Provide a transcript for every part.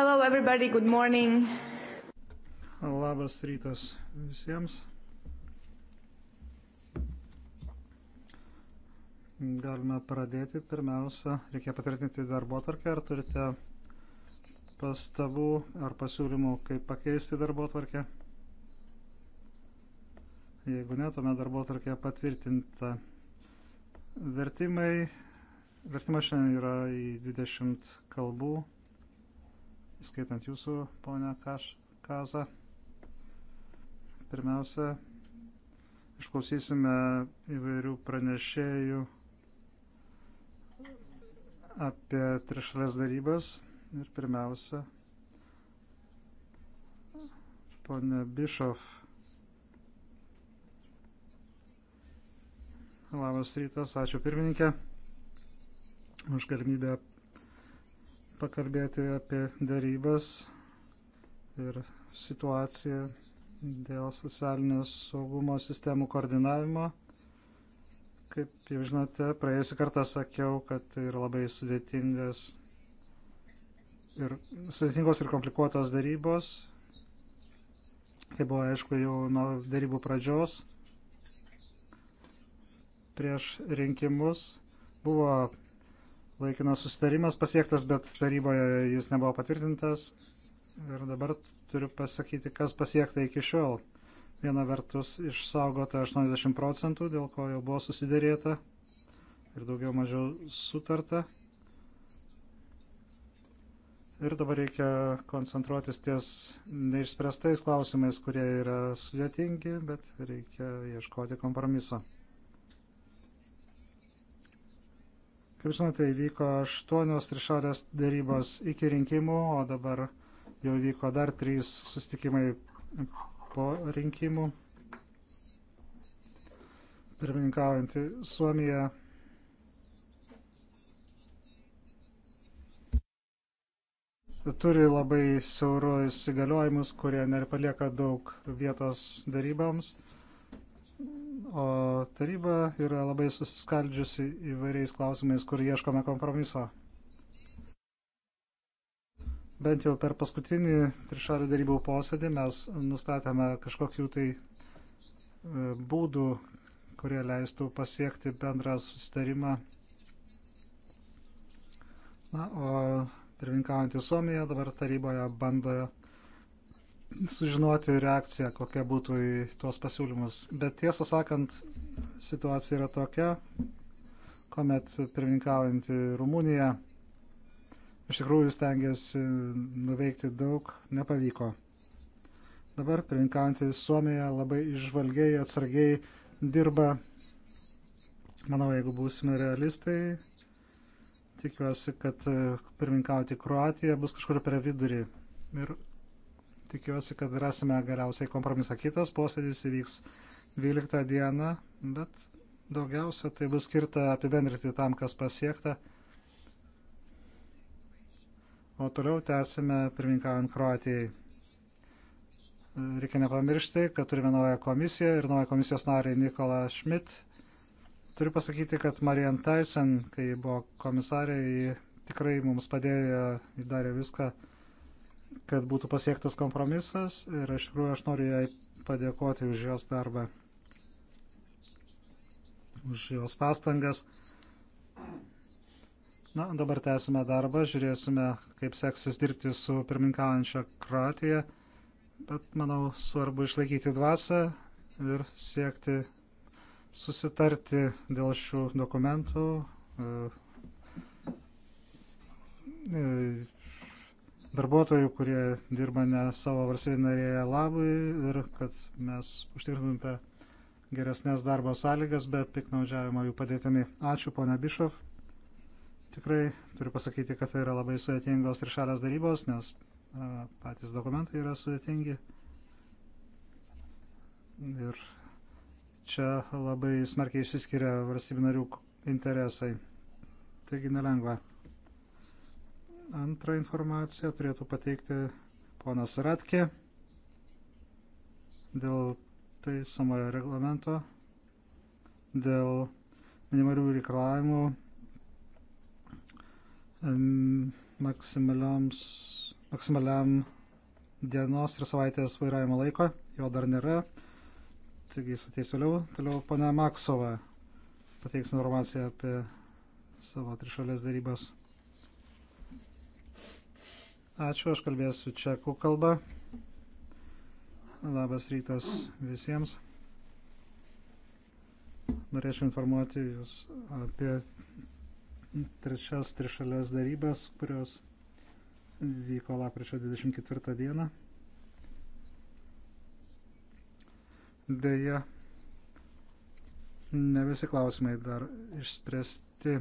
Hello everybody, good morning. Labas rytas visiems. Galime pradėti. Pirmiausia, reikia patvirtinti darbo tvarkę. Ar turite pastabų ar pasiūlymų, kaip pakeisti darbo tvarkę? Jeigu ne, tuomet darbo tvarkė patvirtinta. Vertimai, vertimas šiandien yra į 20 kalbų įskaitant jūsų, ponia Kaš, Kaza. Pirmiausia, išklausysime įvairių pranešėjų apie trišalės darybas ir pirmiausia, ponia Bišov. Labas rytas, ačiū pirmininkė už galimybę pakalbėti apie darybas ir situaciją dėl socialinio saugumo sistemų koordinavimo. Kaip jau žinote, praėjusį kartą sakiau, kad tai yra labai sudėtingas ir sudėtingos ir komplikuotos darybos. Tai buvo aišku jau nuo darybų pradžios. Prieš rinkimus buvo Laikinas susitarimas pasiektas, bet taryboje jis nebuvo patvirtintas. Ir dabar turiu pasakyti, kas pasiekta iki šiol. Viena vertus išsaugota 80 procentų, dėl ko jau buvo susidėrėta ir daugiau mažiau sutarta. Ir dabar reikia koncentruotis ties neišspręstais klausimais, kurie yra sudėtingi, bet reikia ieškoti kompromiso. Kaip žinote, įvyko aštuonios trišalės dėrybos iki rinkimų, o dabar jau vyko dar trys sustikimai po rinkimų. Pirmininkaujantį Suomiją. turi labai siaurus įgaliojimus, kurie nepalieka daug vietos daryboms o taryba yra labai susiskaldžiusi įvairiais klausimais, kur ieškome kompromiso. Bent jau per paskutinį trišalių darybų posėdį mes nustatėme kažkokių tai e, būdų, kurie leistų pasiekti bendrą susitarimą. Na, o pirminkaujantį Suomiją dabar taryboje bando sužinoti reakciją, kokia būtų į tuos pasiūlymus. Bet tiesą sakant, situacija yra tokia, kuomet pirmininkaujantį Rumuniją iš tikrųjų stengiasi nuveikti daug, nepavyko. Dabar pirmininkaujantį Suomiją labai išvalgiai, atsargiai dirba. Manau, jeigu būsime realistai, tikiuosi, kad pirmininkauti Kroatiją bus kažkur per vidurį. Ir Tikiuosi, kad rasime galiausiai kompromisą. Kitas posėdis įvyks 12 dieną, bet daugiausia tai bus skirta apibendrinti tam, kas pasiekta. O toliau tęsime pirmininkaujant Kroatijai. Reikia nepamiršti, kad turime naują komisiją ir naują komisijos narį Nikolą Šmit. Turiu pasakyti, kad Marian Tyson, kai buvo komisarė, tikrai mums padėjo, darė viską kad būtų pasiektas kompromisas ir iš tikrųjų aš noriu jai padėkoti už jos darbą, už jos pastangas. Na, dabar tęsime darbą, žiūrėsime, kaip seksis dirbti su pirmininkaujančia Kroatija, bet manau svarbu išlaikyti dvasę ir siekti susitarti dėl šių dokumentų. E, e, darbuotojų, kurie dirba ne savo valstybė narėje labui ir kad mes užtikrintume geresnės darbo sąlygas be piknaudžiavimo jų padėtami. Ačiū, ponia Bišov. Tikrai turiu pasakyti, kad tai yra labai sudėtingos ir šalės darybos, nes a, patys dokumentai yra sudėtingi. Ir čia labai smarkiai išsiskiria valstybių narių interesai. Taigi nelengva. Antrą informaciją turėtų pateikti ponas Ratke dėl taisomojo reglamento, dėl minimalių reikalavimų maksimaliam dienos ir savaitės vairavimo laiko. Jo dar nėra. Taigi jis ateis vėliau. Toliau ponia Maksova pateiks informaciją apie savo trišalės darybas. Ačiū, aš kalbėsiu čekų kalbą. Labas rytas visiems. Norėčiau informuoti Jūs apie trečias trišalės darybas, kurios vyko lapkričio 24 dieną. Deja, ne visi klausimai dar išspręsti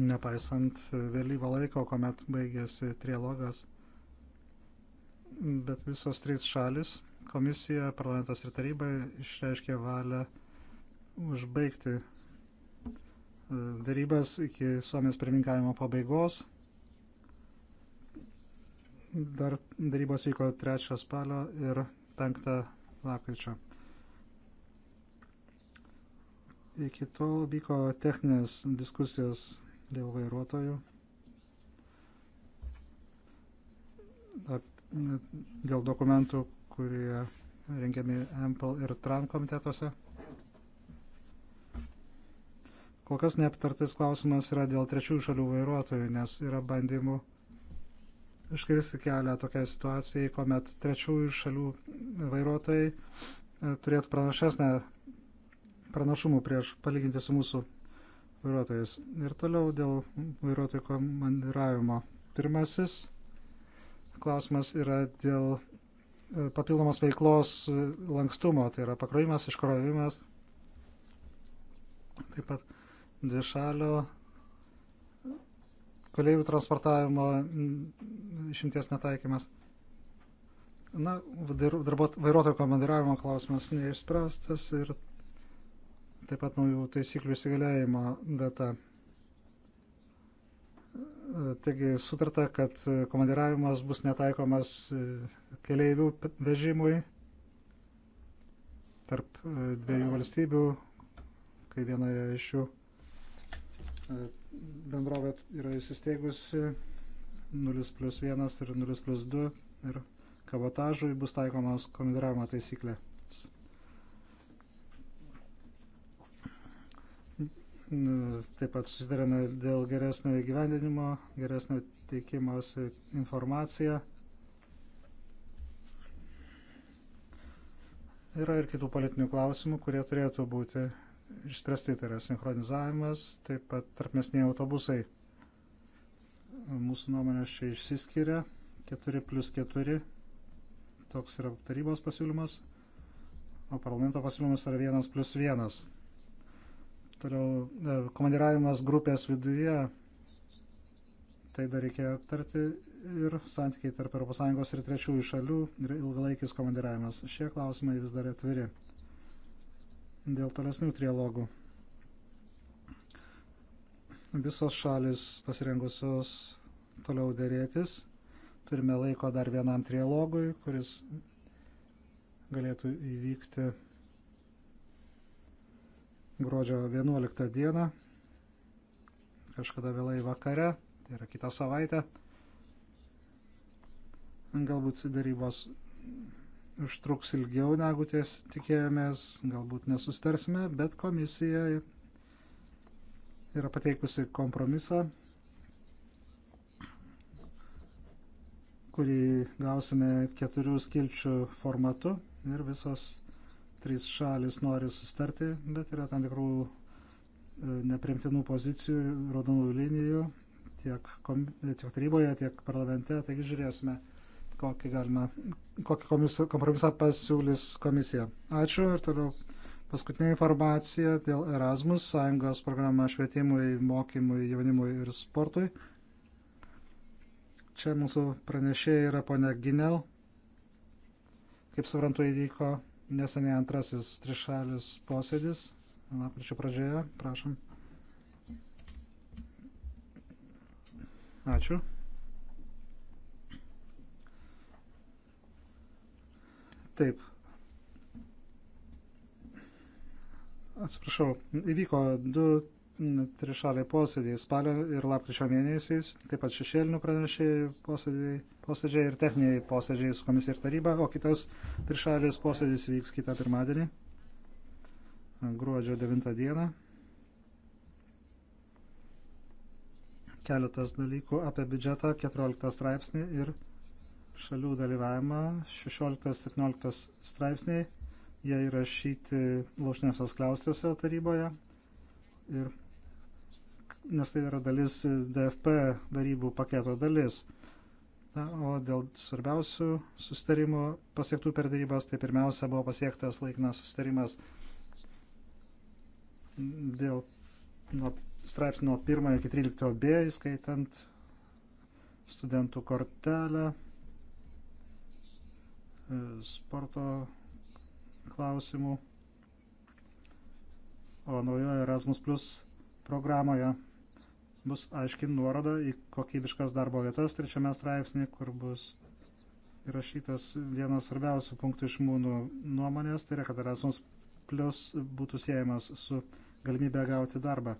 nepaisant vėlyvo laiko, kuomet baigėsi trialogas. Bet visos trys šalis - komisija, parlamentas ir taryba - išreiškė valią užbaigti e, darybas iki Suomijos pirmininkavimo pabaigos. Dar darybos vyko 3 spalio ir 5 lapkričio. Iki tol vyko techninės diskusijos dėl vairuotojų. Ap, dėl dokumentų, kurie rengiami Ample ir Tran komitetuose. Kol kas neaptartas klausimas yra dėl trečiųjų šalių vairuotojų, nes yra bandymų iškirsti kelią tokiai situacijai, kuomet trečiųjų šalių vairuotojai e, turėtų pranašesnę pranašumų prieš palyginti su mūsų vairuotojus. Ir toliau dėl vairuotojų komandiravimo. Pirmasis klausimas yra dėl e, papildomos veiklos e, lankstumo, tai yra pakrovimas, iškrovimas, taip pat dvišalio koliaivių transportavimo išimties netaikymas. Na, vairuotojo komandiravimo klausimas neišspręstas ir taip pat naujų taisyklių įsigaliajimo data. Taigi sutarta, kad komandiravimas bus netaikomas e, keleivių vežimui tarp e, dviejų valstybių, kai vienoje iš jų e, bendrovė yra įsisteigusi 0 plus 1 ir 0 plus 2 ir kabotažui bus taikomas komandiravimo taisyklės. Nu, taip pat susidarėme dėl geresnio įgyvendinimo, geresnio teikimos informaciją. Yra ir kitų politinių klausimų, kurie turėtų būti išspręsti. Tai yra sinchronizavimas, taip pat tarpmesniai autobusai. Mūsų nuomonės čia išsiskiria. 4 plus 4. Toks yra tarybos pasiūlymas. O parlamento pasiūlymas yra 1 plus 1. Toliau e, komandiravimas grupės viduje, tai dar reikia aptarti ir santykiai tarp ES ir trečiųjų šalių ir ilgalaikis komandiravimas. Šie klausimai vis dar atviri dėl tolesnių trialogų. Visos šalis pasirengusios toliau dėrėtis. Turime laiko dar vienam trialogui, kuris galėtų įvykti gruodžio 11 dieną, kažkada vėlai vakare, tai yra kitą savaitę. Galbūt darybos užtruks ilgiau negu ties tikėjomės, galbūt nesustarsime, bet komisija yra pateikusi kompromisą, kurį gausime keturių skilčių formatu ir visos trys šalis nori sustarti, bet yra tam tikrų e, neprimtinų pozicijų, raudonų linijų tiek, kom, tiek taryboje, tiek parlamente. Taigi žiūrėsime, kokį, galima, kokį komisa, kompromisą pasiūlys komisija. Ačiū ir toliau paskutinė informacija dėl Erasmus Sąjungos programą švietimui, mokymui, jaunimui ir sportui. Čia mūsų pranešėja yra ponia Ginel. Kaip suprantu, įvyko neseniai antrasis trišalis posėdis, lapkričio pradžioje, prašom. Ačiū. Taip. Atsiprašau, įvyko du trišaliai posėdžiai spalio ir lapkričio mėnesiais, taip pat šešėlinių pranešėjų posėdžiai posėdžiai ir techniniai posėdžiai su komisija ir taryba, o kitas trišalis posėdis vyks kitą pirmadienį, gruodžio 9 dieną. Keletas dalykų apie biudžetą, 14 straipsnį ir šalių dalyvavimą, 16-17 straipsniai. Jie įrašyti Laušniosios klaustriuose taryboje. Ir, nes tai yra dalis DFP darybų paketo dalis. Na, o dėl svarbiausių sustarimų pasiektų per darybas, tai pirmiausia buvo pasiektas laikinas sustarimas dėl nuo straipsnio 1 iki 13 b, įskaitant studentų kortelę, e, sporto klausimų, o naujoje Erasmus Plus programoje bus aiški nuoroda į kokybiškas darbo vietas trečiame straipsnėje, kur bus įrašytas vienas svarbiausių punktų iš mūnų nuomonės, tai yra, kad Erasmus Plus būtų siejamas su galimybė gauti darbą.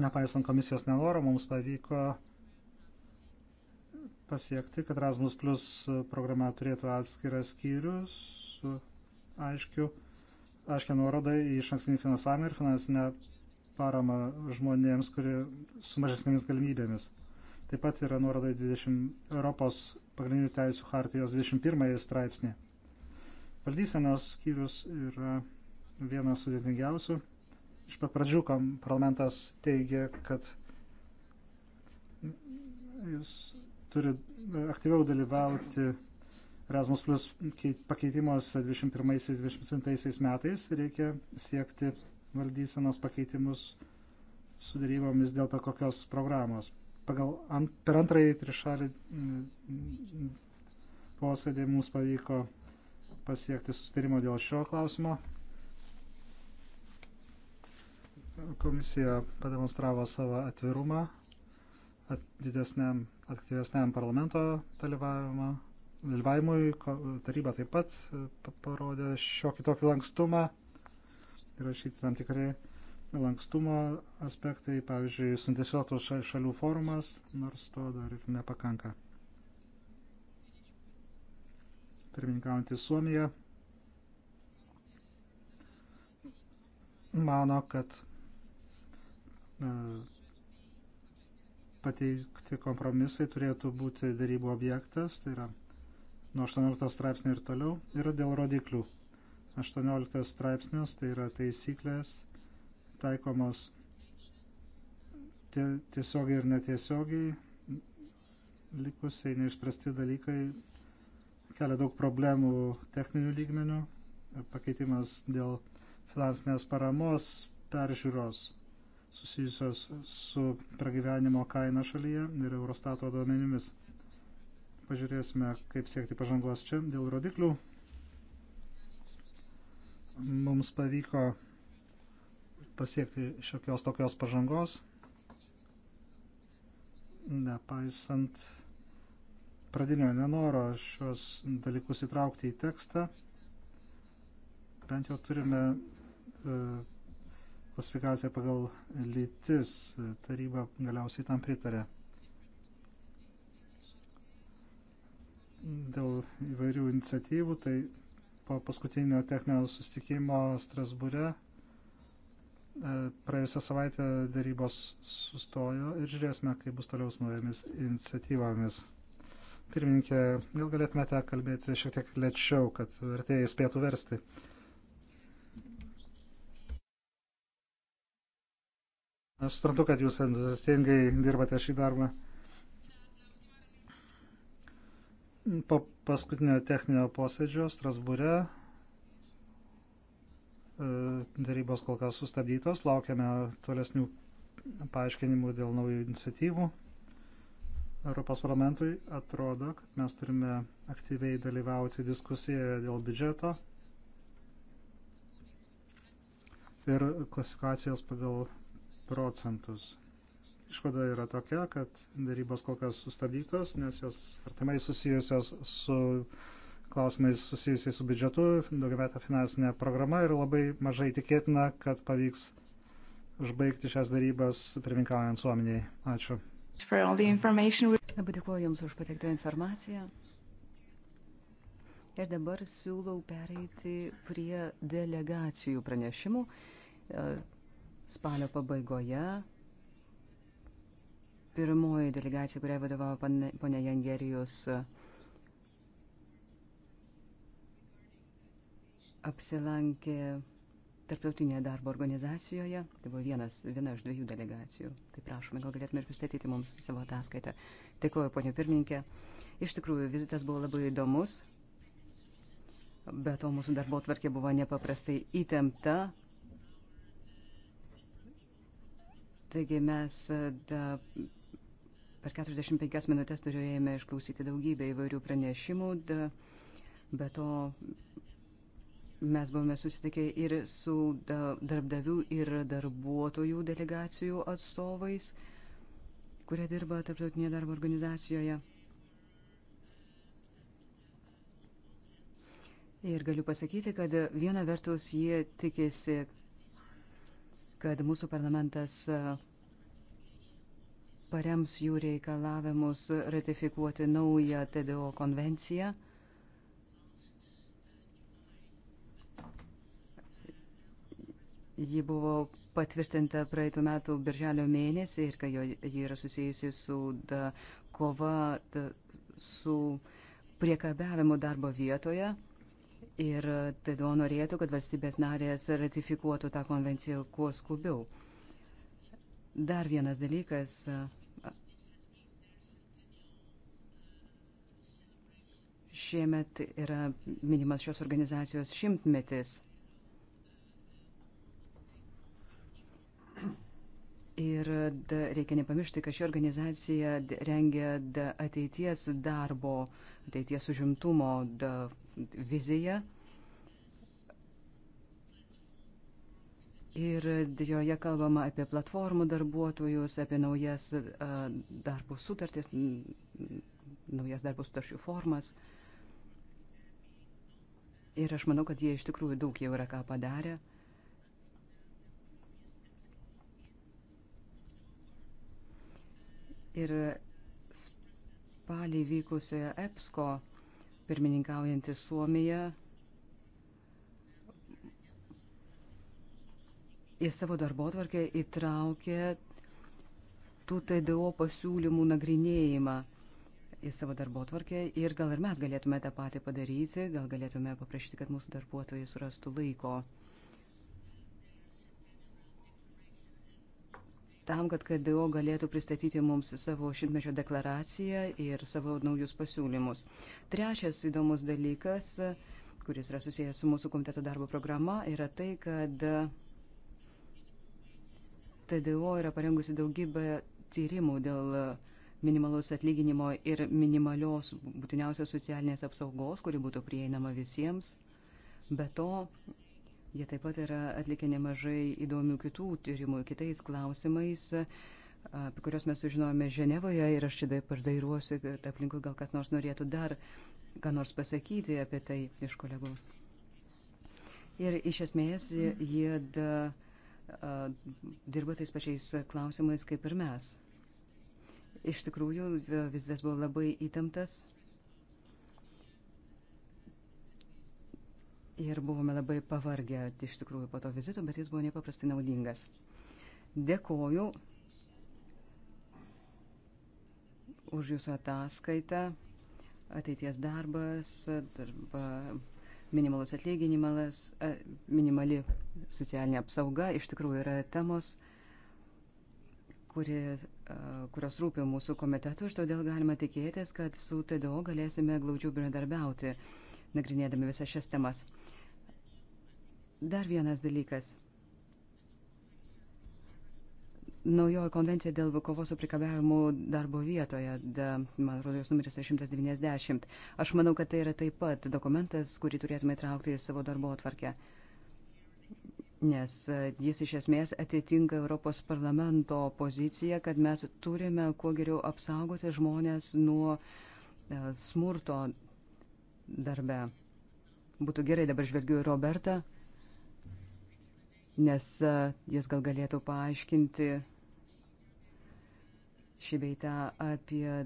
Nepaisant komisijos nenoro, mums pavyko pasiekti, kad Erasmus Plus programa turėtų atskirą skyrių su aiškiu, aiškia nuoroda į išankstinį finansavimą ir finansinę paramą žmonėms, kurie su mažesnėmis galimybėmis. Taip pat yra nuoroda į 20 Europos pagrindinių teisų hartijos 21 straipsnį. Valdysenos skyrius yra vienas sudėtingiausių. Iš pat pradžių parlamentas teigia, kad jis turi aktyviau dalyvauti Erasmus Plus pakeitimuose 21-27 metais reikia siekti valdysenos pakeitimus su dėrybomis dėl kokios programos. Pagal, ant, per antrąjį trišalį mm, mm, posėdį mums pavyko pasiekti sustarimo dėl šio klausimo. Komisija pademonstravo savo atvirumą at, didesniam, aktyvesniam parlamento dalyvavimui. Taryba taip pat e, parodė šiokį tokį lankstumą įrašyti tam tikrai lankstumo aspektai, pavyzdžiui, suinteresuotų šalių forumas, nors to dar ir nepakanka. Pirmininkaujantį Suomiją mano, kad e, pateikti kompromisai turėtų būti darybų objektas, tai yra nuo 18 straipsnio ir toliau, yra dėl rodiklių. 18 straipsnius, tai yra taisyklės taikomos tiesiogiai ir netiesiogiai, likusiai neišspręsti dalykai kelia daug problemų techninių lygmenių, pakeitimas dėl finansinės paramos peržiūros susijusios su pragyvenimo kaina šalyje ir Eurostato duomenimis. Pažiūrėsime, kaip siekti pažangos čia dėl rodiklių mums pavyko pasiekti šiokios tokios pažangos, nepaisant pradinio nenoro šios dalykus įtraukti į tekstą. Bent jau turime e, klasifikaciją pagal lytis. Taryba galiausiai tam pritarė. Dėl įvairių iniciatyvų, tai po paskutinio techninio sustikimo Strasbūre e, praėjusią savaitę darybos sustojo ir žiūrėsime, kaip bus toliau su naujomis iniciatyvomis. Pirmininkė, gal galėtumėte kalbėti šiek tiek lėčiau, kad vertėjai spėtų versti. Aš suprantu, kad jūs entuziastingai dirbate šį darbą. po paskutinio techninio posėdžio Strasbūre e, darybos kol kas sustabdytos, laukiame tolesnių paaiškinimų dėl naujų iniciatyvų. Europos parlamentui atrodo, kad mes turime aktyviai dalyvauti diskusijoje dėl biudžeto ir klasifikacijos pagal procentus. Išvada yra tokia, kad darybos kol kas sustabdytos, nes jos artimai susijusios su klausimais susijusiais su biudžetu, daugiametė finansinė programa ir labai mažai tikėtina, kad pavyks užbaigti šias darybas pirmininkaujant suomeniai. Ačiū. Labai dėkuoju Jums už pateiktą informaciją. Ir dabar siūlau pereiti prie delegacijų pranešimų. E, spalio pabaigoje Pirmoji delegacija, kuriai vadovavo ponė Jangerijos, apsilankė Tarptautinėje darbo organizacijoje. Tai buvo vienas, viena iš dviejų delegacijų. Tai prašome, gal galėtume ir pristatyti mums savo ataskaitą. Dėkuoju, ponė pirmininkė. Iš tikrųjų, vizitas buvo labai įdomus. Be to, mūsų darbo tvarkė buvo nepaprastai įtempta, Taigi mes da, Per 45 minutės turėjome išklausyti daugybę įvairių pranešimų, be to mes buvome susitikę ir su darbdavių ir darbuotojų delegacijų atstovais, kurie dirba Tarptautinėje darbo organizacijoje. Ir galiu pasakyti, kad viena vertus jie tikėsi, kad mūsų parlamentas parems jų reikalavimus ratifikuoti naują TDO konvenciją. Ji buvo patvirtinta praeitų metų birželio mėnesį ir kai ji yra susijusi su da, kova da, su priekabiavimu darbo vietoje. Ir TDO norėtų, kad valstybės narės ratifikuotų tą konvenciją kuo skubiau. Dar vienas dalykas, Šiemet yra minimas šios organizacijos šimtmetis. Ir da, reikia nepamiršti, kad ši organizacija rengia da, ateities darbo, ateities užimtumo da, viziją. Ir joje kalbama apie platformų darbuotojus, apie naujas a, darbų sutartis, naujas darbų sutarčių formas. A, Ir aš manau, kad jie iš tikrųjų daug jau yra ką padarę. Ir spalį vykusioje EPSCO pirmininkaujantį Suomiją į savo darbo atvarkę įtraukė tų TDO pasiūlymų nagrinėjimą į savo darbo tvarkę ir gal ir mes galėtume tą patį padaryti, gal galėtume paprašyti, kad mūsų darbuotojai surastų laiko tam, kad KDO galėtų pristatyti mums savo šimtmečio deklaraciją ir savo naujus pasiūlymus. Trečias įdomus dalykas, kuris yra susijęs su mūsų komiteto darbo programa, yra tai, kad TDO yra parengusi daugybę tyrimų dėl uh, minimalaus atlyginimo ir minimalios būtiniausios socialinės apsaugos, kuri būtų prieinama visiems. Be to, jie taip pat yra atlikę nemažai įdomių kitų tyrimų kitais klausimais, apie kuriuos mes sužinojome Ženevoje ir aš čia dabar dairuosi, kad aplinkui gal kas nors norėtų dar ką nors pasakyti apie tai iš kolegų. Ir iš esmės jie da, a, dirba tais pačiais klausimais kaip ir mes. Iš tikrųjų, vizitas buvo labai įtemptas. Ir buvome labai pavargę iš tikrųjų po to vizito, bet jis buvo nepaprastai naudingas. Dėkoju už Jūsų ataskaitą, ateities darbas, darba, minimalus atlyginimas, minimali socialinė apsauga iš tikrųjų yra temos kuri, kurios rūpi mūsų komitetu, ir todėl galima tikėtis, kad su TDO galėsime glaudžiau bendradarbiauti, nagrinėdami visas šias temas. Dar vienas dalykas. Naujoji konvencija dėl kovos su prikabiavimu darbo vietoje, da, man atrodo, jos numeris yra 190. Aš manau, kad tai yra taip pat dokumentas, kurį turėtume įtraukti į savo darbo atvarkę. Uh, nes e, jis iš esmės atitinka Europos parlamento poziciją, kad mes turime kuo geriau apsaugoti žmonės nuo e, smurto darbe. Būtų gerai, dabar žvelgiu į Robertą, nes e, jis gal galėtų paaiškinti šį beitą apie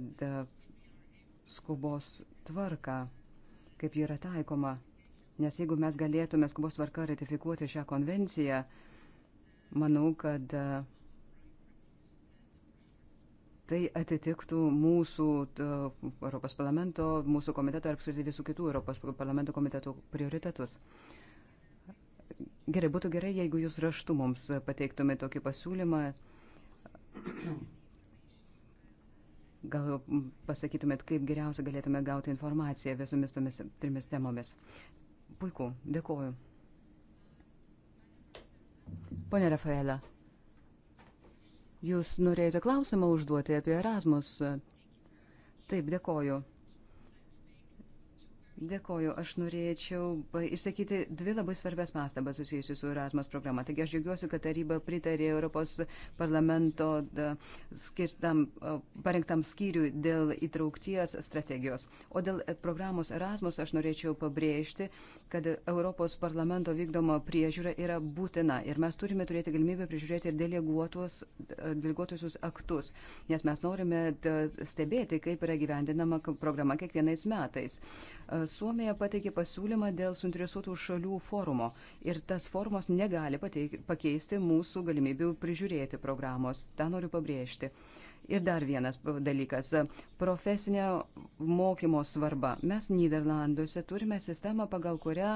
skubos tvarką, kaip ji yra taikoma. Nes jeigu mes galėtume skubos varka ratifikuoti šią konvenciją, manau, kad e, tai atitiktų mūsų Europos parlamento, mūsų komiteto ir apskritai visų kitų Europos parlamento komitetų prioritetus. Gerai, būtų gerai, jeigu jūs raštu mums pateiktumėte tokį pasiūlymą. Gal pasakytumėt, kaip geriausia galėtume gauti informaciją visomis tomis trimis temomis. Puiku, dėkoju. Pone Rafaela, jūs norėjote klausimą užduoti apie Erasmus. Taip, dėkoju. Dėkoju, aš norėčiau išsakyti dvi labai svarbias pastabas susijusius su Erasmus programa. Taigi aš džiaugiuosi, kad taryba pritarė Europos parlamento skirtam, parengtam skyriui dėl įtraukties strategijos. O dėl e, programos Erasmus aš norėčiau pabrėžti, kad Europos parlamento vykdoma priežiūra yra būtina ir mes turime turėti galimybę prižiūrėti ir e, deleguotusius aktus, nes mes norime stebėti, kaip yra gyvendinama programa kiekvienais metais e, Suomija pateikė pasiūlymą dėl suinteresuotų šalių forumo ir tas forumas negali pateik, pakeisti mūsų galimybių prižiūrėti programos. Ta noriu pabrėžti. Ir dar vienas dalykas - profesinio mokymo svarba. Mes Niderlanduose turime sistemą, pagal kurią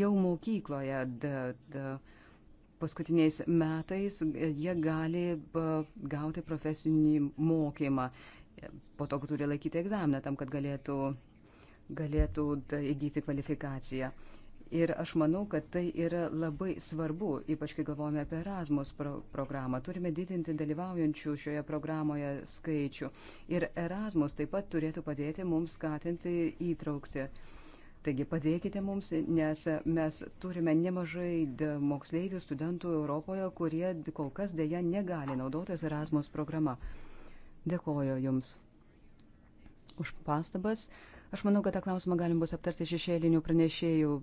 jau mokykloje da, da, paskutiniais metais jie gali gauti profesinį mokymą po to turi laikyti egzaminą tam, kad galėtų, galėtų įgyti kvalifikaciją. Ir aš manau, kad tai yra labai svarbu, ypač kai galvojame apie Erasmus pro programą. Turime didinti dalyvaujančių šioje programoje skaičių. Ir Erasmus taip pat turėtų padėti mums skatinti įtraukti. Taigi padėkite mums, nes mes turime nemažai moksleivių studentų Europoje, kurie kol kas dėja negali naudotis Erasmus programa. Dėkoju Jums už pastabas. Aš manau, kad tą klausimą galim bus aptarti šešėlinių pranešėjų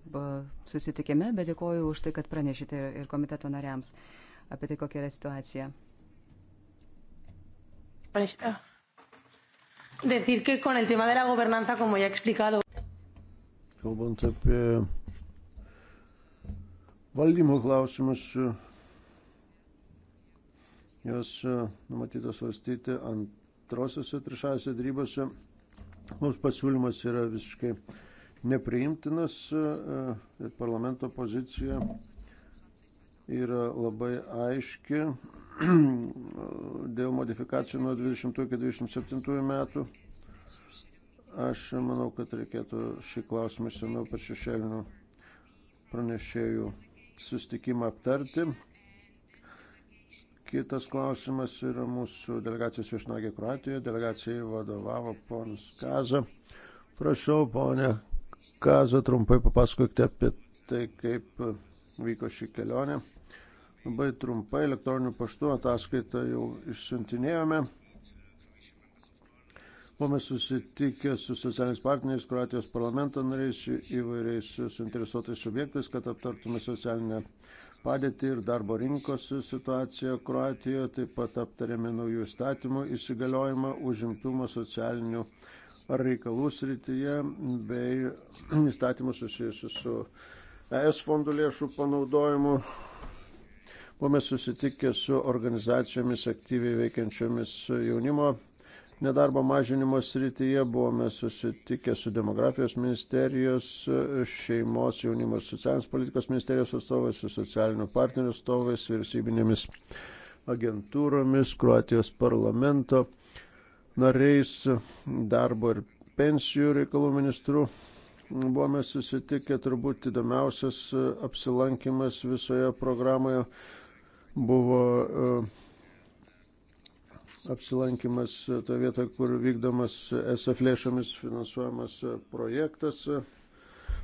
susitikime, bet dėkoju už tai, kad pranešite ir komiteto nariams apie tai, kokia yra situacija. Eh, Kalbant apie valdymo klausimus, Jos e, numatytos svarstyti antrosiuose trišalėse darybose. Mums pasiūlymas yra visiškai nepriimtinas e, e, ir parlamento pozicija yra labai aiški dėl modifikacijų nuo 20 iki 27 metų. Aš manau, kad reikėtų šį klausimą išsamiau per šešėlinių pranešėjų sustikimą aptarti. Kitas klausimas yra mūsų delegacijos viešnagė Kroatijoje. Delegacijai vadovavo ponas Kaza. Prašau, ponė Kaza, trumpai papasakokite apie tai, kaip vyko ši kelionė. Labai trumpai elektroniniu paštu ataskaitą jau išsiuntinėjome. Buvome susitikę su socialiniais partneriais, Kroatijos parlamento nariais, įvairiais suinteresuotais subjektais, kad aptartume socialinę padėtį ir darbo rinkos situaciją Kroatijoje, taip pat aptarėme naujų statymų įsigaliojimą užimtumo socialinių reikalų srityje bei įstatymų susijusių su ES fondų lėšų panaudojimu. Buvome susitikę su organizacijomis aktyviai veikiančiomis jaunimo nedarbo mažinimo srityje buvome susitikę su demografijos ministerijos, šeimos jaunimo ir socialinės politikos ministerijos atstovais, su socialinių partnerių atstovais, vyriausybinėmis agentūromis, Kroatijos parlamento nariais, darbo ir pensijų reikalų ministru. Buvome susitikę turbūt įdomiausias apsilankimas visoje programoje buvo uh, apsilankimas toje vietoje, kur vykdomas SF lėšomis finansuojamas projektas.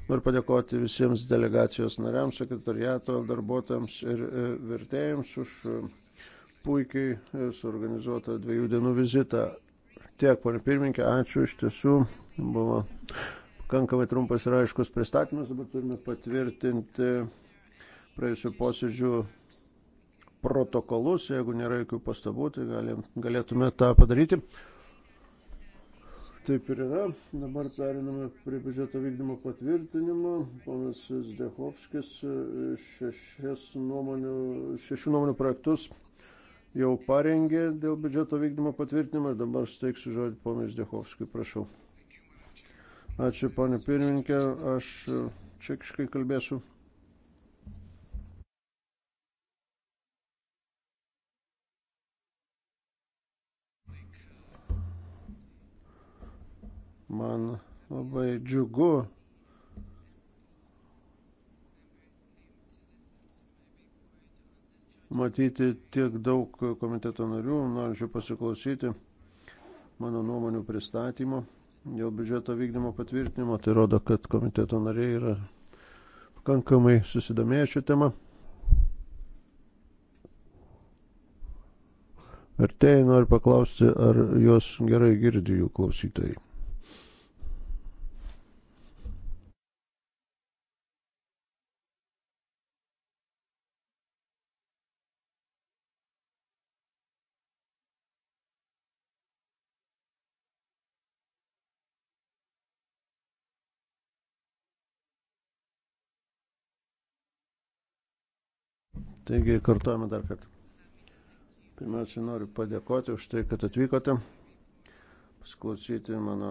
Noriu padėkoti visiems delegacijos nariams, sekretariato darbuotojams ir e, vertėjams už puikiai e, suorganizuotą dviejų dienų vizitą. Tiek, ponė pirmininkė, ačiū iš tiesų. Buvo pakankamai trumpas ir aiškus pristatymas. Dabar turime patvirtinti praėjusių posėdžių protokolus. Jeigu nėra jokių pastabų, tai galim, galėtume tą padaryti. Taip ir yra. Dabar periname prie biudžeto vykdymo patvirtinimo. Ponas Zdechovskis nuomonių, šešių nuomonių projektus jau parengė dėl biudžeto vykdymo patvirtinimo ir dabar steiksiu žodį ponui Zdechovskui. Prašau. Ačiū, ponė pirmininkė. Aš čekiškai kalbėsiu. Man labai džiugu, matyti tiek daug komiteto narių, norinčių pasiklausyti mano nuomonių pristatymo dėl biudžeto vykdymo patvirtinimo. Tai rodo, kad komiteto nariai yra pakankamai susidomėję šią temą. Vertėjai nori paklausti, ar juos gerai girdi jų klausytojai. Taigi kartuojame dar kartą. Pirmiausia, noriu padėkoti už tai, kad atvykote pasiklausyti mano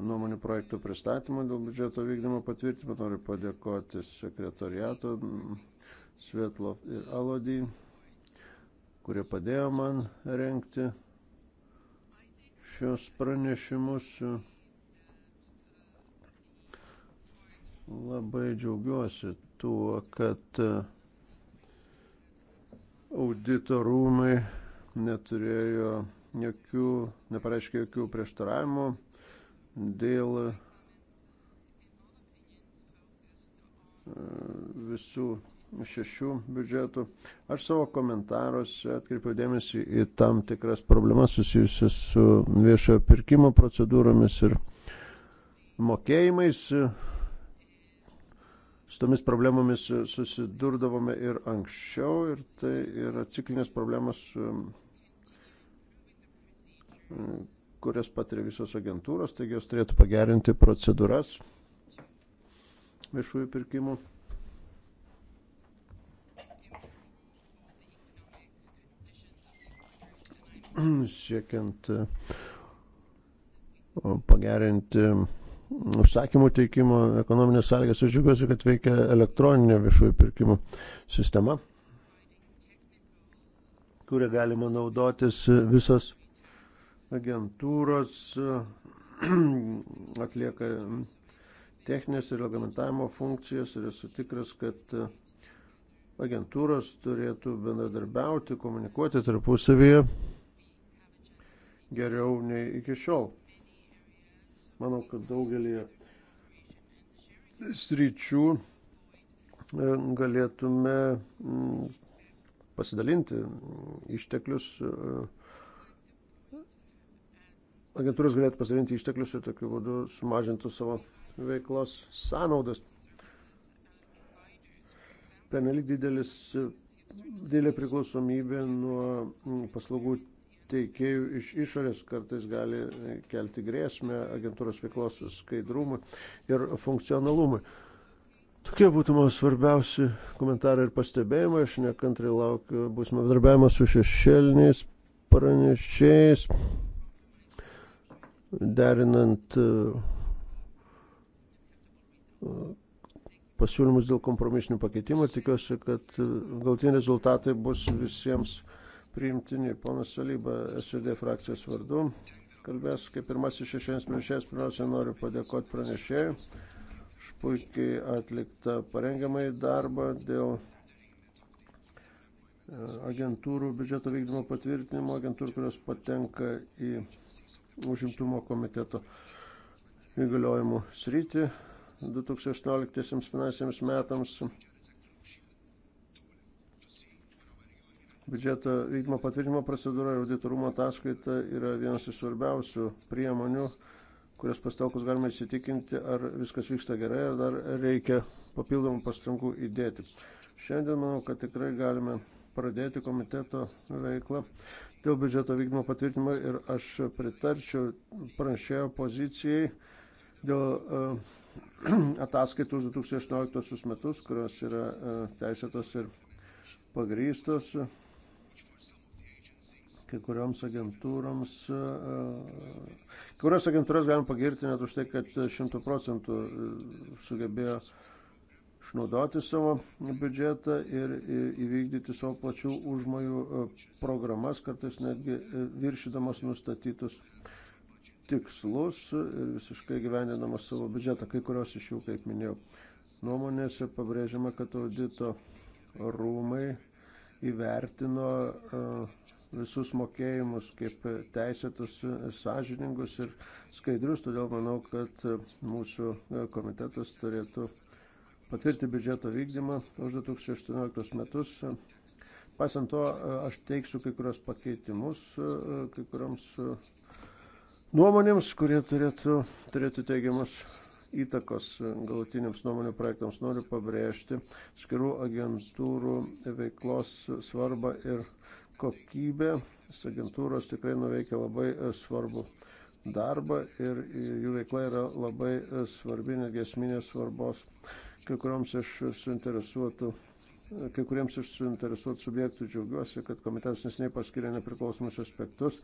nuomonių projektų pristatymą dėl biudžeto vykdymo patvirtinimo. Noriu padėkoti sekretoriato Svetlov ir Alodį, kurie padėjo man renkti šios pranešimus. Labai džiaugiuosi tuo, kad uh, auditorumai neturėjo jokių, nepareiškė jokių prieštaravimų dėl e, visų šešių biudžetų. Aš savo komentaruose atkreipiau dėmesį į tam tikras problemas susijusias su viešojo pirkimo procedūromis ir mokėjimais su tomis problemomis e, susidurdavome ir anksčiau ir tai yra ciklinės problemos, e, e, kurias patiria visos agentūros, taigi jos turėtų pagerinti procedūras viešųjų pirkimų. siekiant pagerinti užsakymų teikimo ekonominės sąlygas. Aš džiugiuosi, kad veikia elektroninė viešųjų pirkimų sistema, kurią galima naudotis visos agentūros atlieka techninės ir reglamentavimo funkcijas ir esu tikras, kad agentūros turėtų bendradarbiauti, komunikuoti tarpusavyje geriau nei iki šiol. Manau, kad daugelį sričių e, galėtume mm, pasidalinti mm, išteklius. E, agentūros galėtų pasidalinti išteklius ir tokiu būdu sumažintų savo veiklos sąnaudas. Pernelik didelis didelė priklausomybė nuo mm, paslaugų teikėjų iš išorės kartais gali e, kelti grėsmę agentūros veiklos skaidrumui ir funkcionalumui. Tokie būtų mano svarbiausi komentarai ir pastebėjimai. Aš nekantrai laukiu būsimo darbiavimo su šešėliniais pranešėjais, derinant e, pasiūlymus dėl kompromisinių pakeitimų. Tikiuosi, kad e, galtiniai rezultatai bus visiems priimtini. Ponas Salyba, SUD frakcijos vardu, kalbės kaip pirmasis šešiems minšės. Pirmiausia, noriu padėkoti pranešėjui už puikiai atliktą parengiamai darbą dėl e, agentūrų biudžeto vykdymo patvirtinimo, agentūrų, kurios patenka į užimtumo komiteto įgaliojimų sritį 2018 finansiniams metams Biudžeto vykdymo patvirtinimo procedūra ir auditorumo ataskaita yra vienas iš svarbiausių priemonių, kurias pastelkus galima įsitikinti, ar viskas vyksta gerai, ar dar reikia papildomų pastangų įdėti. Šiandien manau, kad tikrai galime pradėti komiteto veiklą dėl biudžeto vykdymo patvirtinimo ir aš pritarčiau pranešėjo pozicijai dėl e, ataskaitų už 2018 metus, kurios yra e, teisėtos ir pagrystos kai kurioms agentūroms, e, e, kai kurios agentūros galim pagirti net už tai, kad šimtų procentų e, sugebėjo išnaudoti savo biudžetą ir įvykdyti savo plačių užmojų programas, kartais netgi viršydamas nustatytus tikslus ir visiškai gyvendinamas savo biudžetą, kai kurios iš jų, kaip minėjau. Nuomonėse pabrėžiama, kad audito rūmai įvertino uh, visus mokėjimus kaip teisėtus, sąžiningus ir skaidrius. Todėl manau, kad mūsų komitetas turėtų patvirtinti biudžeto vykdymą už 2018 metus. Pasiant to, aš teiksiu kai kurios pakeitimus, kai kurioms nuomonėms, kurie turėtų turėti teigiamus įtakos galutiniams nuomonių projektams noriu pabrėžti skirų agentūrų veiklos svarbą ir kokybę. Agentūros tikrai nuveikia labai e, svarbu darbą ir e, jų veikla yra labai e, svarbi, netgi esminės svarbos kai kuriems iš suinteresuotų. Kai kuriems iš suinteresuotų subjektų džiaugiuosi, kad komitetas nesiniai paskiria nepriklausomus aspektus,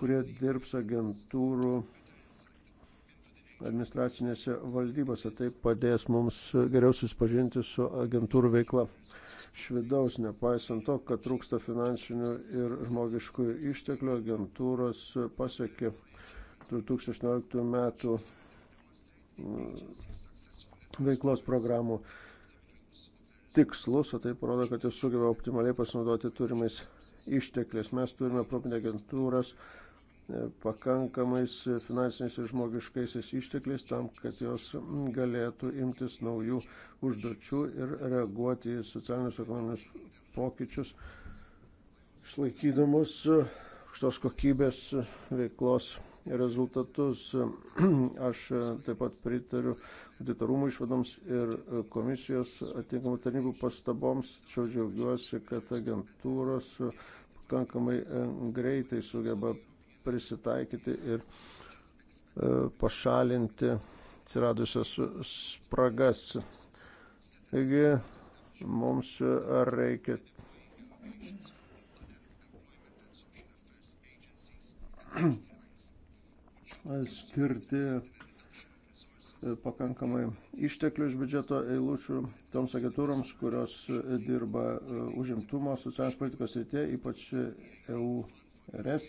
kurie dirbs agentūrų administracinėse valdybose. Tai padės mums geriau susipažinti su agentūrų veikla iš vidaus, nepaisant to, kad trūksta finansinių ir žmogiškųjų išteklių, agentūros pasiekė 2016 metų mm, veiklos programų tikslus, o tai parodo, kad jis sugeba optimaliai pasinaudoti turimais ištekliais. Mes turime aprūpinti agentūras E, pakankamais finansiniais ir žmogiškaisiais ištekliais tam, kad jos galėtų imtis naujų užduočių ir reaguoti į socialinius ekonominius pokyčius, išlaikydamos e, aukštos kokybės veiklos rezultatus. Aš e, taip pat pritariu auditorumų išvadoms ir komisijos atitinkamų tarnybų pastaboms. Čia džiaugiuosi, kad agentūros pakankamai greitai sugeba prisitaikyti ir e, pašalinti atsiradusios spragas. Taigi mums reikia skirti e, pakankamai išteklių iš biudžeto eilučių toms agentūroms, kurios dirba e, užimtumo socialinės politikos rytė, ypač EU RES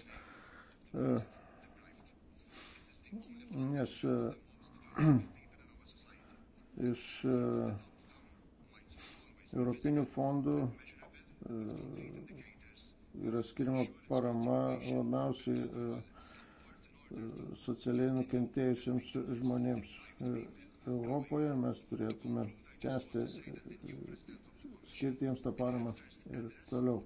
nes iš e, Europinių fondų e, yra skiriama parama labiausiai e, socialiai nukentėjusiems žmonėms. Europoje mes turėtume tęsti, skirti jiems tą paramą ir toliau.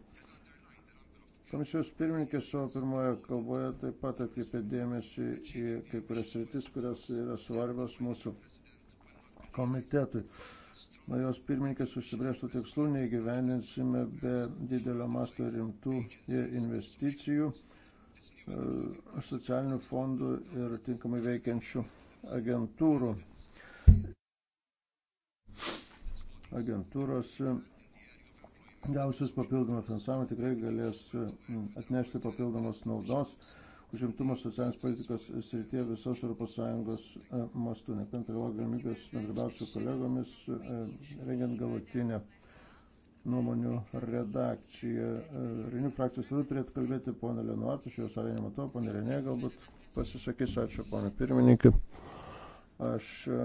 Komisijos pirmininkė savo pirmoje kalboje taip pat atkreipė dėmesį į kai kurias rytis, kurios yra svarbios mūsų komitetui. Nuo jos pirmininkės užsibrėžtų tikslų neįgyvendinsime be didelio masto rimtų investicijų, e, socialinių fondų ir tinkamai veikiančių agentūrų. Agentūros gausius papildomą finansavimą tikrai galės mm, atnešti papildomas naudos užimtumo socialinės politikos srityje visos ES e, mastu. Nekantrilo galimybės bendrabiauti su kolegomis, e, rengiant galutinę nuomonių redakciją. E, Renių frakcijos vadu turėtų kalbėti ponė Lenuartas, jos ar nematau, ponė Renė galbūt pasisakys, ačiū ponė pirmininkė. Aš uh,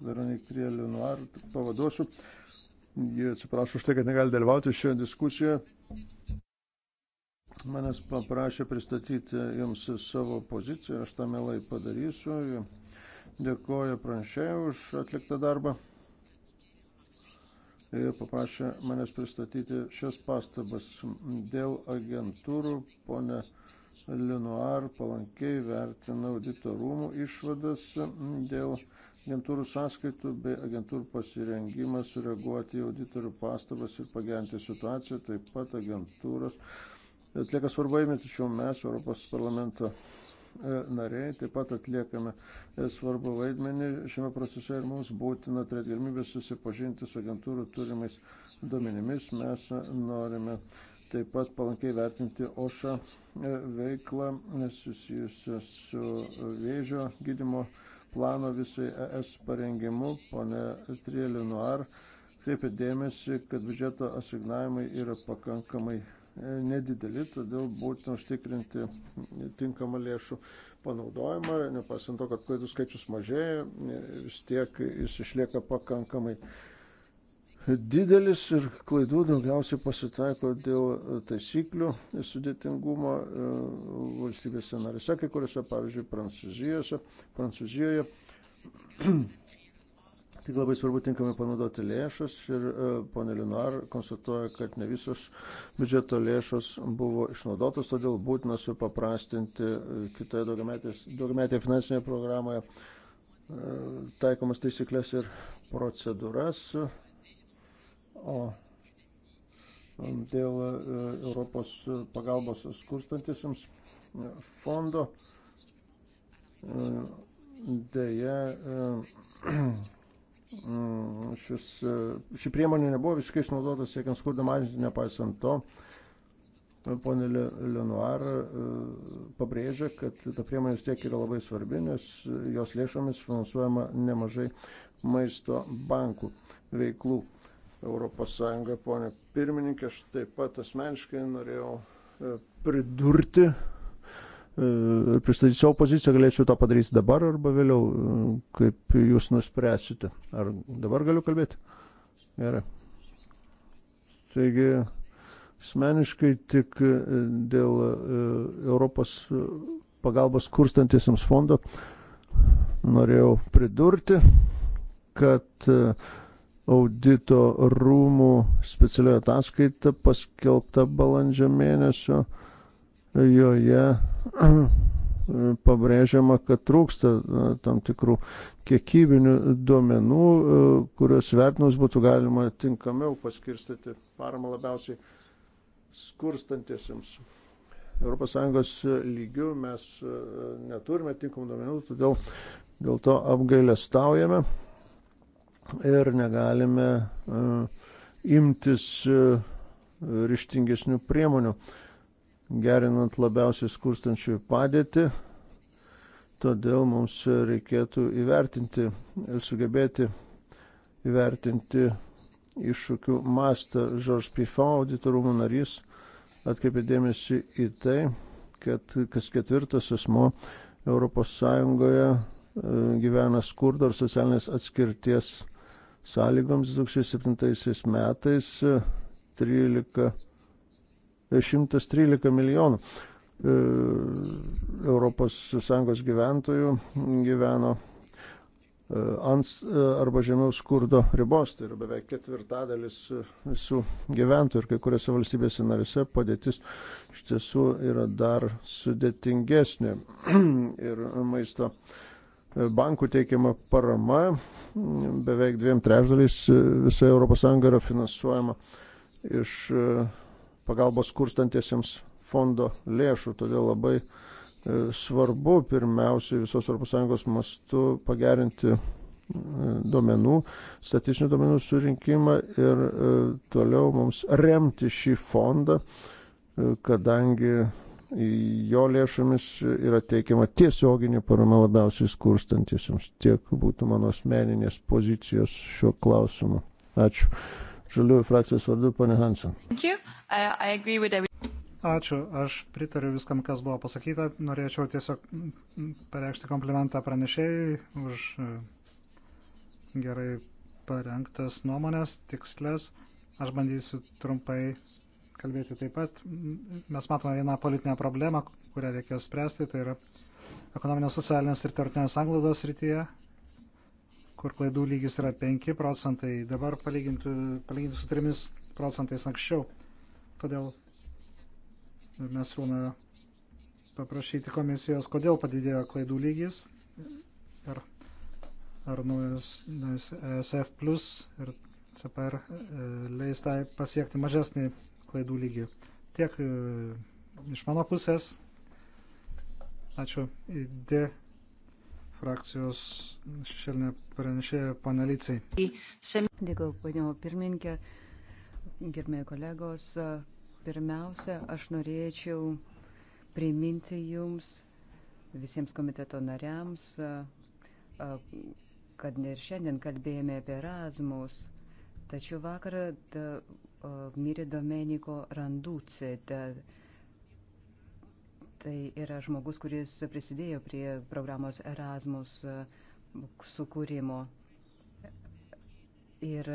Veronik Trielių Nuar pavaduosiu. Jie atsiprašo už tai, kad negali dalyvauti šioje diskusijoje. Manęs paprašė pristatyti jums savo poziciją, aš tą mielai padarysiu. Dėkoju pranešėjai už atliktą darbą. Ir paprašė manęs pristatyti šias pastabas dėl agentūrų, ponė. Lenoir palankiai vertina audito rūmų išvadas dėl agentūrų sąskaitų bei agentūrų pasirengimas sureaguoti į auditorių pastabas ir pagerinti situaciją. Taip pat agentūros atlieka svarbaimenį, tačiau mes, Europos parlamento e, nariai, taip pat atliekame e, svarbu vaidmenį šiame procese ir mums būtina turėti galimybę susipažinti su agentūrų turimais duomenimis. Mes e, norime taip pat palankiai vertinti OŠA veiklą susijusią su vėžio gydimo plano visai ES parengimu, ponė Trielinuar, kreipia dėmesį, kad biudžeto asignavimai yra pakankamai e, nedideli, todėl būtina užtikrinti tinkamą lėšų panaudojimą, nepaisant to, kad klaidų skaičius mažėja, e, vis tiek jis išlieka pakankamai didelis ir klaidų daugiausiai pasitaiko dėl taisyklių sudėtingumo e, valstybėse narise, kai kuriuose, pavyzdžiui, Prancūzijose, Prancūzijoje. Tik labai svarbu tinkamai panaudoti lėšas ir e, ponė Linar konstatuoja, kad ne visos biudžeto lėšos buvo išnaudotos, todėl būtina supaprastinti e, kitoje daugiametėje finansinėje programoje taikomas taisyklės ir procedūras. O dėl e, Europos pagalbos skurstantisiems e, fondo e, dėja šis, ši priemonė nebuvo visiškai išnaudota siekiant skurdą mažinti, nepaisant to. Pone Lenoir pabrėžia, kad ta priemonė vis tiek yra labai svarbi, nes jos lėšomis finansuojama nemažai maisto bankų veiklų. Europos Sąjungą. Pone pirmininkė, aš taip pat asmeniškai norėjau e, pridurti e, ir pristatyti savo poziciją, galėčiau tą padaryti dabar arba vėliau, e, kaip jūs nuspręsite. Ar dabar galiu kalbėti? Gerai. Taigi, asmeniškai tik dėl Europos pagalbos kurstantiesiams fondo norėjau pridurti, kad uh, audito rūmų specialioje ataskaita paskelbta balandžio mėnesio. Joje pabrėžiama, kad trūksta tam tikrų kiekybinių duomenų, e, kuriuos vertinus būtų galima tinkamiau paskirstyti paramą labiausiai skurstantiesiems. ES lygių mes e, neturime tinkamų duomenų, todėl dėl to apgailę staujame ir negalime e, imtis e, ryštingesnių priemonių, gerinant labiausiai skurstančiųjų padėtį. Todėl mums reikėtų įvertinti ir sugebėti įvertinti iššūkių mastą. Žorž Pifon auditorumo narys atkreipė dėmesį į tai, kad kas ketvirtas asmo ES e, gyvena skurdo ir socialinės atskirties sąlygoms 2007 metais 13, e, 113 e, milijonų ES gyventojų gyveno e, ant arba žemiau skurdo ribos, tai yra beveik ketvirtadalis visų gyventojų ir kai kuriuose valstybėse narise padėtis iš tiesų yra dar sudėtingesnė ir maisto bankų teikiama parama beveik dviem trečdaliais e, visoje ES yra finansuojama iš e, pagalbos kurstantiesiems fondo lėšų. Todėl labai e, svarbu pirmiausiai visos ES mastu pagerinti duomenų, statistinių duomenų surinkimą ir toliau mums remti šį fondą, kadangi jo lėšomis yra teikiama tiesioginė parama labiausiai skurstantiesiems. Tiek būtų mano asmeninės pozicijos šiuo klausimu. Ačiū. Žaliųjų frakcijos vardu, ponė Hansen. Ačiū, aš pritariu viskam, kas buvo pasakyta. Norėčiau tiesiog pareikšti komplimentą pranešėjai už e, gerai parengtas nuomonės, tikslės. Aš bandysiu trumpai kalbėti taip pat. Mes matome vieną politinę problemą, kurią reikėjo spręsti, tai yra ekonominės, socialinės ir teritorinės anglodos rytyje, kur klaidų lygis yra 5 procentai, dabar palyginti, palyginti su 3 procentais anksčiau. Todėl mes siūlome paprašyti komisijos, kodėl padidėjo klaidų lygis ir ar naujas ESF plus ir CPR e, leis tai pasiekti mažesnį klaidų lygį. Tiek e, iš mano pusės. Ačiū. D frakcijos šešėlinė pranešėja panelicijai. Dėkau, panio pirmininkė, gerbėjai kolegos. Pirmiausia, aš norėčiau priminti jums visiems komiteto nariams, kad ir šiandien kalbėjome apie Erasmus, tačiau vakar mirė Domeniko Randucė. Tai yra žmogus, kuris prisidėjo prie programos Erasmus e, sukūrimo. Ir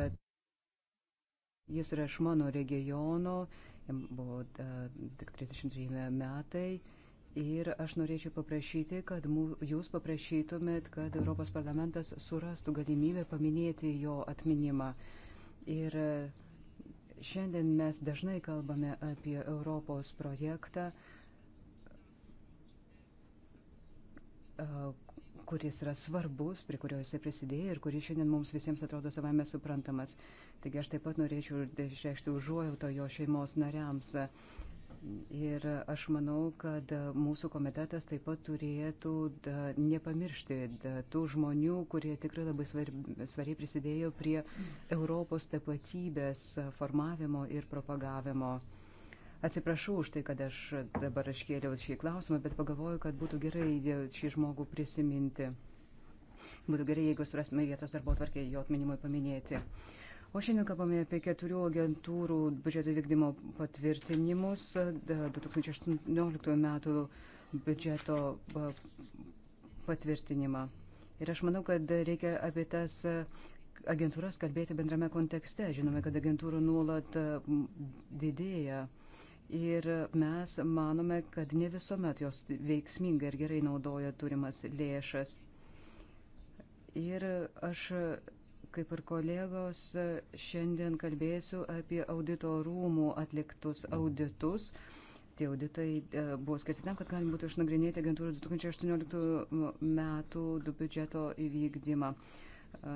jis yra iš mano regiono, buvo e, tik 33 metai. Ir aš norėčiau paprašyti, kad mū, jūs paprašytumėt, kad Europos parlamentas surastų galimybę paminėti jo atminimą. Ir uh, Šiandien mes dažnai kalbame apie Europos projektą, kuris yra svarbus, prie kurio jisai prisidėjo ir kuris šiandien mums visiems atrodo savame suprantamas. Taigi aš taip pat norėčiau išreikšti užuojautą jo šeimos nariams. Uh, Ir aš manau, kad mūsų komitetas taip pat turėtų da, nepamiršti da, tų žmonių, kurie tikrai labai svariai prisidėjo prie Europos tapatybės formavimo ir propagavimo. Atsiprašau už tai, kad aš dabar iškėliau šį klausimą, bet pagalvoju, kad būtų gerai šį žmogų prisiminti. Būtų gerai, jeigu surasime vietos darbo tvarkė jo atminimui paminėti. Uh, O šiandien kalbame apie keturių agentūrų biudžeto vykdymo patvirtinimus 2018 metų biudžeto patvirtinimą. Ir aš manau, kad reikia apie tas e, agentūras kalbėti bendrame kontekste. Žinome, kad agentūrų nuolat e, didėja. Ir mes manome, kad ne visuomet jos veiksmingai ir gerai naudoja turimas lėšas. Ir aš kaip ir kolegos, šiandien kalbėsiu apie audito rūmų atliktus auditus. Tie auditai e, buvo skirti tam, kad galima būtų išnagrinėti agentūrų 2018 metų biudžeto įvykdymą. E,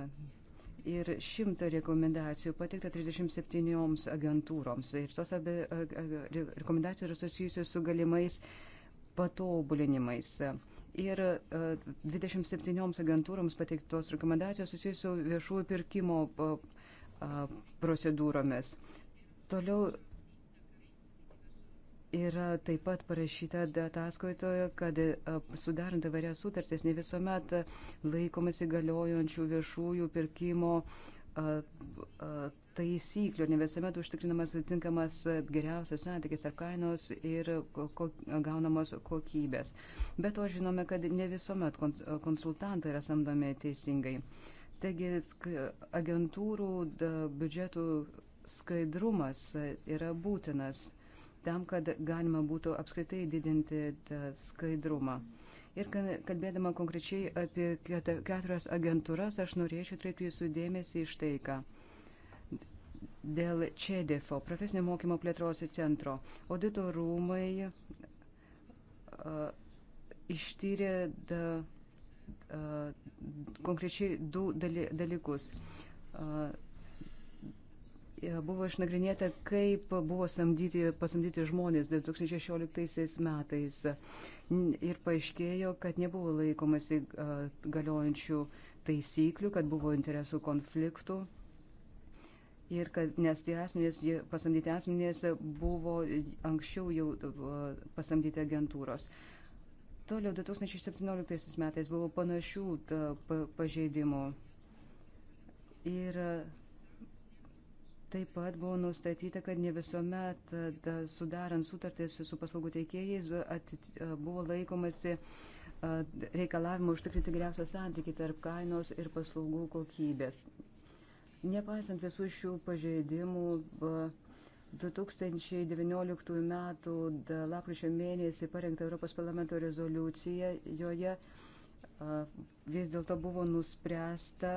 ir šimtą rekomendacijų pateikta 37 agentūroms. Ir tos abi e, rekomendacijos yra susijusios su galimais patobulinimais ir 27 e, agentūroms pateiktos rekomendacijos susijusios su viešųjų pirkimo procedūromis. Toliau yra taip pat parašyta ataskaitoje, kad e, sudarant įvairias sutartis ne visuomet laikomasi galiojančių viešųjų pirkimo procedūrų taisyklių, ne visuomet užtikrinamas tinkamas geriausias santykis tarp kainos ir gaunamos kokybės. Bet to žinome, kad ne visuomet konsultantai yra samdomi teisingai. Taigi agentūrų biudžetų skaidrumas yra būtinas tam, kad galima būtų apskritai didinti skaidrumą. Mm. Ir kalbėdama konkrečiai apie keturias agentūras, aš norėčiau atkreipti jūsų dėmesį iš tai, ką dėl ČEDEFO, profesinio mokymo plėtros centro. Audito rūmai uh, ištyrė da, uh, konkrečiai du daly, dalykus. Uh, buvo išnagrinėta, kaip buvo samdyti, pasamdyti žmonės 2016 metais. Uh, ir paaiškėjo, kad nebuvo laikomasi galiojančių taisyklių, kad buvo interesų konfliktų. Ir kad, nes tie asmenys, pasamdyti asmenys buvo anksčiau jau pasamdyti agentūros. Toliau 2017 metais buvo panašių ta, pa, pažeidimų. Ir Taip pat buvo nustatyta, kad ne visuomet sudarant sutartis su paslaugų teikėjais buvo laikomasi reikalavimo užtikrinti geriausią santykį tarp kainos ir paslaugų kokybės. Nepaisant visų šių pažeidimų, 2019 m. lapkričio mėnesį parengta Europos parlamento rezoliucija, joje vis dėlto buvo nuspręsta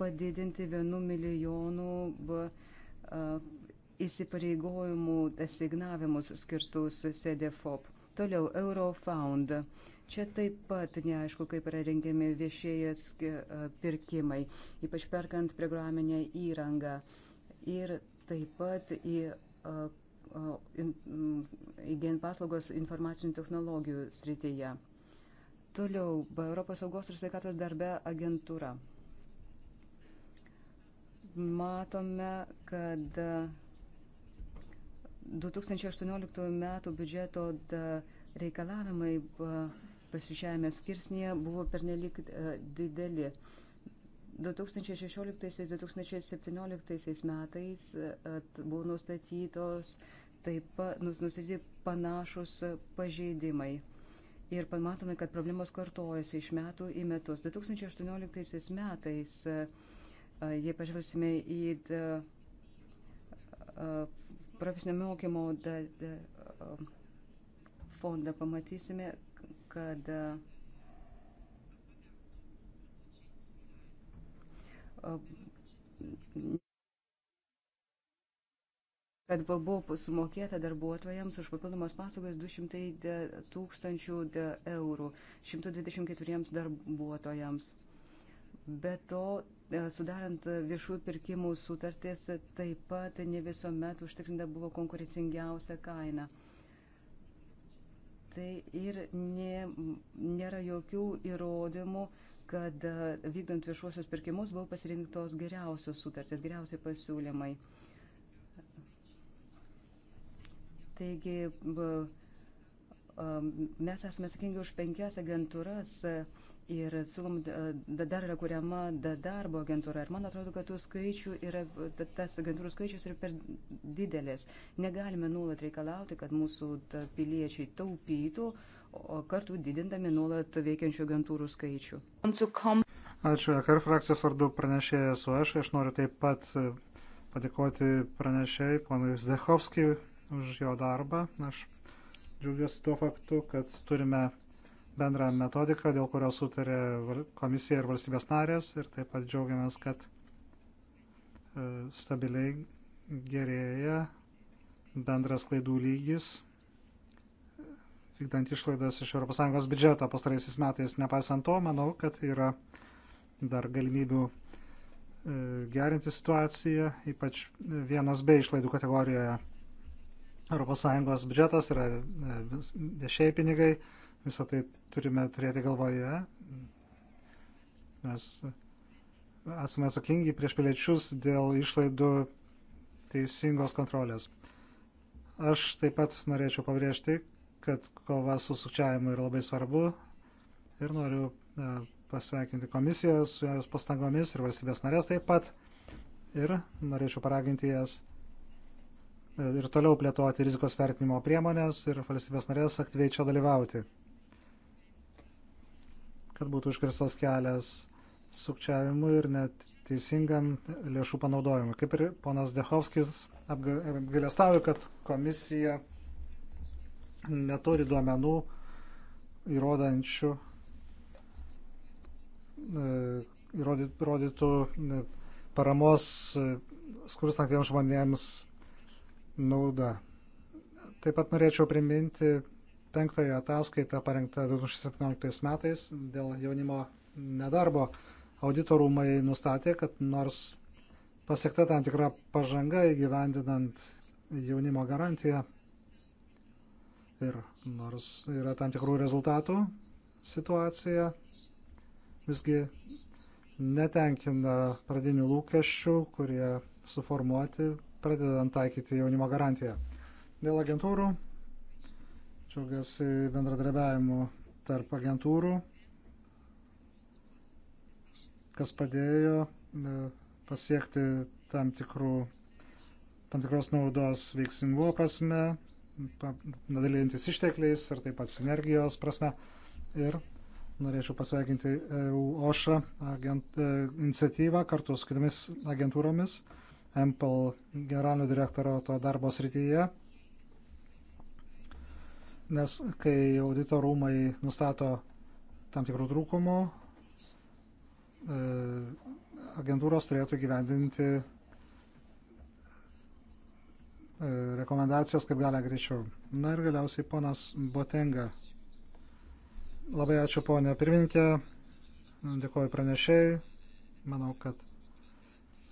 padidinti vienu milijonu įsipareigojimų asignavimus skirtus CDFOP. Toliau Eurofound. Čia taip pat neaišku, kaip yra rengiami viešėjas pirkimai, ypač perkant programinę įrangą. Ir taip pat į, į genpaslaugos informacinių technologijų srityje. Toliau, Europos saugos ir sveikatos darbe agentūra matome, kad 2018 e, metų biudžeto e, reikalavimai e, pasvičiajame skirsnėje buvo pernelik dideli. 2016-2017 metais buvo nustatytos taip nustatyti panašus pažeidimai. Ir pamatome, kad problemos kartojasi iš metų į metus. 2018 metais Jei pažvelgsime į profesinio mokymo fondą, pamatysime, kad kad buvo sumokėta darbuotojams už papildomas paslaugas 200 tūkstančių eurų 124 darbuotojams. Be to E, sudarant viešųjų pirkimų sutartis, taip pat ne visuomet užtikrinta buvo konkurencingiausia kaina. Tai ir nė, nėra jokių įrodymų, kad e, vykdant viešuosius pirkimus buvo pasirinktos geriausios sutartys, geriausiai pasiūlymai. Taigi mes esame atsakingi už penkias agentūras Ir siūlom, dar yra kuriama darbo agentūra. Ir man atrodo, kad skaičių yra, tas agentūrų skaičius yra per didelis. Negalime nuolat reikalauti, kad mūsų piliečiai taupytų, o kartu didindami nuolat veikiančių agentūrų skaičių. Ačiū, EKR frakcijos vardu pranešėjai esu aš. Aš noriu taip pat padėkoti pranešėjai, ponui Zdechovskijui, už jo darbą. Aš džiaugiuosi tuo faktu, kad turime bendrą metodiką, dėl kurios sutarė komisija ir valstybės narės. Ir taip pat džiaugiamės, kad e, stabiliai gerėja bendras klaidų lygis, vykdant išlaidas iš ES biudžeto pastaraisiais metais. Nepaisant to, manau, kad yra dar galimybių e, gerinti situaciją, ypač vienas bei išlaidų kategorijoje. ES biudžetas yra e, viešiai pinigai, visą tai turime turėti galvoje. Mes esame atsakingi prieš piliečius dėl išlaidų teisingos kontrolės. Aš taip pat norėčiau pabrėžti, kad kova su sukčiavimu yra labai svarbu ir noriu pasveikinti komisiją su jos pastangomis ir valstybės narės taip pat. Ir norėčiau paraginti jas e, ir toliau plėtoti rizikos vertinimo priemonės ir valstybės narės aktyviai čia dalyvauti kad būtų užkirstas kelias sukčiavimui ir neteisingam lėšų panaudojimui. Kaip ir ponas Dehovskis apgalėstavo, kad komisija neturi duomenų įrodančių, e, įrodytų e, paramos e, skurstantiems žmonėms naudą. Taip pat norėčiau priminti penktąją ataskaitą parengtą 2017 metais dėl jaunimo nedarbo. Auditorumai nustatė, kad nors pasiekta tam tikra pažanga įgyvendinant jaunimo garantiją ir nors yra tam tikrų rezultatų situacija, visgi netenkina pradinių lūkesčių, kurie suformuoti pradedant taikyti jaunimo garantiją. Dėl agentūrų Džiaugiasi bendradarbiavimu tarp agentūrų, kas padėjo e, pasiekti tam, tikrų, tam tikros naudos veiksmingumo prasme, dalyjantis ištekliais ir taip pat sinergijos prasme. Ir norėčiau pasveikinti EU OŠA agent, e, iniciatyvą kartu su kitomis agentūromis, MPL generalinio direktorato darbo srityje nes kai audito rūmai nustato tam tikrų trūkumų, e, agentūros turėtų gyvendinti e, rekomendacijas kaip galia greičiau. Na ir galiausiai ponas Botenga. Labai ačiū ponė pirmininkė, dėkoju pranešėjai. Manau, kad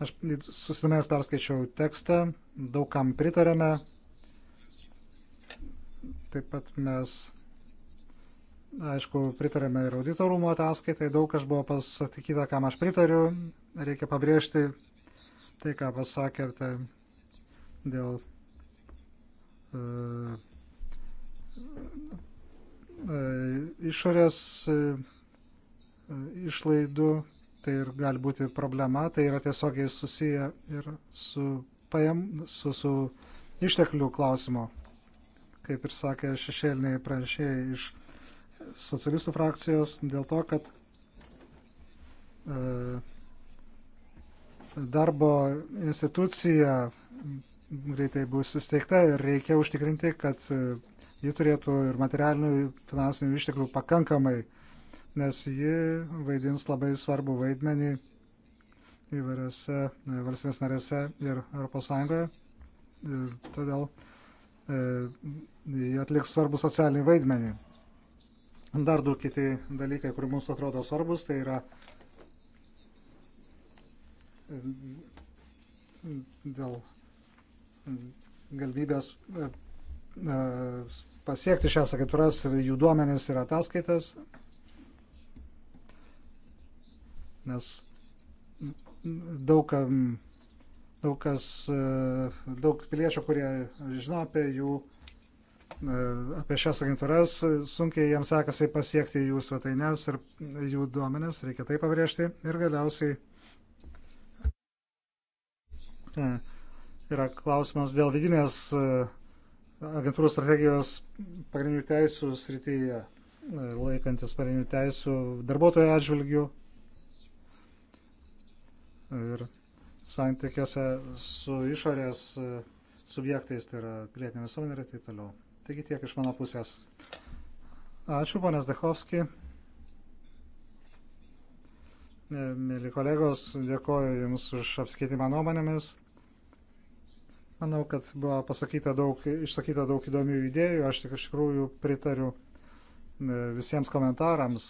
aš susidomėjęs perskaičiau tekstą, daug kam pritarėme. Taip pat mes, aišku, pritarėme ir auditorumo ataskaitai, daug kas buvo pasakyta, kam aš pritariu. Reikia pabrėžti tai, ką pasakėte dėl uh, išorės e, išlaidų, tai ir gali būti problema, tai yra tiesiogiai susiję ir su, pajam, su, su išteklių klausimo kaip ir sakė šešėliniai pranešėjai iš socialistų frakcijos, dėl to, kad e, darbo institucija greitai bus įsteigta ir reikia užtikrinti, kad e, ji turėtų ir materialinių finansinių išteklių pakankamai, nes ji vaidins labai svarbu vaidmenį įvairiose e, valstybės narėse ir ES. Todėl jie atliks svarbų socialinį vaidmenį. Dar du kiti dalykai, kur mums atrodo svarbus, tai yra dėl galimybės e, e, pasiekti šias agentūras ir jų duomenis ir ataskaitas, nes daug, daug, kas, e, daug piliečių, kurie žino apie jų E, apie šias agentūras, sunkiai jiems sekasi pasiekti jų svetainės ir jų duomenės, reikia tai pabrėžti. Ir galiausiai e, yra klausimas dėl vidinės e, agentūrų strategijos pagrindinių teisų srityje, laikantis pagrindinių teisų darbuotojų atžvilgių ir santykiuose su išorės subjektais, tai yra pilietinė visuomenė ir taip toliau. Taigi tiek iš mano pusės. Ačiū, ponas Dehovski. E, mėly kolegos, dėkoju Jums už apskaitimą nuomonėmis. Manau, kad buvo pasakyta daug, išsakyta daug įdomių idėjų. Aš tik iš tikrųjų pritariu e, visiems komentarams.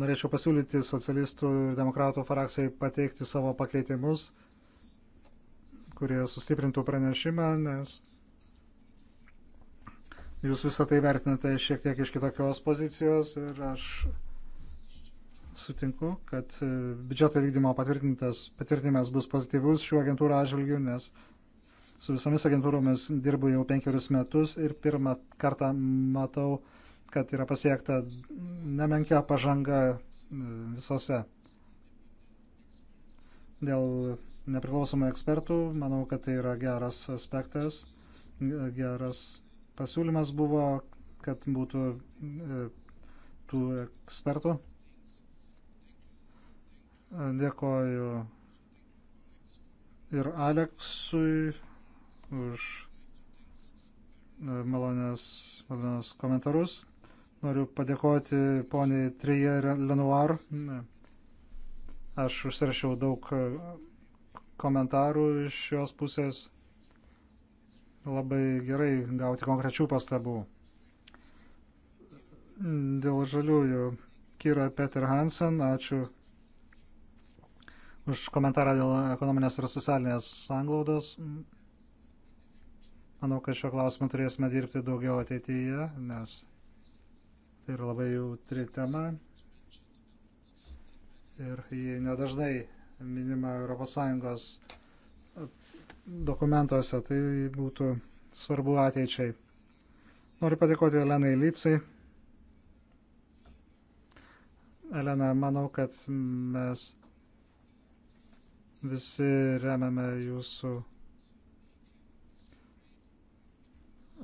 Norėčiau pasiūlyti socialistų demokratų frakcijai pateikti savo pakeitimus kurie sustiprintų pranešimą, nes jūs visą tai vertinate šiek tiek iš kitokios pozicijos ir aš sutinku, kad e, biudžeto vykdymo patvirtinimas bus pozityvus šių agentūrų atžvilgių, nes su visomis agentūromis dirbu jau penkerius metus ir pirmą kartą matau, kad yra pasiekta nemenkia pažanga e, visose. Dėl nepriklausomų ekspertų. Manau, kad tai yra geras aspektas, geras pasiūlymas buvo, kad būtų e, tų ekspertų. Dėkoju ir Aleksui už e, malonės, malonės komentarus. Noriu padėkoti poniai Trije Lenoir. Aš užsirašiau daug komentarų iš jos pusės. Labai gerai gauti konkrečių pastabų. Dėl žaliųjų Kira Peter Hansen, ačiū už komentarą dėl ekonominės ir socialinės sanglaudos. Manau, kad šio klausimu turėsime dirbti daugiau ateityje, nes tai yra labai jautri tema ir ji nedažnai minima ES dokumentuose. Tai būtų svarbu ateičiai. Noriu padėkoti Elenai Lycai. Elena, manau, kad mes visi remiame jūsų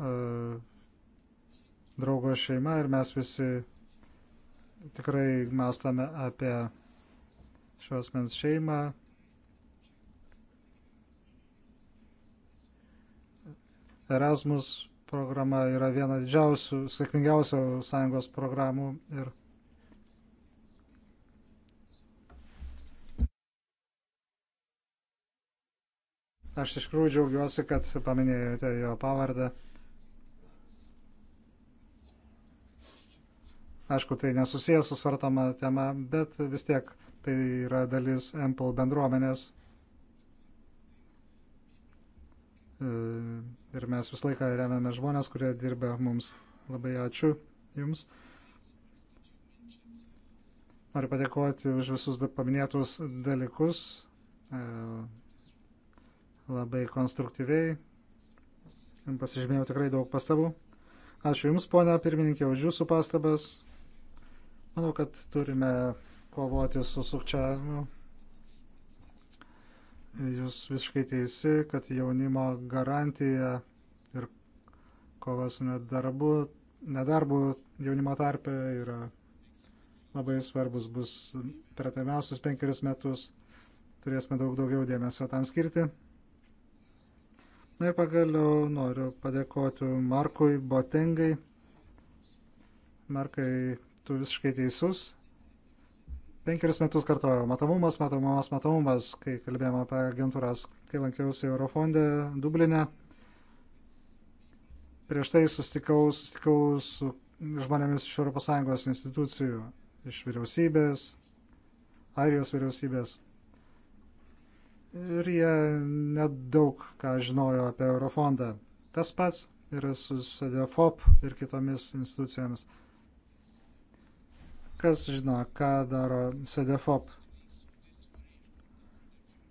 uh, draugo šeimą ir mes visi tikrai mąstame apie šios mens šeimą. Erasmus programa yra viena didžiausių, sėkmingiausių sąjungos programų ir Aš iš tikrųjų džiaugiuosi, kad paminėjote jo pavardę. Aišku, tai nesusijęs su svartama tema, bet vis tiek tai yra dalis MPL bendruomenės. E, ir mes visą laiką remiame žmonės, kurie dirba mums. Labai ačiū Jums. Noriu padėkoti už visus paminėtus dalykus. E, labai konstruktyviai. Pasižymėjau tikrai daug pastabų. Ačiū Jums, ponia pirmininkė, už Jūsų pastabas. Manau, kad turime kovoti su sukčiavimu. Jūs visiškai teisi, kad jaunimo garantija ir kova su nedarbu, nedarbu jaunimo tarpe yra labai svarbus bus per atėmiausius penkerius metus. Turėsime daug daugiau dėmesio tam skirti. Na ir pagaliau noriu padėkoti Markui Botengai. Markai, tu visiškai teisus. Penkerius metus kartojau matomumas, matomumas, matomumas, kai kalbėjome apie agentūras, kai lankiausi Eurofonde Dublinė. Prieš tai sustikau, sustikau su žmonėmis iš ES institucijų, iš vyriausybės, Airijos vyriausybės. Ir jie nedaug ką žinojo apie Eurofondą. Tas pats yra su SDFOP ir kitomis institucijomis. Kas žino, ką daro SEDEFOP?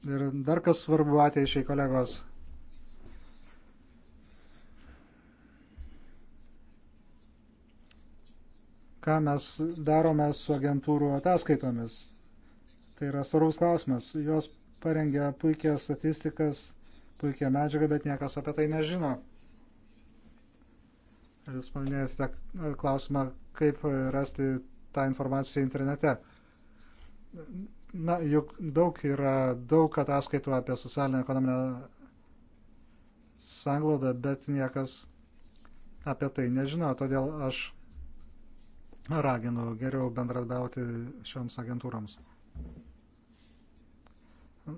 Ir dar kas svarbu ateičiai, kolegos. Ką mes darome su agentūrų ataskaitomis? Tai yra svarbus klausimas. Jos parengia puikia statistikas, puikia medžiaga, bet niekas apie tai nežino. Jūs paminėjote klausimą, kaip rasti tą informaciją internete. Na, juk daug yra daug ataskaitų apie socialinę ekonominę sanglaudą, bet niekas apie tai nežino, todėl aš raginu geriau bendradauti šioms agentūroms.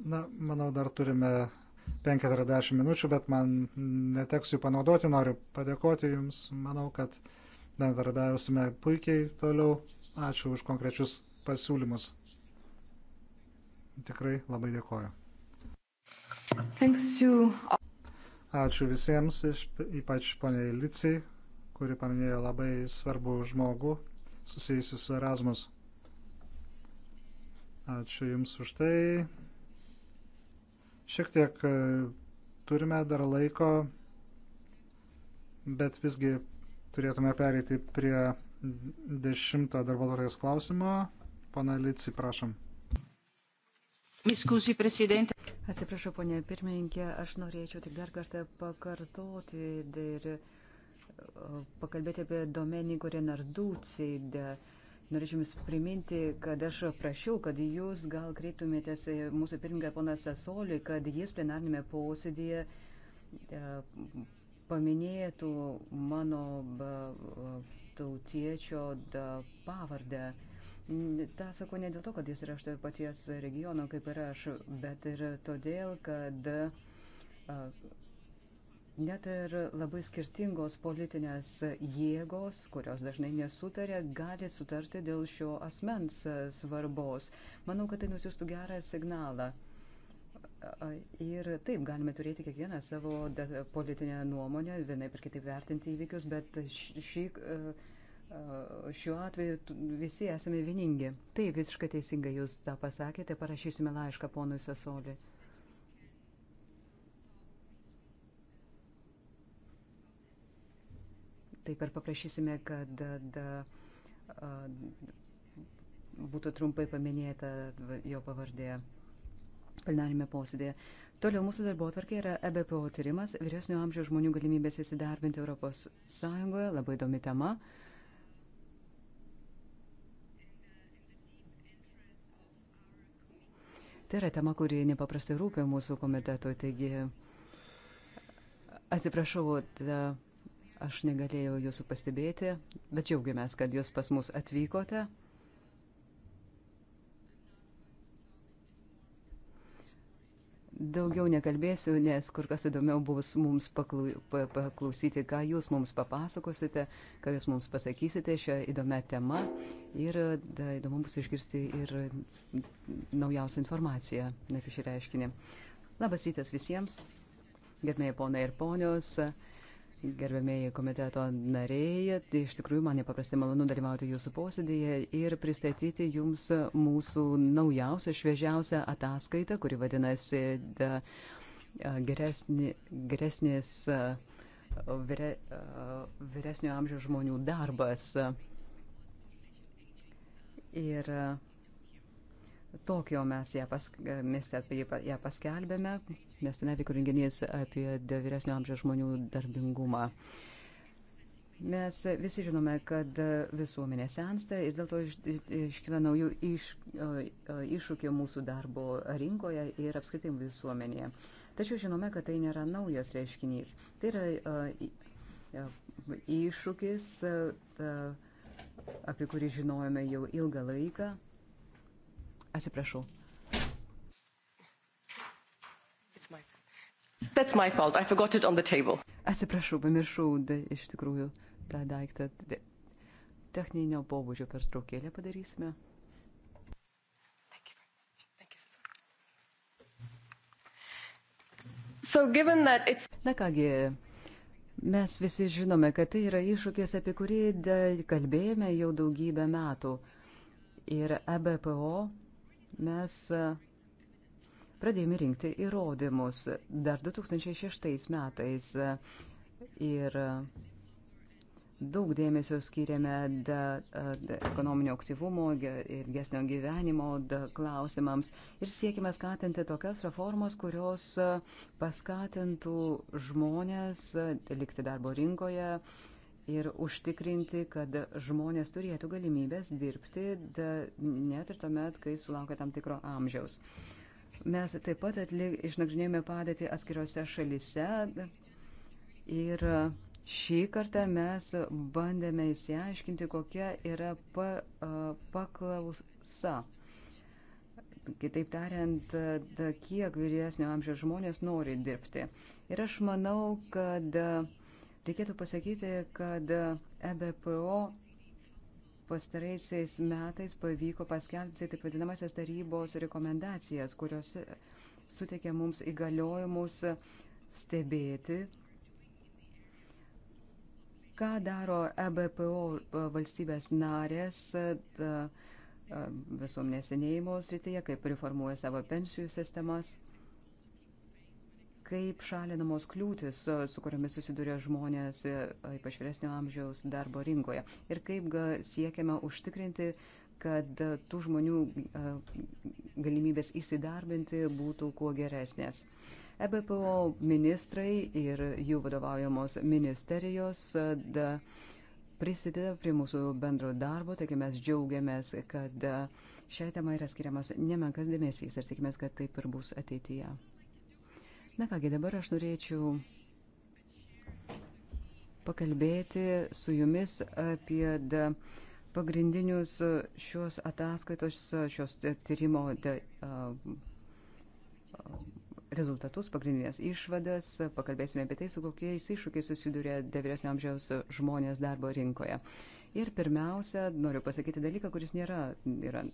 Na, manau, dar turime 50 minučių, bet man neteks jų panaudoti. Noriu padėkoti Jums. Manau, kad bendradarbiausime puikiai toliau. Ačiū už konkrečius pasiūlymus. Tikrai labai dėkoju. Ačiū visiems, ypač poniai Licijai, kuri paminėjo labai svarbų žmogų susijusius su Erasmus. Ačiū Jums už tai. Šiek tiek e, turime dar laiko, bet visgi turėtume pereiti prie dešimtą darbo tvarkės klausimą. Pana Lici, prašom. Miskusi, prezidentė. Atsiprašau, ponė pirmininkė, aš norėčiau tik dar kartą pakartoti ir e, pakalbėti apie Domeniko Renarducį. Norėčiau Jums priminti, kad aš prašiau, kad Jūs gal kreiptumėtės e, mūsų pirmininką poną Sasolį, kad jis plenarnėme posėdėje e, paminėtų mano tautiečio pavardę. Ta sako ne dėl to, kad jis yra iš to paties regiono kaip ir aš, bet ir todėl, kad net ir labai skirtingos politinės jėgos, kurios dažnai nesutarė, gali sutarti dėl šio asmens svarbos. Manau, kad tai nusistų gerą signalą. Ir taip, galime turėti kiekvieną savo politinę nuomonę, vienaip ir kitaip vertinti įvykius, bet šį, šiuo atveju visi esame vieningi. Taip, visiškai teisingai jūs tą pasakėte, parašysime laišką ponui Sasoliui. Taip ir paprašysime, kad da, da, būtų trumpai paminėta jo pavardė plenarime posėdėje. Toliau mūsų darbo atvarkė yra EBPO tyrimas vyresnio amžiaus žmonių galimybės įsidarbinti Europos Sąjungoje. Labai įdomi tema. Tai yra tema, kuri nepaprastai rūpia mūsų komitetui. Taigi, atsiprašau, ta, aš negalėjau jūsų pastebėti, bet džiaugiamės, kad jūs pas mus atvykote. Daugiau nekalbėsiu, nes kur kas įdomiau bus mums paklausyti, ką jūs mums papasakosite, ką jūs mums pasakysite šią įdomią temą ir da, įdomu bus išgirsti ir naujausią informaciją apie šį reiškinį. Labas rytas visiems, gerbėjai ponai ir ponios. Gerbėmėjai komiteto nariai, tai iš tikrųjų man nepaprastai malonu dalyvauti jūsų posėdėje ir pristatyti jums mūsų naujausią, šviežiausią ataskaitą, kuri vadinasi da, geresni, geresnis vyre, vyresnio amžiaus žmonių darbas. Ir uh, Tokio mes ją, pas, mieste, ją paskelbėme, nes ten vyko renginys apie vyresnio amžiaus žmonių darbingumą. Mes visi žinome, kad visuomenė sensta ir dėl to iškyla naujų iš, iššūkių mūsų darbo rinkoje ir apskritai visuomenėje. Tačiau žinome, kad tai nėra naujas reiškinys. Tai yra iššūkis, apie kurį žinojome jau ilgą laiką. Atsiprašau. My... That's my fault. I forgot it on the table. Atsiprašau, pamiršau da, iš tikrųjų tą daiktą. Techninio pobūdžio pertraukėlę padarysime. So Na kągi, mes visi žinome, kad tai yra iššūkis, apie kurį kalbėjome jau daugybę metų. Ir EBPO mes e, pradėjome rinkti įrodymus dar 2006 metais e, ir e, daug dėmesio skiriame da, da, ekonominio aktyvumo ir gesnio gyvenimo da, klausimams ir siekime skatinti tokias reformas, kurios paskatintų žmonės likti darbo rinkoje, ir užtikrinti, kad žmonės turėtų galimybės dirbti da, net ir tuomet, kai sulaukia tam tikro amžiaus. Mes taip pat atlik, išnagrinėjome padėtį atskiriuose šalise ir šį kartą mes bandėme įsiaiškinti, kokia yra pa, paklausa. Kitaip tariant, da, kiek vyresnio amžiaus žmonės nori dirbti. Ir aš manau, kad Reikėtų pasakyti, kad EBPO pastaraisiais metais pavyko paskelbti taip vadinamasias tarybos rekomendacijas, kurios suteikia mums įgaliojimus stebėti, ką daro EBPO valstybės narės visuomenės senėjimo srityje, kaip reformuoja savo pensijų sistemas kaip šalinamos kliūtis, su kuriomis susiduria žmonės, e, ypač vyresnio amžiaus darbo rinkoje. Ir kaip siekiama užtikrinti, kad tų žmonių e, galimybės įsidarbinti būtų kuo geresnės. EBPO ministrai ir jų vadovaujamos ministerijos e, da, prisideda prie mūsų bendro darbo, taigi mes džiaugiamės, kad šią temą yra skiriamas nemenkas dėmesys ir tikimės, kad taip ir bus ateityje. Na kągi, dabar aš norėčiau pakalbėti su jumis apie pagrindinius šios ataskaitos, šios tyrimo rezultatus, pagrindinės išvadas, pakalbėsime apie tai, su kokiais iššūkiais susiduria devyresnio amžiaus žmonės darbo rinkoje. Ir pirmiausia, noriu pasakyti dalyką, kuris nėra, yra,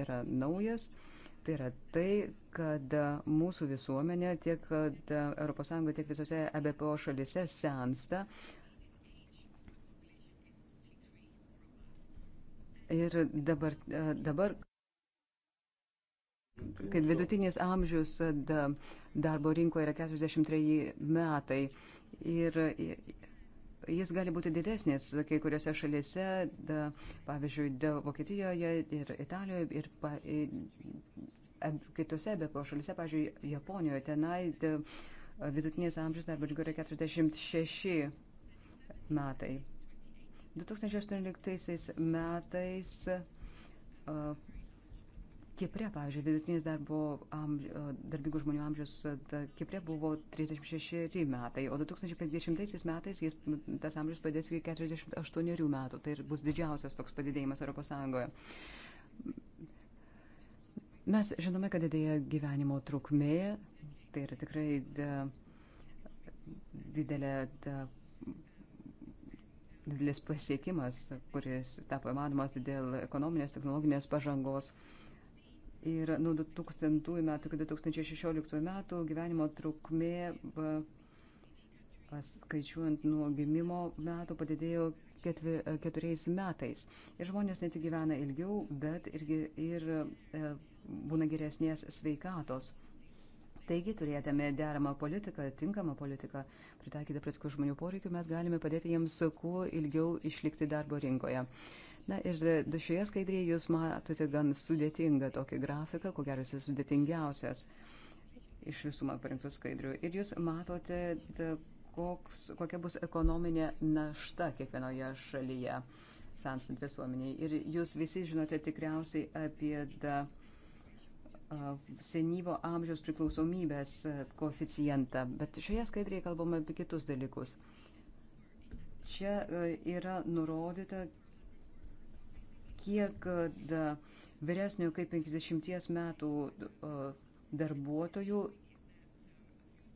nėra naujas. Uh, Tai yra tai, kad mūsų visuomenė tiek ES, tiek visose ABPO šalise sensta. Ir dabar, dabar kad vidutinis amžius darbo rinkoje yra 43 metai ir jis gali būti didesnis kai kuriuose šalise, da, pavyzdžiui, da, Vokietijoje ir Italijoje ir pa, e, kitose BPO šalise, pavyzdžiui, Japonijoje, tenai da, vidutinės amžius darbo lygio yra 46 metai. 2018 metais Kipre, pavyzdžiui, vidutinis darbo amž... E, darbingų žmonių amžius e, Kipre buvo 36 metai, o 2050 metais jis, tas amžius padės iki 48 metų. Tai bus didžiausias toks padidėjimas ES. Mes žinome, kad didėja gyvenimo trukmė, tai yra tikrai da, e, didelė da, didelis pasiekimas, kuris tapo įmanomas dėl ekonominės, technologinės pažangos. Uh, Ir nuo 2000 metų iki 2016 metų gyvenimo trukmė, skaičiuojant nuo gimimo metų, padidėjo ketvi, keturiais metais. Ir žmonės ne tik gyvena ilgiau, bet irgi ir e, būna geresnės sveikatos. Taigi, turėdami deramą politiką, tinkamą politiką, pritaikytą prie tokių žmonių poreikių, mes galime padėti jiems kuo ilgiau išlikti darbo rinkoje. E, Na ir e, šioje skaidrėje jūs matote gan sudėtingą tokį grafiką, ko gero jis sudėtingiausias iš visų man parinktų skaidrių. Ir jūs matote, da, koks, kokia bus ekonominė našta kiekvienoje šalyje senstant visuomeniai. Ir jūs visi žinote tikriausiai apie da, senyvo amžiaus priklausomybės e, koeficientą, bet šioje skaidrėje kalbame apie kitus dalykus. Čia e, yra nurodyta, kiek vyresnio kaip 50 metų darbuotojų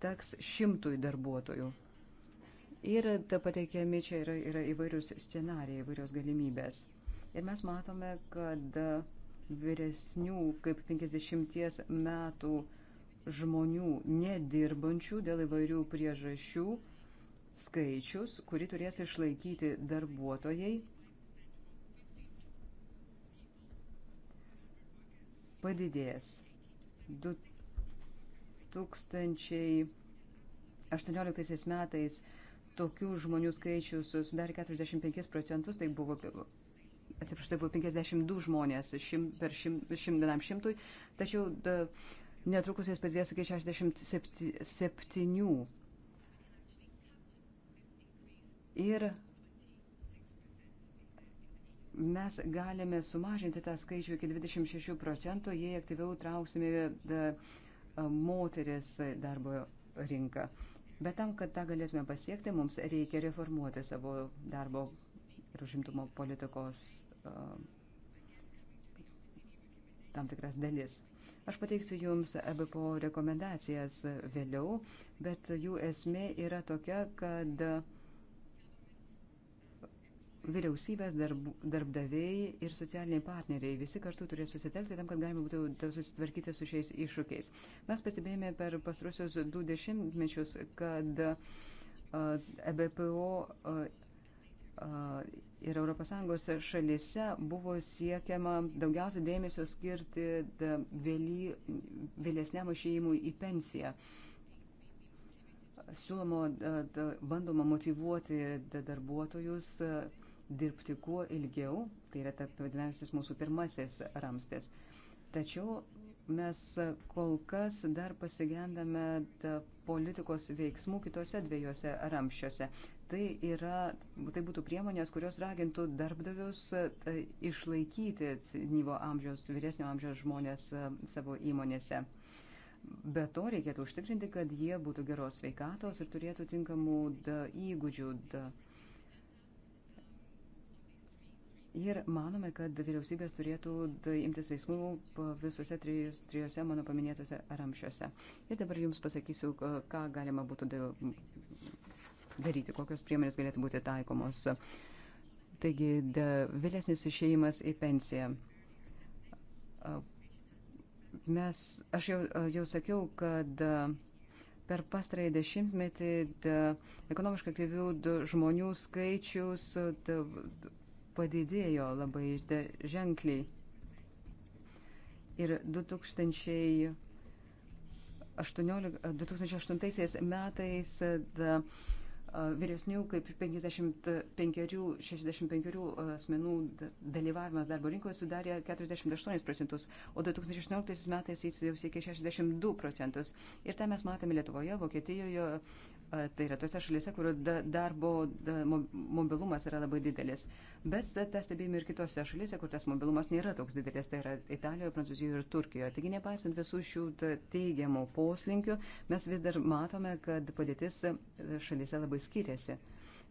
teks šimtui darbuotojų. Ir ta pateikiami čia yra, yra įvairius scenarijai, įvairios galimybės. Ir mes matome, kad vyresnių kaip 50 metų žmonių nedirbančių dėl įvairių priežasčių skaičius, kurį turės išlaikyti darbuotojai, padidėjęs. 2018 metais tokių žmonių skaičius sudarė 45 procentus, tai buvo, atsiprašau, tai buvo 52 žmonės šim, per šim, šimdienam šimtui, tačiau da, netrukus jis padidės iki 67. Ir mes galime sumažinti tą skaičių iki 26 procentų, jei aktyviau trauksime moteris darbo rinką. Bet tam, kad tą galėtume pasiekti, mums reikia reformuoti savo darbo ir užimtumo politikos tam tikras dalis. Aš pateiksiu Jums EBPO rekomendacijas vėliau, bet jų esmė yra tokia, kad vyriausybės, darb, darbdaviai ir socialiniai partneriai visi kartu turės susitelkti tam, kad galima būtų susitvarkyti su šiais iššūkiais. Mes pastebėjome per pastrusius du dešimtmečius, kad EBPO ir ES šalise buvo siekiama daugiausia dėmesio skirti vėly, vėlesniam išėjimui į pensiją siūloma, bandoma motivuoti darbuotojus dirbti kuo ilgiau, tai yra ta vadinamasis mūsų pirmasis ramstis. Tačiau mes kol kas dar pasigendame politikos veiksmų kitose dviejose ramščiuose. Tai, yra, tai būtų priemonės, kurios ragintų darbdavius tai, išlaikyti senyvo amžiaus, vyresnio amžiaus žmonės e, savo įmonėse. Be to reikėtų užtikrinti, kad jie būtų geros sveikatos ir turėtų tinkamų da, įgūdžių. Da, Ir manome, kad vyriausybės turėtų imtis veiksmų visose trijose mano paminėtose ramšiuose. Ir dabar jums pasakysiu, ką galima būtų daryti, kokios priemonės galėtų būti taikomos. Taigi, vėlesnis išėjimas į pensiją. Mes, aš jau, jau sakiau, kad per pastarąjį dešimtmetį ekonomiškai aktyvių žmonių skaičius. Da, da, padidėjo labai ženkliai. Ir 2000 18, 2008 metais da, vyresnių kaip 55-65 asmenų dalyvavimas darbo rinkoje sudarė 48 procentus, o 2018 metais jis jau siekė 62 procentus. Ir tą mes matėme Lietuvoje, Vokietijoje, tai yra tose šalyse, kur darbo mobilumas yra labai didelis. Bet tą stebėjome ir kitose šalyse, kur tas mobilumas nėra toks didelis, tai yra Italijoje, Prancūzijoje ir Turkijoje. Taigi, nepaisant visų šių teigiamų poslinkių, mes vis dar matome, kad padėtis e, šalyse labai skiriasi.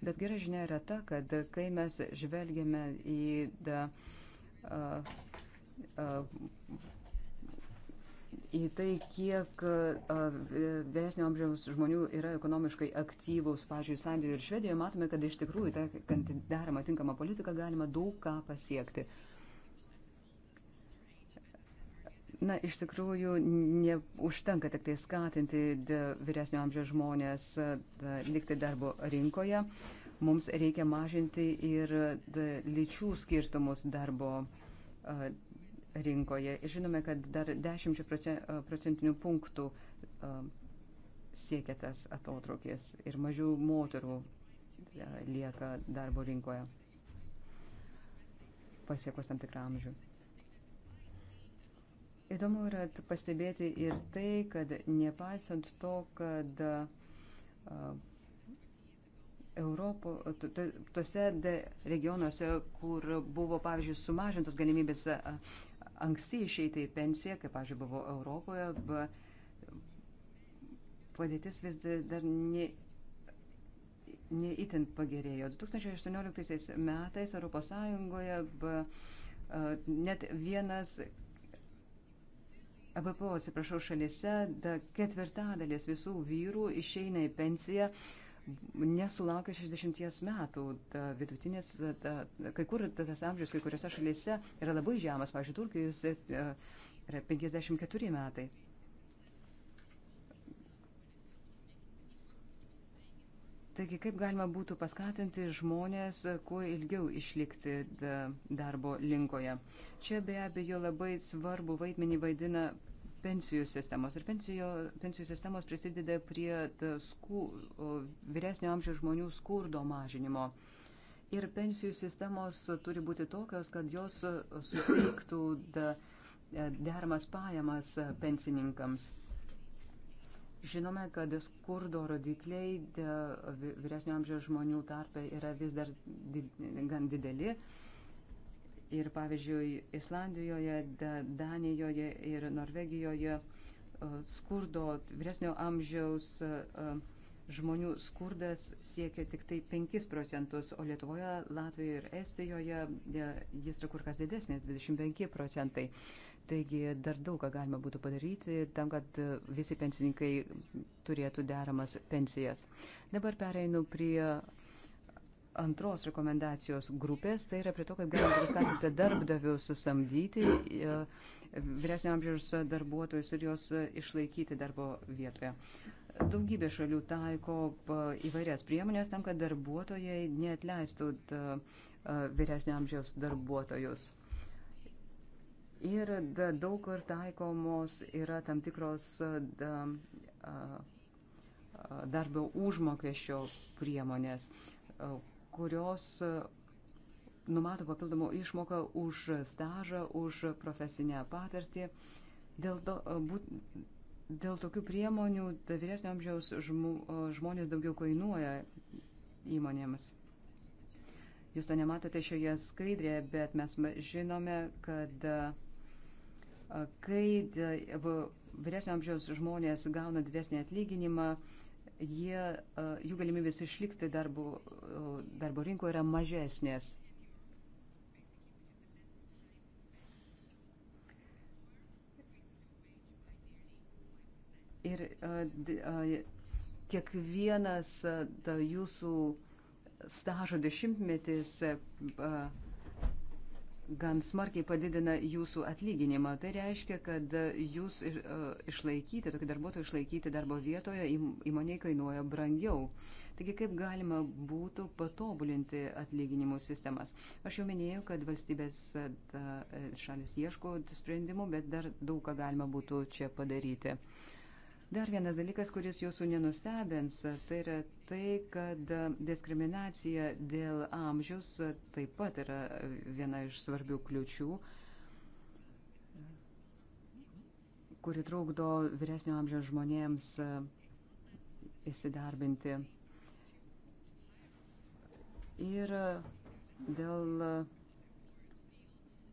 Bet gera žinia yra ta, kad kai mes žvelgiame į da, a, a, į tai, kiek vyresnio amžiaus žmonių yra ekonomiškai aktyvūs, pažiūrėjau, Islandijoje ir Švedijoje, matome, kad iš tikrųjų tą deramą tinkamą politiką galima daug ką pasiekti. Na, iš tikrųjų, neužtenka tik tai skatinti vyresnio amžiaus žmonės da, likti darbo rinkoje. Mums reikia mažinti ir da, lyčių skirtumus darbo a, rinkoje. Žinome, kad dar 10 procentinių punktų a, siekia tas atotrukis ir mažiau moterų a, lieka darbo rinkoje pasiekus tam tikrą amžių. Įdomu yra pastebėti ir tai, kad nepaisant to, kad Europo, tose regionuose, kur buvo, pavyzdžiui, sumažintos galimybės anksti išeiti į pensiją, kaip, pavyzdžiui, buvo Europoje, padėtis vis dar ne, neįtin pagerėjo. 2018 metais Europos Sąjungoje net vienas ABPO, e atsiprašau, šalise da, ketvirtadalis visų vyrų išeina į pensiją nesulaukia 60 metų. Ta vidutinės, ta, kai kur ta, tas amžius, kai kuriuose šalyse yra labai žemas, pavyzdžiui, Turkijos e, yra 54 metai. Taigi, kaip galima būtų paskatinti žmonės e, kuo ilgiau išlikti darbo linkoje? Čia be abejo labai svarbu vaidmenį vaidina pensijų sistemos. Ir pensijo, pensijų sistemos prisideda prie sku, vyresnio amžiaus žmonių skurdo mažinimo. Ir pensijų sistemos turi būti tokios, kad jos e, suteiktų e, dermas pajamas pensininkams. Žinome, kad skurdo rodikliai vyresnio amžiaus žmonių tarpe yra vis dar did, gan dideli. Ir pavyzdžiui, Islandijoje, Danijoje ir Norvegijoje e, skurdo vyresnio amžiaus e, žmonių skurdas siekia tik tai 5 procentus, o Lietuvoje, Latvijoje ir Estijoje e, jis yra kur kas didesnis - 25 procentai. Taigi dar daug ką galima būtų padaryti tam, kad visi pensininkai turėtų deramas pensijas. Dabar pereinu prie antros rekomendacijos grupės, tai yra prie to, kad galima paskatinti darbdavius samdyti e, vyresnio amžiaus darbuotojus ir juos išlaikyti darbo vietoje. Daugybė šalių taiko e, įvairias priemonės tam, kad darbuotojai neatleistų e, vyresnio amžiaus darbuotojus. Ir da, daug kur taikomos yra tam tikros da, darbo užmokesčio priemonės, kurios numato papildomą išmoką už stažą, už profesinę patirtį. Dėl, to, būt, dėl tokių priemonių da, vyresnio amžiaus žmu, žmonės daugiau kainuoja įmonėms. Jūs to nematote šioje skaidrėje, bet mes žinome, kad uh, kai e, vyresnio amžiaus žmonės gauna didesnį atlyginimą, jie, e, jų galimybės išlikti darbo, e, darbo rinkoje yra mažesnės. Ir kiekvienas jūsų stažo dešimtmetis gan smarkiai padidina jūsų atlyginimą. Tai reiškia, kad jūs e, išlaikyti, tokį darbuotojų išlaikyti darbo vietoje įmoniai kainuoja brangiau. Taigi kaip galima būtų patobulinti atlyginimų sistemas? Aš jau minėjau, kad valstybės e, e, šalis ieško sprendimų, bet dar daug ką galima būtų čia padaryti. Uh, Dar vienas dalykas, kuris jūsų nenustebins, tai yra tai, kad diskriminacija dėl amžiaus taip pat yra viena iš svarbių kliučių, kuri trukdo vyresnio amžiaus žmonėms įsidarbinti. Ir dėl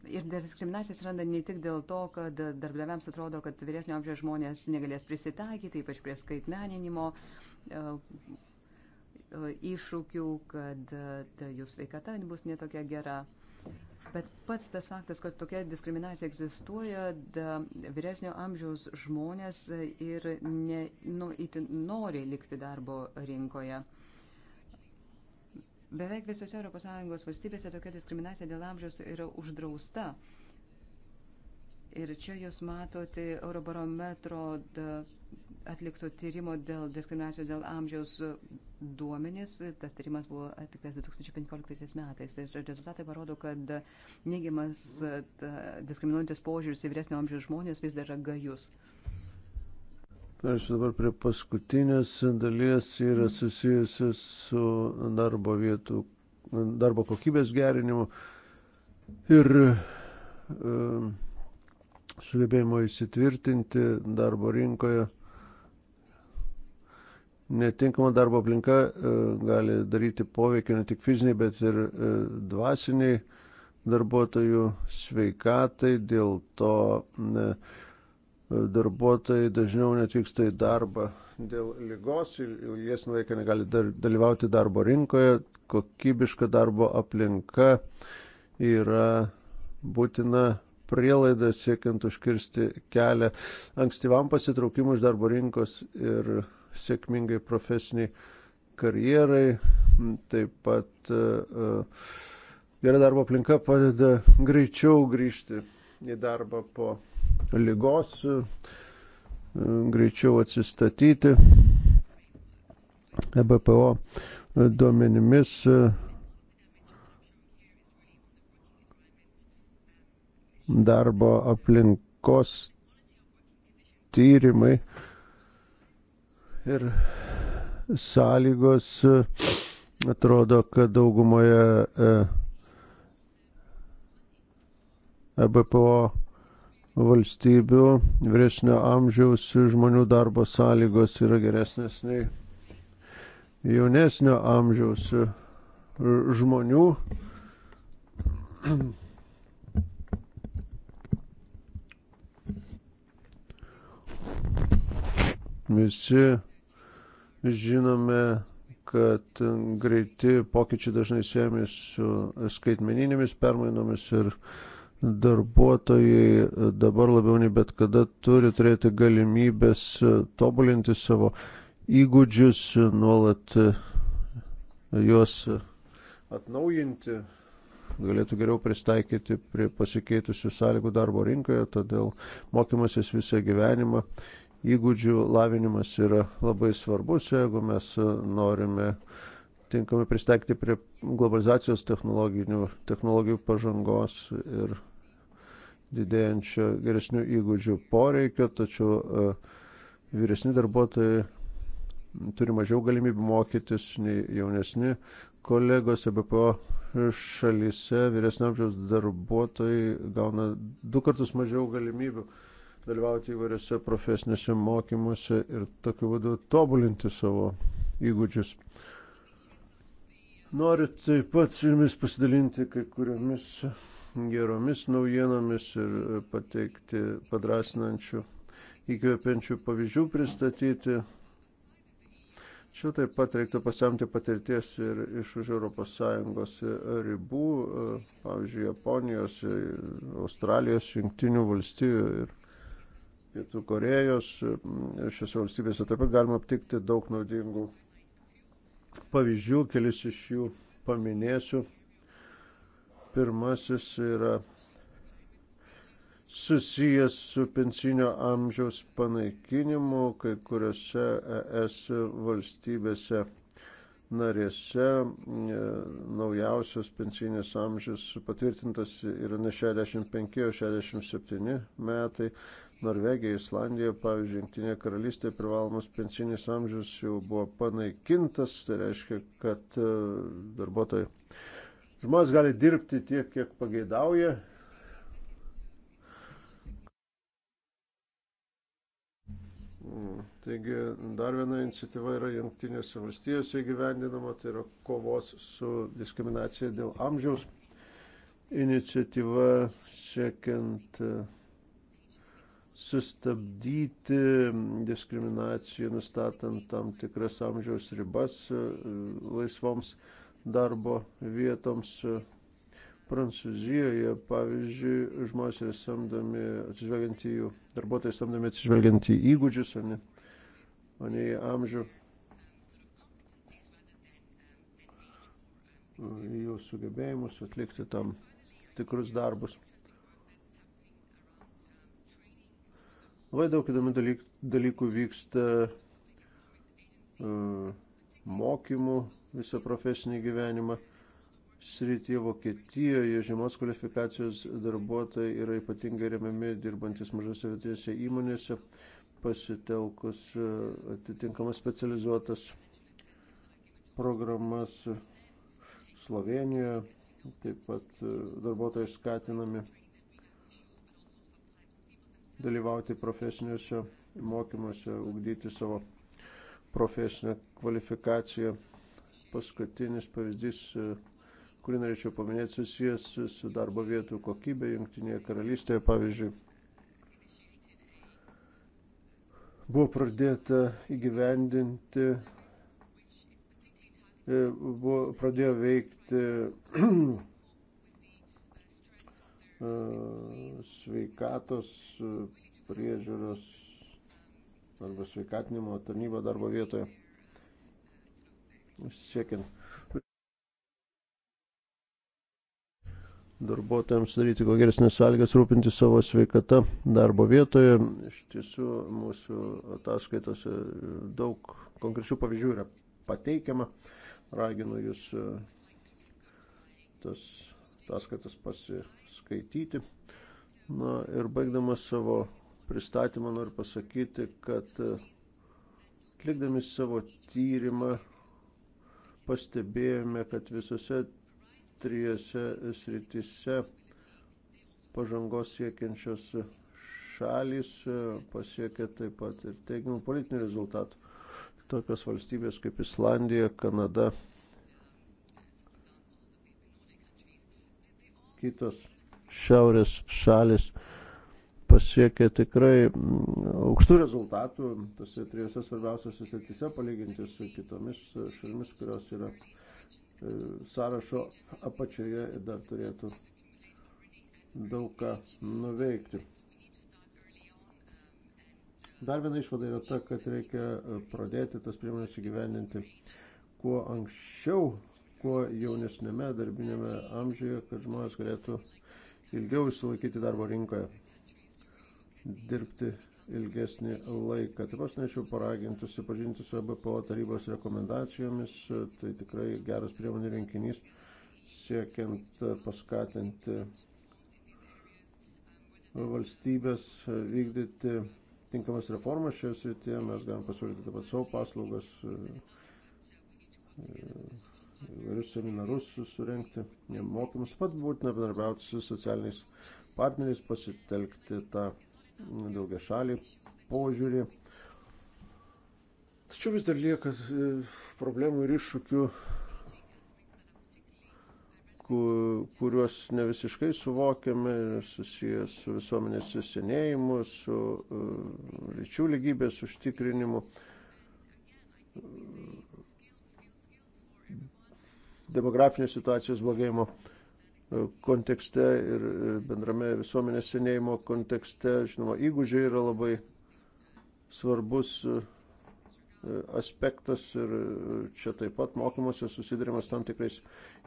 Ir diskriminacija atsiranda ne tik dėl to, kad darbdaviams atrodo, kad vyresnio amžiaus žmonės negalės prisitaikyti, ypač prie skaitmeninimo e, e, iššūkių, kad e, jų sveikata bus netokia gera. Bet pats tas faktas, kad tokia diskriminacija egzistuoja, da, vyresnio amžiaus žmonės ir ne, nu, itin nori likti darbo rinkoje. Beveik visose ES valstybėse tokia diskriminacija dėl amžiaus yra uždrausta. Ir čia jūs matote Eurobarometro atlikto tyrimo dėl diskriminacijos dėl amžiaus duomenys. Tas tyrimas buvo atliktas 2015 metais. Ir tai rezultatai parodo, kad neigiamas diskriminuojantis požiūris į vyresnio amžiaus žmonės vis dar yra gajus. Uh, Perėsiu dabar prie paskutinės dalies yra susijusi su darbo vietų, darbo kokybės gerinimu ir e, sugebėjimo įsitvirtinti darbo rinkoje. Netinkama darbo aplinka e, gali daryti poveikį ne tik fiziniai, bet ir e, dvasiniai darbuotojų sveikatai, dėl to e, darbuotojai dažniau netvyksta į darbą dėl lygos, ilgesnį laiką negali dar, dalyvauti darbo rinkoje, kokybiška darbo aplinka yra būtina prielaida siekiant užkirsti kelią ankstyvam pasitraukimui iš darbo rinkos ir sėkmingai profesiniai karjerai. Taip pat e, e, gera darbo aplinka padeda greičiau grįžti į darbą po lygos, e, greičiau atsistatyti. EBPO e, duomenimis e, darbo aplinkos tyrimai ir sąlygos atrodo, kad daugumoje EBPO valstybių vyresnio amžiaus žmonių darbo sąlygos yra geresnės nei jaunesnio amžiaus žmonių. Visi žinome, kad greiti pokyčiai dažnai siejami su skaitmeninėmis permainomis ir uh, darbuotojai dabar labiau nei bet kada turi turėti galimybės tobulinti savo įgūdžius, nuolat juos atnaujinti, galėtų geriau pristaikyti prie pasikeitusių sąlygų darbo rinkoje, todėl mokymasis visą gyvenimą, įgūdžių lavinimas yra labai svarbus, jeigu mes norime tinkamai pristaikyti prie globalizacijos technologijų pažangos ir didėjančio geresnių įgūdžių poreikio, tačiau e, vyresni darbuotojai turi mažiau galimybių mokytis nei jaunesni kolegos ABPO e šalyse vyresniamžiaus darbuotojai gauna du kartus mažiau galimybių dalyvauti įvairiose profesinėse mokymuose ir tokiu būdu tobulinti savo įgūdžius. Noriu taip pat su jumis pasidalinti kai kuriomis geromis naujienomis ir pateikti padrasinančių, įkvėpiančių pavyzdžių pristatyti. Čia taip pat reiktų pasiamti patirties ir iš už ES ribų, pavyzdžiui, Japonijos, Australijos, Junktinių valstijų ir Pietų Korejos. Šiose valstybėse taip pat galima aptikti daug naudingų pavyzdžių, kelis iš jų paminėsiu. Pirmasis yra susijęs su pensinio amžiaus panaikinimu kai kuriuose ES valstybėse narėse e, naujausios pensinis amžius patvirtintas yra ne 65, o 67 metai. Norvegija, Islandija, pavyzdžiui, Junktinė karalystė privalomas pensinis amžius jau buvo panaikintas, tai reiškia, kad e, darbuotojai Žmonės gali dirbti tiek, kiek pageidauja. Taigi dar viena iniciatyva yra Junktinėse valstijose įgyvendinama, tai yra kovos su diskriminacija dėl amžiaus iniciatyva siekiant e, sustabdyti diskriminaciją, nustatant tam tikras amžiaus ribas e, laisvoms darbo vietoms e, Prancūzijoje, pavyzdžiui, žmonės yra samdomi atsižvelgiant į jų, darbuotojai samdomi atsižvelgiant į įgūdžius, o ne, o ne į amžių. E, jų sugebėjimus atlikti tam tikrus darbus. Labai daug įdomių dalykų vyksta e, mokymų visą profesinį gyvenimą srityje Vokietijoje žemos kvalifikacijos darbuotojai yra ypatingai remiami dirbantis mažose vietose įmonėse, pasitelkus e, atitinkamas specializuotas programas Slovenijoje, taip pat e, darbuotojai skatinami dalyvauti profesiniuose mokymuose, ugdyti savo profesinę kvalifikaciją paskutinis pavyzdys, e, kurį norėčiau paminėti, susijęs su darbo vietų kokybė Junktinėje karalystėje, pavyzdžiui. Buvo pradėta įgyvendinti, e, buvo, pradėjo veikti e, sveikatos priežiūros arba sveikatinimo tarnyba darbo vietoje siekiant darbuotojams daryti kuo geresnės sąlygas, rūpinti savo sveikatą darbo vietoje. Iš tiesų, mūsų ataskaitose daug konkrečių pavyzdžių yra pateikiama. Raginu jūs e, tas ataskaitas pasiskaityti. Na ir baigdamas savo pristatymą noriu pasakyti, kad e, atlikdami savo tyrimą pastebėjome, kad visose trijose sritise pažangos siekiančios šalis e, pasiekė taip pat ir teigiamų politinių rezultatų. Tokios valstybės kaip Islandija, Kanada, kitos šiaurės šalis pasiekė tikrai mm, aukštų rezultatų tose trijose svarbiausiose srityse palyginti su kitomis šalimis, kurios yra e, sąrašo apačioje ir dar turėtų daug ką nuveikti. Dar viena išvada yra ta, kad reikia e, pradėti tas priemonės įgyvendinti kuo anksčiau, kuo jaunesnėme darbinėme amžiuje, kad žmonės galėtų ilgiau išsilaikyti darbo rinkoje dirbti ilgesnį laiką. Taip aš norėčiau paraginti susipažinti su ABPO e tarybos rekomendacijomis. Tai tikrai geras priemonių rinkinys siekiant paskatinti valstybės vykdyti tinkamas reformas šioje srityje. Mes galime pasiūlyti taip pat savo paslaugas, įvairius seminarus surenkti, mokymus. Taip pat būtina bendarbiauti su socialiniais partneriais, pasitelkti tą daugia šalį požiūrį. Tačiau vis dar lieka e, problemų ir iššūkių, kuriuos ne visiškai suvokiame, susijęs su visuomenės susienėjimu, su e, lyčių lygybės užtikrinimu, demografinės situacijos blogėjimo kontekste ir e, bendrame visuomenės senėjimo kontekste. Žinoma, įgūdžiai yra labai svarbus e, e, aspektas ir čia taip pat mokymuose susidurimas tam tikrais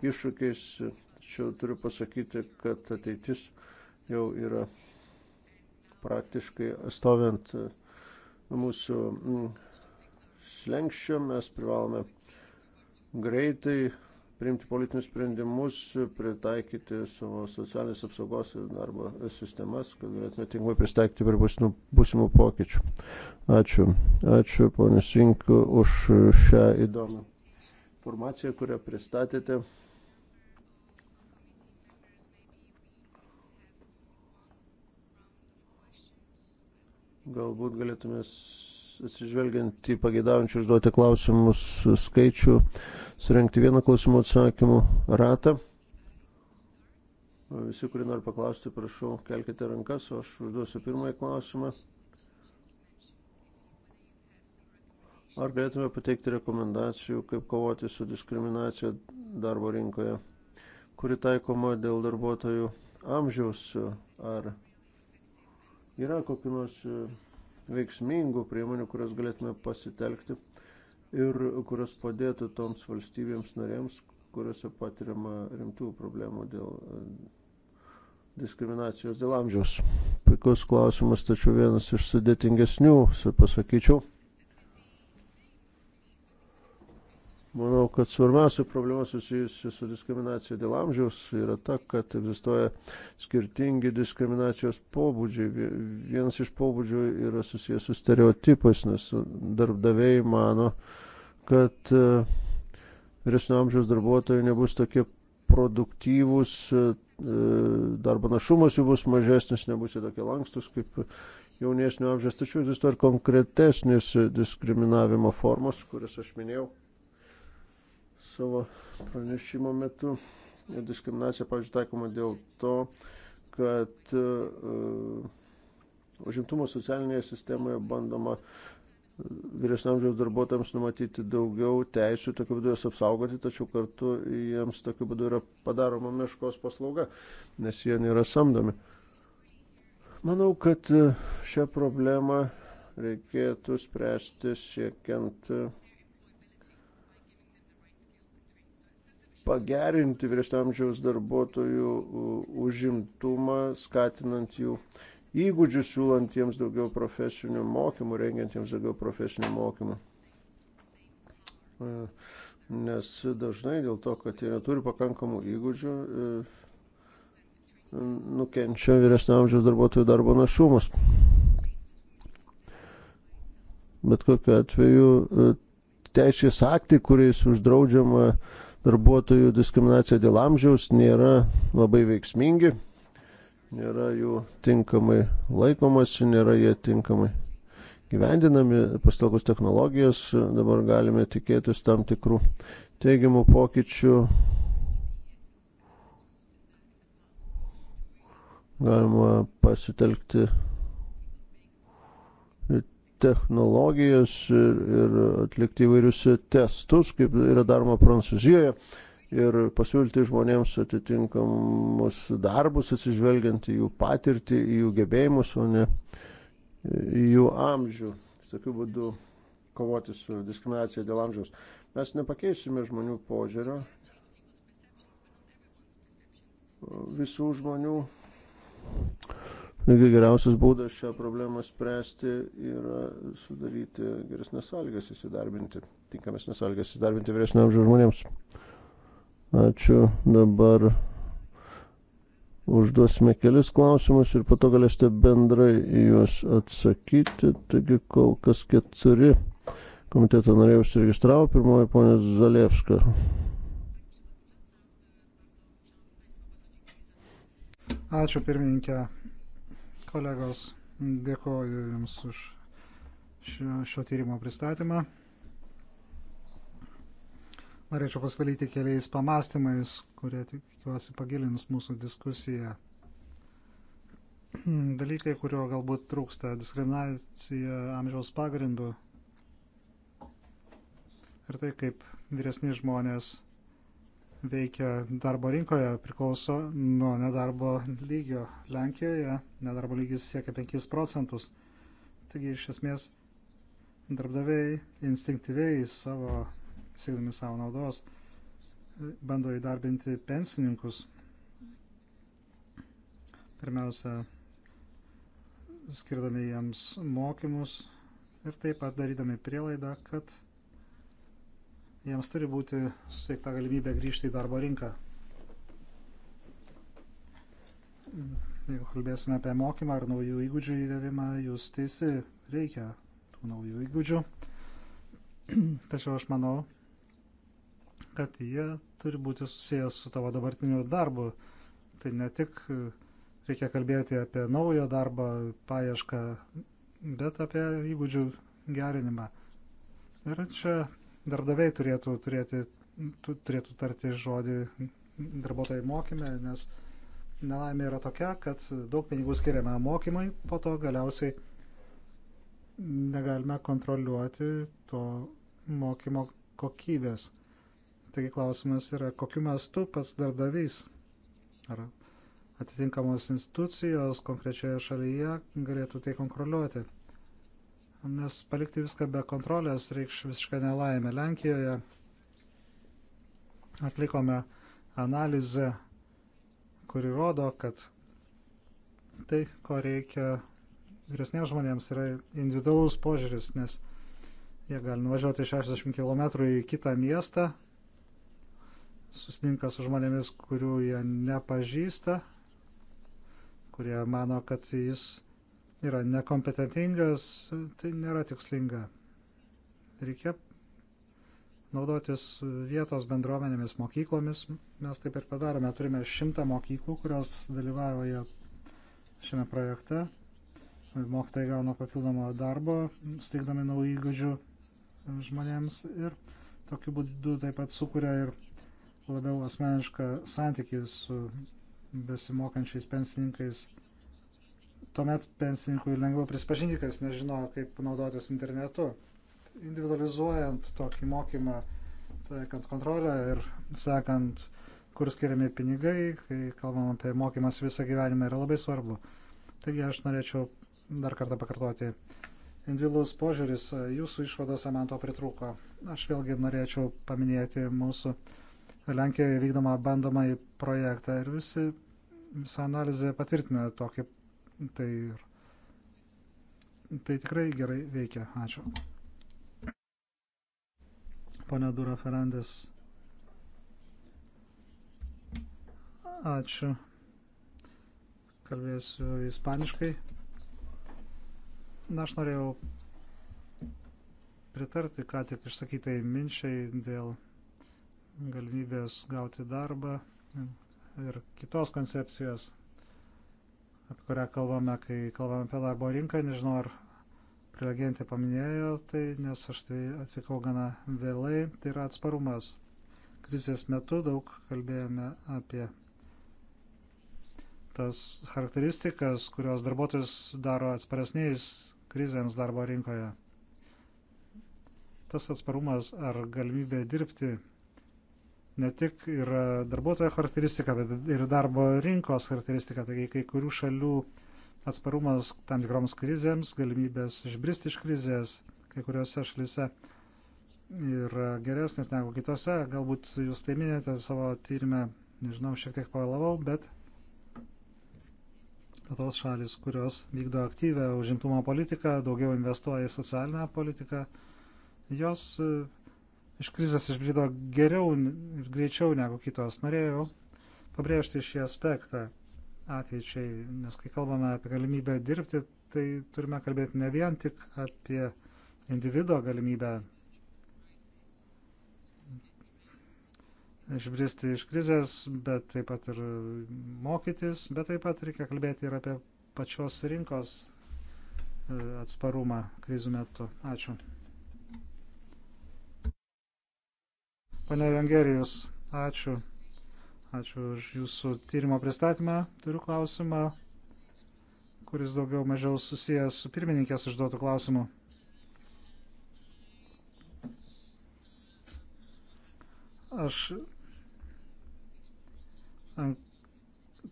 iššūkiais. Tačiau turiu pasakyti, kad ateitis jau yra praktiškai stovint mūsų mm, slengščio. Mes privalome greitai priimti politinius sprendimus, pritaikyti savo socialinės apsaugos ir darbo sistemas, kad galėtume tinkamai pristaikyti prie būsimų pokyčių. Ačiū. Ačiū, ponė Sink, už šią įdomią informaciją, kurią pristatėte. Galbūt galėtume atsižvelgiant į pageidavančių užduoti klausimus skaičių, surenkti vieną klausimų atsakymų ratą. Visi, kurie nori paklausti, prašau, kelkite rankas, o aš užduosiu pirmąjį klausimą. Ar galėtume pateikti rekomendacijų, kaip kovoti su diskriminacija darbo rinkoje, kuri taikoma dėl darbuotojų amžiaus? Ar yra kokių nors veiksmingų priemonių, kurias galėtume pasitelkti ir kurios padėtų toms valstybėms narėms, kuriuose patiriama rimtų problemų dėl e, diskriminacijos dėl amžiaus. Puikus klausimas, tačiau vienas iš sudėtingesnių, pasakyčiau. Manau, kad svarbiausia problema susijusi su diskriminacija dėl amžiaus yra ta, kad egzistuoja skirtingi diskriminacijos pobūdžiai. Vienas iš pobūdžių yra susijęs su stereotipais, nes darbdaviai mano, kad e, vyresnio amžiaus darbuotojai nebus tokie produktyvūs, e, darbo našumas jų bus mažesnis, nebus jie tokie lankstus kaip jaunesnio amžiaus. Tačiau egzistuoja ir konkretesnės diskriminavimo formos, kurias aš minėjau savo pranešimo metu. Diskriminacija, pavyzdžiui, taikoma dėl to, kad uh, užimtumo socialinėje sistemoje bandoma vyresniamžiaus darbuotojams numatyti daugiau teisų, tokiu būdu jas apsaugoti, tačiau kartu jiems tokiu būdu yra padaroma meškos paslauga, nes jie nėra samdomi. Manau, kad e, šią problemą reikėtų spręsti siekiant pagerinti vyresniamžiaus darbuotojų užimtumą, skatinant jų įgūdžių, siūlant jiems daugiau profesinių mokymų, rengiant jiems daugiau profesinių mokymų. E, nes dažnai dėl to, kad jie neturi pakankamų įgūdžių, e, nukenčia vyresniamžiaus darbuotojų darbo našumas. Bet kokiu atveju e, teisės aktai, kuriais uždraudžiama uh, darbuotojų diskriminacija dėl amžiaus nėra labai veiksmingi, nėra jų tinkamai laikomasi, nėra jie tinkamai gyvendinami. Pastelkus technologijas dabar galime tikėtis tam tikrų teigiamų pokyčių galima pasitelkti technologijas ir, ir atlikti įvairius testus, kaip yra daroma Prancūzijoje, ir pasiūlyti žmonėms atitinkamus darbus, atsižvelgiant į jų patirtį, į jų gebėjimus, o ne į jų amžių. Tokiu būdu kovoti su diskriminacija dėl amžiaus. Mes nepakeisime žmonių požiūrio, visų žmonių Taigi geriausias būdas šią problemą spręsti yra sudaryti geresnės sąlygas įsidarbinti, tinkamesnės sąlygas įsidarbinti vyresnio amžiaus žmonėms. Ačiū. Dabar užduosime kelis klausimus ir po to galėsite bendrai į juos atsakyti. Taigi kol kas keturi komiteto nariai užsiregistravo. Pirmoji ponė Zalievska. Ačiū pirmininkė. Kolegos, dėkoju Jums už šio, šio tyrimo pristatymą. Norėčiau pasidalyti keliais pamastymais, kurie tikiuosi pagilins mūsų diskusiją. Dalykai, kurio galbūt trūksta - diskriminacija amžiaus pagrindų ir tai, kaip vyresni žmonės veikia darbo rinkoje priklauso nuo nedarbo lygio. Lenkijoje nedarbo lygis siekia 5 procentus. Taigi iš esmės darbdaviai instinktyviai savo, siekdami savo naudos, bando įdarbinti pensininkus. Pirmiausia, skirdami jiems mokymus ir taip pat darydami prielaidą, kad jiems turi būti suteikta galimybė grįžti į darbo rinką. Jeigu kalbėsime apie mokymą ar naujų įgūdžių įgavimą, jūs teisi, reikia tų naujų įgūdžių. Tačiau aš manau, kad jie turi būti susijęs su tavo dabartiniu darbu. Tai ne tik reikia kalbėti apie naujo darbo paiešką, bet apie įgūdžių gerinimą. Ir čia darbdaviai turėtų, turėti, turėtų tarti žodį darbuotojai mokymė, nes nelaimė yra tokia, kad daug pinigų skiriame mokymai, po to galiausiai negalime kontroliuoti to mokymo kokybės. Taigi klausimas yra, kokiu mastu pats darbdavys ar atitinkamos institucijos konkrečioje šalyje galėtų tai kontroliuoti nes palikti viską be kontrolės reikš visišką nelaimę. Lenkijoje atlikome analizę, kuri rodo, kad tai, ko reikia vyresniems žmonėms, yra individualus požiūris, nes jie gali nuvažiuoti 60 km į kitą miestą, susitinka su žmonėmis, kurių jie nepažįsta, kurie mano, kad jis yra nekompetentingas, tai nėra tikslinga. Reikia naudotis vietos bendruomenėmis, mokyklomis. Mes taip ir padarome. Turime šimtą mokyklų, kurios dalyvauja šiame projekte. Mokytojai gauna papildomo darbo, steigdami naujų įgūdžių žmonėms ir tokiu būdu taip pat sukuria ir labiau asmenišką santykį su besimokančiais pensininkais tuomet pensininkui lengviau prisipažinti, kas nežino, kaip naudotis internetu. Individualizuojant tokį mokymą, taikant kontrolę ir sekant, kur skiriami pinigai, kai kalbam apie mokymas visą gyvenimą, yra labai svarbu. Taigi aš norėčiau dar kartą pakartoti. Individualus požiūris, jūsų išvadose man to pritrūko. Aš vėlgi norėčiau paminėti mūsų Lenkijoje vykdomą bandomąjį projektą ir visi, visa analizė patvirtina tokį Tai, tai tikrai gerai veikia. Ačiū. Pone Dura Ferrandes. Ačiū. Kalbėsiu ispaniškai. Na, aš norėjau pritarti ką tik išsakytai minčiai dėl galimybės gauti darbą ir kitos koncepcijos apie kurią kalbame, kai kalbame apie darbo rinką. Nežinau, ar prelegentė paminėjo tai, nes aš tai atvykau gana vėlai. Tai yra atsparumas. Krizės metu daug kalbėjome apie tas charakteristikas, kurios darbuotojus daro atsparesniais krizėms darbo rinkoje. Tas atsparumas ar galimybė dirbti ne tik yra darbuotojo charakteristika, bet ir darbo rinkos charakteristika. Taigi kai kurių šalių atsparumas tam tikroms krizėms, galimybės išbristi iš krizės kai kuriuose šalise yra geresnės negu kitose. Galbūt jūs tai minėjote savo tyrimę, nežinau, šiek tiek pavėlavau, bet tos šalis, kurios vykdo aktyvę užimtumo politiką, daugiau investuoja į socialinę politiką, jos iš krizės išbrido geriau ir greičiau negu kitos. Norėjau pabrėžti šį aspektą ateičiai, nes kai kalbame apie galimybę dirbti, tai turime kalbėti ne vien tik apie individuo galimybę išbristi iš krizės, bet taip pat ir mokytis, bet taip pat reikia kalbėti ir apie pačios rinkos e, atsparumą krizių metu. Ačiū. Pane Jangerijus, ačiū. Ačiū už jūsų tyrimo pristatymą. Turiu klausimą, kuris daugiau mažiau susijęs su pirmininkės užduotų klausimu. Aš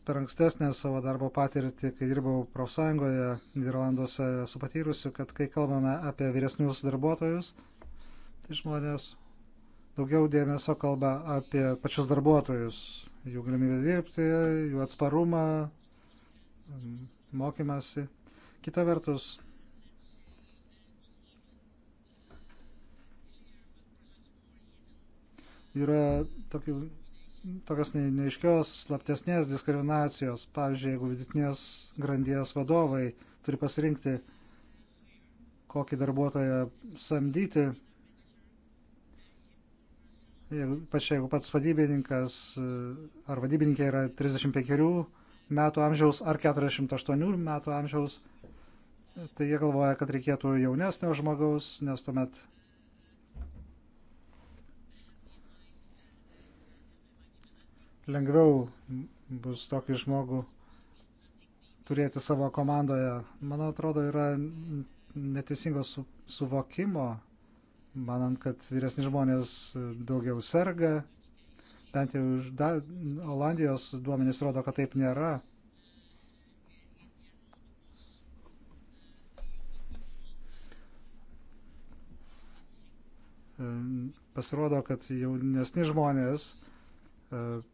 per ankstesnę savo darbo patirtį, kai dirbau profsąjungoje Niderlanduose, esu patyrusi, kad kai kalbame apie vyresnius darbuotojus, tai žmonės daugiau dėmesio kalba apie pačius darbuotojus, jų galimybę dirbti, jų atsparumą, mokymasi. Kita vertus, yra tokių, tokios neiškios, slaptesnės diskriminacijos. Pavyzdžiui, jeigu vidutinės grandies vadovai turi pasirinkti, kokį darbuotoją samdyti, ypač jeigu pats vadybininkas e, ar vadybininkė yra 35 metų amžiaus ar 48 metų amžiaus, tai jie galvoja, kad reikėtų jaunesnio žmogaus, nes tuomet lengviau bus tokį žmogų turėti savo komandoje. Man atrodo, yra neteisingo su, suvokimo manant, kad vyresni žmonės daugiau serga. Bent jau iš da, Olandijos duomenys rodo, kad taip nėra. Ehm, pasirodo, kad jaunesni žmonės ehm,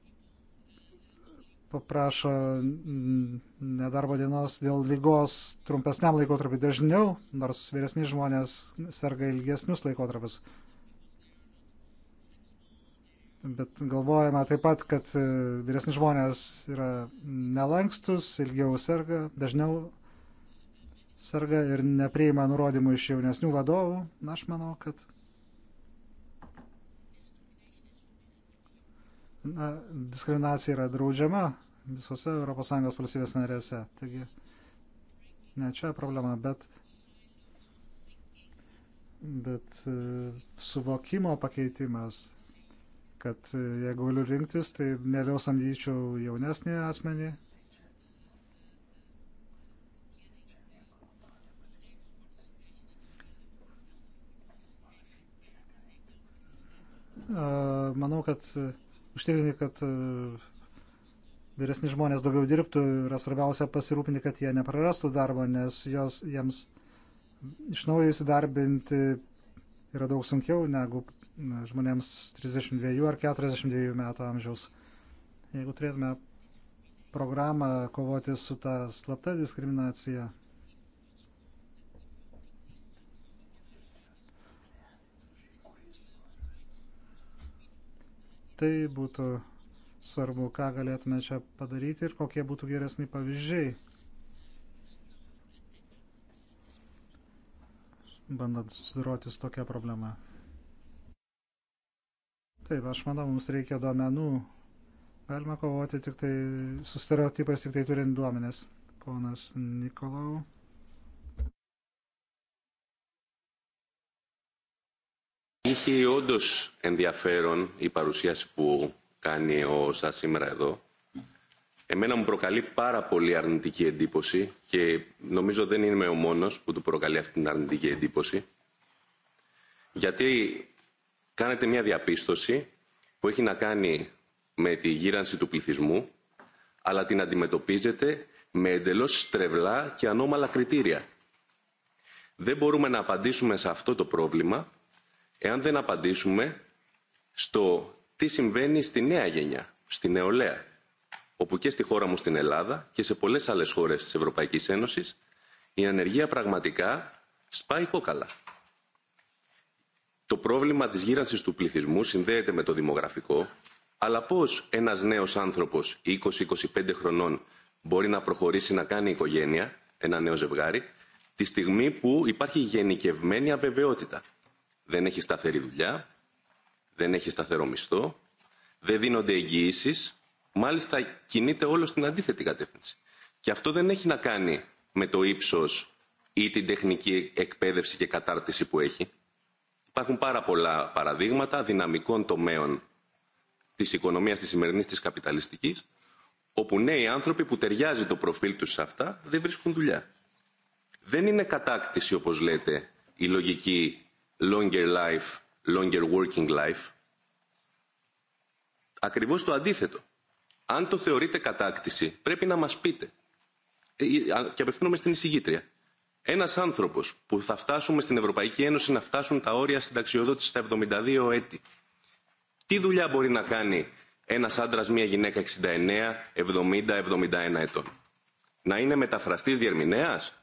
paprašo mm, nedarbo dienos dėl lygos trumpesniam laikotarpiu dažniau, nors vyresni žmonės serga ilgesnius laikotarpius. Bet galvojame taip pat, kad e, vyresni žmonės yra nelankstus, ilgiau serga, dažniau serga ir nepriima nurodymų iš jaunesnių vadovų. Aš manau, kad na, diskriminacija yra draudžiama visose ES valstybės narėse. Taigi, ne čia problema, bet, bet e, suvokimo pakeitimas, kad e, jeigu galiu rinktis, tai mėliau samdyčiau jaunesnį asmenį. Manau, kad užtikrinti, kad e, vyresni žmonės daugiau dirbtų, yra svarbiausia pasirūpinti, kad jie neprarastų darbo, nes jos, jiems iš naujo įsidarbinti yra daug sunkiau negu na, žmonėms 32 ar 42 metų amžiaus. Jeigu turėtume programą kovoti su tą slapta diskriminacija, Tai būtų svarbu, ką galėtume čia padaryti ir kokie būtų geresni pavyzdžiai. bandant susidoroti su tokia problema. Taip, aš manau, mums reikia duomenų. Galima kovoti tik tai su stereotipais, tik tai turint duomenis. Ponas Nikolau. Είχε όντω ενδιαφέρον η παρουσίαση που κάνει ο ΣΑ σήμερα εδώ. Εμένα μου προκαλεί πάρα πολύ αρνητική εντύπωση και νομίζω δεν είμαι ο μόνος που του προκαλεί αυτή την αρνητική εντύπωση. Γιατί κάνετε μια διαπίστωση που έχει να κάνει με τη γύρανση του πληθυσμού, αλλά την αντιμετωπίζετε με εντελώς στρεβλά και ανώμαλα κριτήρια. Δεν μπορούμε να απαντήσουμε σε αυτό το πρόβλημα εάν δεν απαντήσουμε στο τι συμβαίνει στη νέα γενιά, στη νεολαία, όπου και στη χώρα μου στην Ελλάδα και σε πολλές άλλες χώρες της Ευρωπαϊκής Ένωσης η ανεργία πραγματικά σπάει κόκαλα. Το πρόβλημα της γύρανσης του πληθυσμού συνδέεται με το δημογραφικό, αλλά πώς ένας νέος άνθρωπος 20-25 χρονών μπορεί να προχωρήσει να κάνει οικογένεια, ένα νέο ζευγάρι, τη στιγμή που υπάρχει γενικευμένη αβεβαιότητα δεν έχει σταθερή δουλειά, δεν έχει σταθερό μισθό, δεν δίνονται εγγυήσει, μάλιστα κινείται όλο στην αντίθετη κατεύθυνση. Και αυτό δεν έχει να κάνει με το ύψο ή την τεχνική εκπαίδευση και κατάρτιση που έχει. Υπάρχουν πάρα πολλά παραδείγματα δυναμικών τομέων τη οικονομία τη σημερινή τη καπιταλιστική, όπου νέοι άνθρωποι που ταιριάζει το προφίλ του σε αυτά δεν βρίσκουν δουλειά. Δεν είναι κατάκτηση, όπω λέτε, η λογική longer life, longer working life. Ακριβώς το αντίθετο. Αν το θεωρείτε κατάκτηση, πρέπει να μας πείτε. Και απευθύνομαι στην εισηγήτρια. Ένας άνθρωπος που θα φτάσουμε στην Ευρωπαϊκή Ένωση να φτάσουν τα όρια συνταξιοδότηση στα 72 έτη. Τι δουλειά μπορεί να κάνει ένας άντρας, μια γυναίκα 69, 70, 71 ετών. Να είναι μεταφραστής διερμηνέας,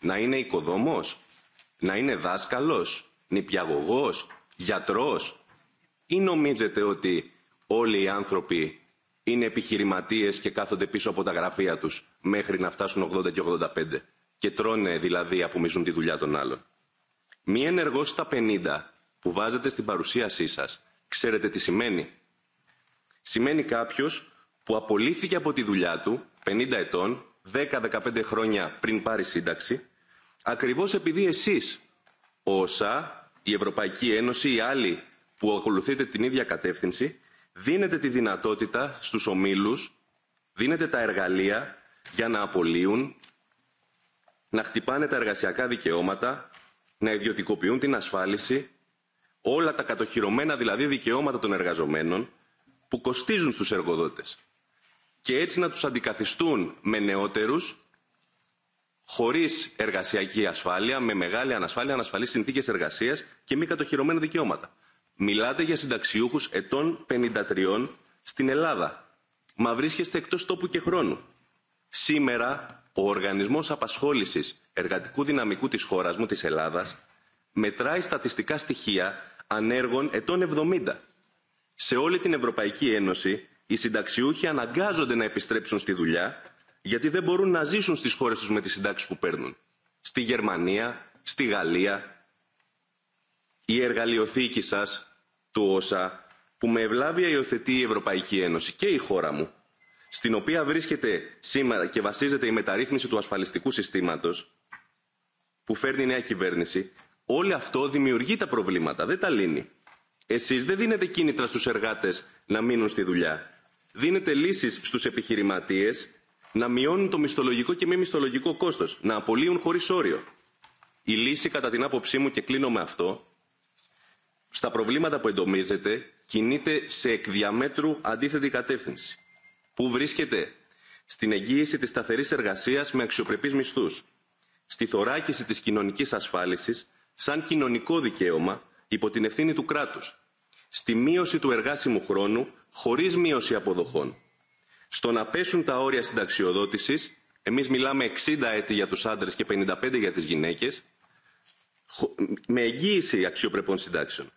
να είναι οικοδόμος, να είναι δάσκαλος, νηπιαγωγός, γιατρός ή νομίζετε ότι όλοι οι άνθρωποι είναι επιχειρηματίες και κάθονται πίσω από τα γραφεία τους μέχρι να φτάσουν 80 και 85 και τρώνε δηλαδή απομίζουν τη δουλειά των άλλων. Μία ενεργό στα 50 που βάζετε στην παρουσίασή σας, ξέρετε τι σημαίνει. Σημαίνει κάποιος που απολύθηκε από τη δουλειά του 50 ετών, 10-15 χρόνια πριν πάρει σύνταξη, ακριβώς επειδή εσείς ο ΩΣΑ, η Ευρωπαϊκή Ένωση ή άλλοι που ακολουθείτε την ίδια κατεύθυνση, δίνετε τη δυνατότητα στους ομίλους, δίνετε τα εργαλεία για να απολύουν, να χτυπάνε τα εργασιακά δικαιώματα, να ιδιωτικοποιούν την ασφάλιση, όλα τα κατοχυρωμένα δηλαδή δικαιώματα των εργαζομένων που κοστίζουν στους εργοδότες. Και έτσι να τους αντικαθιστούν με νεότερους χωρίς εργασιακή ασφάλεια, με μεγάλη ανασφάλεια, ανασφαλείς συνθήκες εργασίας και μη κατοχυρωμένα δικαιώματα. Μιλάτε για συνταξιούχους ετών 53 στην Ελλάδα. Μα βρίσκεστε εκτός τόπου και χρόνου. Σήμερα ο Οργανισμός Απασχόλησης Εργατικού Δυναμικού της χώρας μου, της Ελλάδας, μετράει στατιστικά στοιχεία ανέργων ετών 70. Σε όλη την Ευρωπαϊκή Ένωση οι συνταξιούχοι αναγκάζονται να επιστρέψουν στη δουλειά γιατί δεν μπορούν να ζήσουν στις χώρες τους με τις συντάξεις που παίρνουν. Στη Γερμανία, στη Γαλλία, η εργαλειοθήκη σας του ΩΣΑ που με ευλάβεια υιοθετεί η Ευρωπαϊκή Ένωση και η χώρα μου, στην οποία βρίσκεται σήμερα και βασίζεται η μεταρρύθμιση του ασφαλιστικού συστήματος που φέρνει η νέα κυβέρνηση, όλο αυτό δημιουργεί τα προβλήματα, δεν τα λύνει. Εσείς δεν δίνετε κίνητρα στους εργάτες να μείνουν στη δουλειά. Δίνετε λύσεις στους επιχειρηματίες να μειώνουν το μισθολογικό και μη μισθολογικό κόστος, να απολύουν χωρίς όριο. Η λύση, κατά την άποψή μου, και κλείνω με αυτό, στα προβλήματα που εντομίζεται, κινείται σε εκδιαμέτρου αντίθετη κατεύθυνση, που βρίσκεται στην εγγύηση της σταθερής εργασίας με αξιοπρεπείς μισθούς, στη θωράκιση της κοινωνικής ασφάλισης σαν κοινωνικό δικαίωμα υπό την ευθύνη του κράτους, στη μείωση του εργάσιμου χρόνου χωρίς μείωση αποδοχών, στο να πέσουν τα όρια συνταξιοδότησης, εμείς μιλάμε 60 έτη για τους άντρες και 55 για τις γυναίκες, με εγγύηση αξιοπρεπών συντάξεων.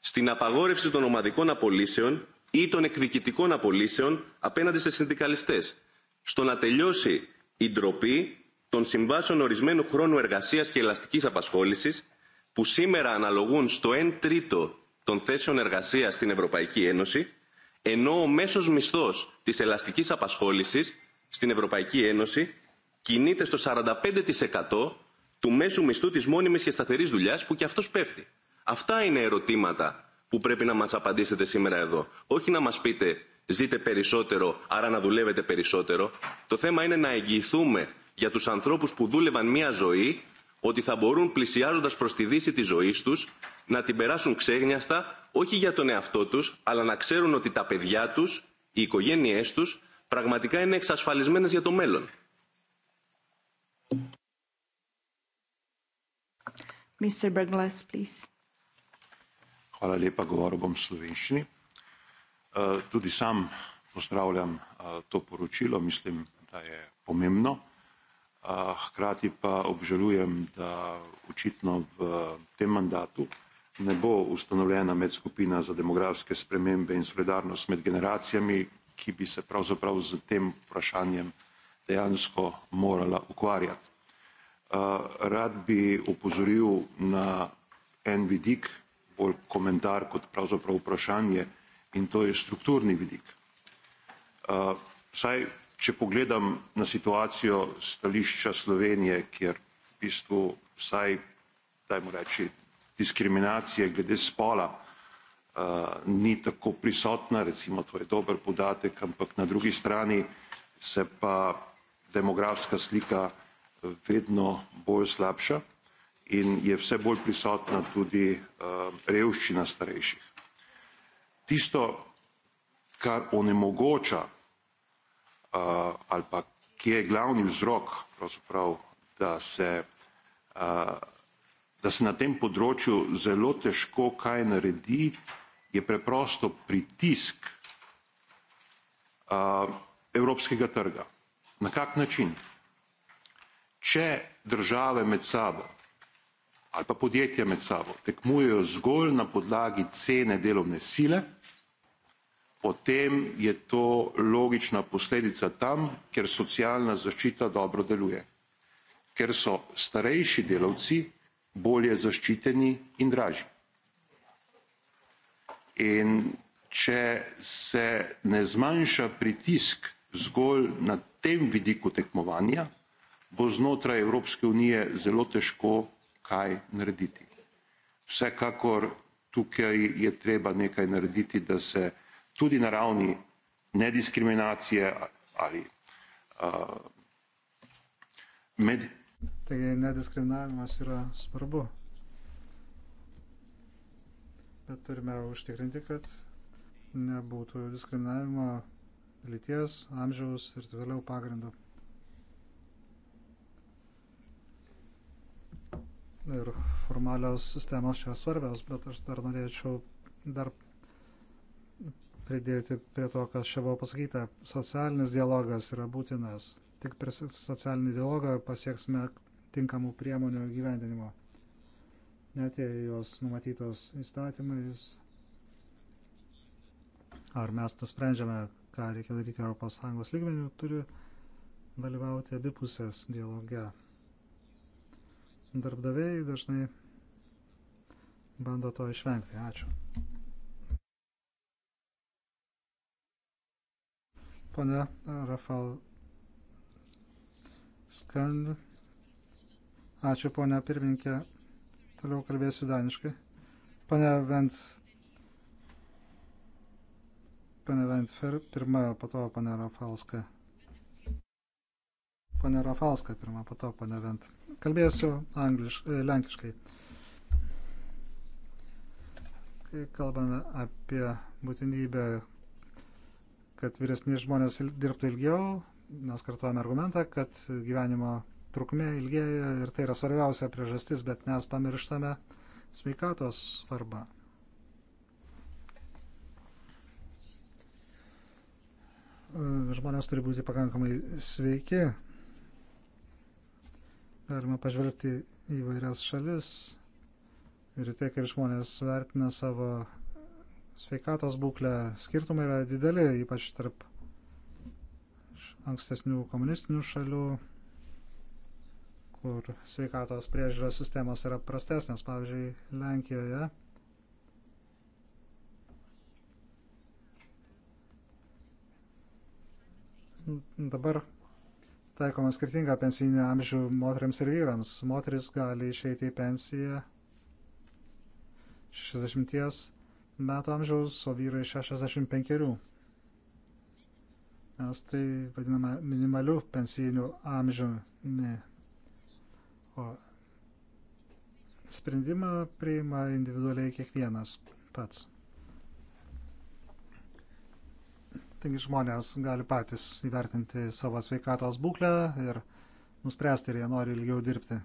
Στην απαγόρευση των ομαδικών απολύσεων ή των εκδικητικών απολύσεων απέναντι σε συνδικαλιστές. Στο να τελειώσει η ντροπή των συμβάσεων ορισμένου χρόνου εργασίας και ελαστικής απασχόλησης που σήμερα αναλογούν στο 1 τρίτο των θέσεων εργασίας στην Ευρωπαϊκή Ένωση ενώ ο μέσος μισθός της ελαστικής απασχόλησης στην Ευρωπαϊκή Ένωση κινείται στο 45% του μέσου μισθού της μόνιμης και σταθερής δουλειάς που και αυτός πέφτει. Αυτά είναι ερωτήματα που πρέπει να μας απαντήσετε σήμερα εδώ. Όχι να μας πείτε ζείτε περισσότερο, άρα να δουλεύετε περισσότερο. Το θέμα είναι να εγγυηθούμε για τους ανθρώπους που δούλευαν μία ζωή ότι θα μπορούν πλησιάζοντας προς τη δύση της ζωής τους να την περάσουν ξέγνιαστα όχι για τον εαυτό τους αλλά να ξέρουν ότι τα παιδιά τους, οι οικογένειές τους πραγματικά είναι εξασφαλισμένες για το μέλλον. Mr. Berglas, please. Hvala lepa, govoril bom v slovenščini. E, tudi sam pozdravljam e, to poročilo, mislim, da je pomembno Hkrati pa obžalujem, da očitno v tem mandatu ne bo ustanovljena medskupina za demografske spremembe in solidarnost med generacijami, ki bi se pravzaprav s tem vprašanjem dejansko morala ukvarjati. Rad bi opozoril na en vidik, bolj komentar kot pravzaprav vprašanje, in to je strukturni vidik. Vsaj Če pogledam na situacijo stališča Slovenije, kjer v bistvu vsaj, dajmo reči, diskriminacije glede spola uh, ni tako prisotna, recimo to je dober podatek, ampak na drugi strani se pa demografska slika eh, vedno bolj slabša in je vse bolj prisotna tudi uh, revščina starejših. Tisto, kar onemogoča uh, ali pa kje je glavni vzrok, da se, uh, da se na tem področju zelo težko kaj naredi, je preprosto pritisk uh, evropskega trga. Na kak način? Če države med sabo ali pa podjetja med sabo tekmujejo zgolj na podlagi cene delovne sile, potem je to logična posledica tam, kjer socialna zaščita dobro deluje, ker so starejši delavci bolje zaščiteni in dražji. In če se ne zmanjša pritisk zgolj na tem vidiku tekmovanja, bo znotraj Evropske unije zelo težko kaj narediti. Vsekakor tukaj je treba nekaj narediti, da se tudi na ravni nediskriminacije ali uh, med. Taigi nediskriminavimas yra svarbu. Bet turime užtikrinti, kad nebūtų diskriminavimo lyties, amžiaus ir taip toliau pagrindų. Ir formalios sistemos čia svarbios, bet aš dar norėčiau dar pridėti prie to, kas čia buvo pasakyta. Socialinis dialogas yra būtinas. Tik per socialinį dialogą pasieksime tinkamų priemonių gyvendinimo. Net jei jos numatytos įstatymais, ar mes nusprendžiame, ką reikia daryti ES lygmenių, turi dalyvauti abipusės dialoge. Darbdaviai dažnai bando to išvengti. Ačiū. Pone Rafal Skand. Ačiū, ponia pirmininkė. Toliau kalbėsiu daniškai. Pane Vent. Pane Vent, pirma, po to pane Rafalska. Pane Rafalska, pirma, po to pane Vent. Kalbėsiu angliš, e, lenkiškai. Kai kalbame apie būtinybę kad vyresni žmonės dirbtų ilgiau, mes kartuojame argumentą, kad gyvenimo trukmė ilgėja ir tai yra svarbiausia priežastis, bet mes pamirštame sveikatos svarbą. Žmonės turi būti pakankamai sveiki. Galima pažvelgti į vairias šalis ir tai, kaip žmonės vertina savo sveikatos būklę skirtumai yra dideli, ypač tarp ankstesnių komunistinių šalių, kur sveikatos priežiūros sistemos yra prastesnės, pavyzdžiui, Lenkijoje. Dabar taikoma skirtinga pensijinė amžių moteriams ir vyrams. Moteris gali išeiti į pensiją 60 metų amžiaus, o vyrai 65. Mes tai vadiname minimaliu pensijiniu amžiumi. O sprendimą priima individualiai kiekvienas pats. Taigi žmonės gali patys įvertinti savo sveikatos būklę ir nuspręsti, ar jie nori ilgiau dirbti.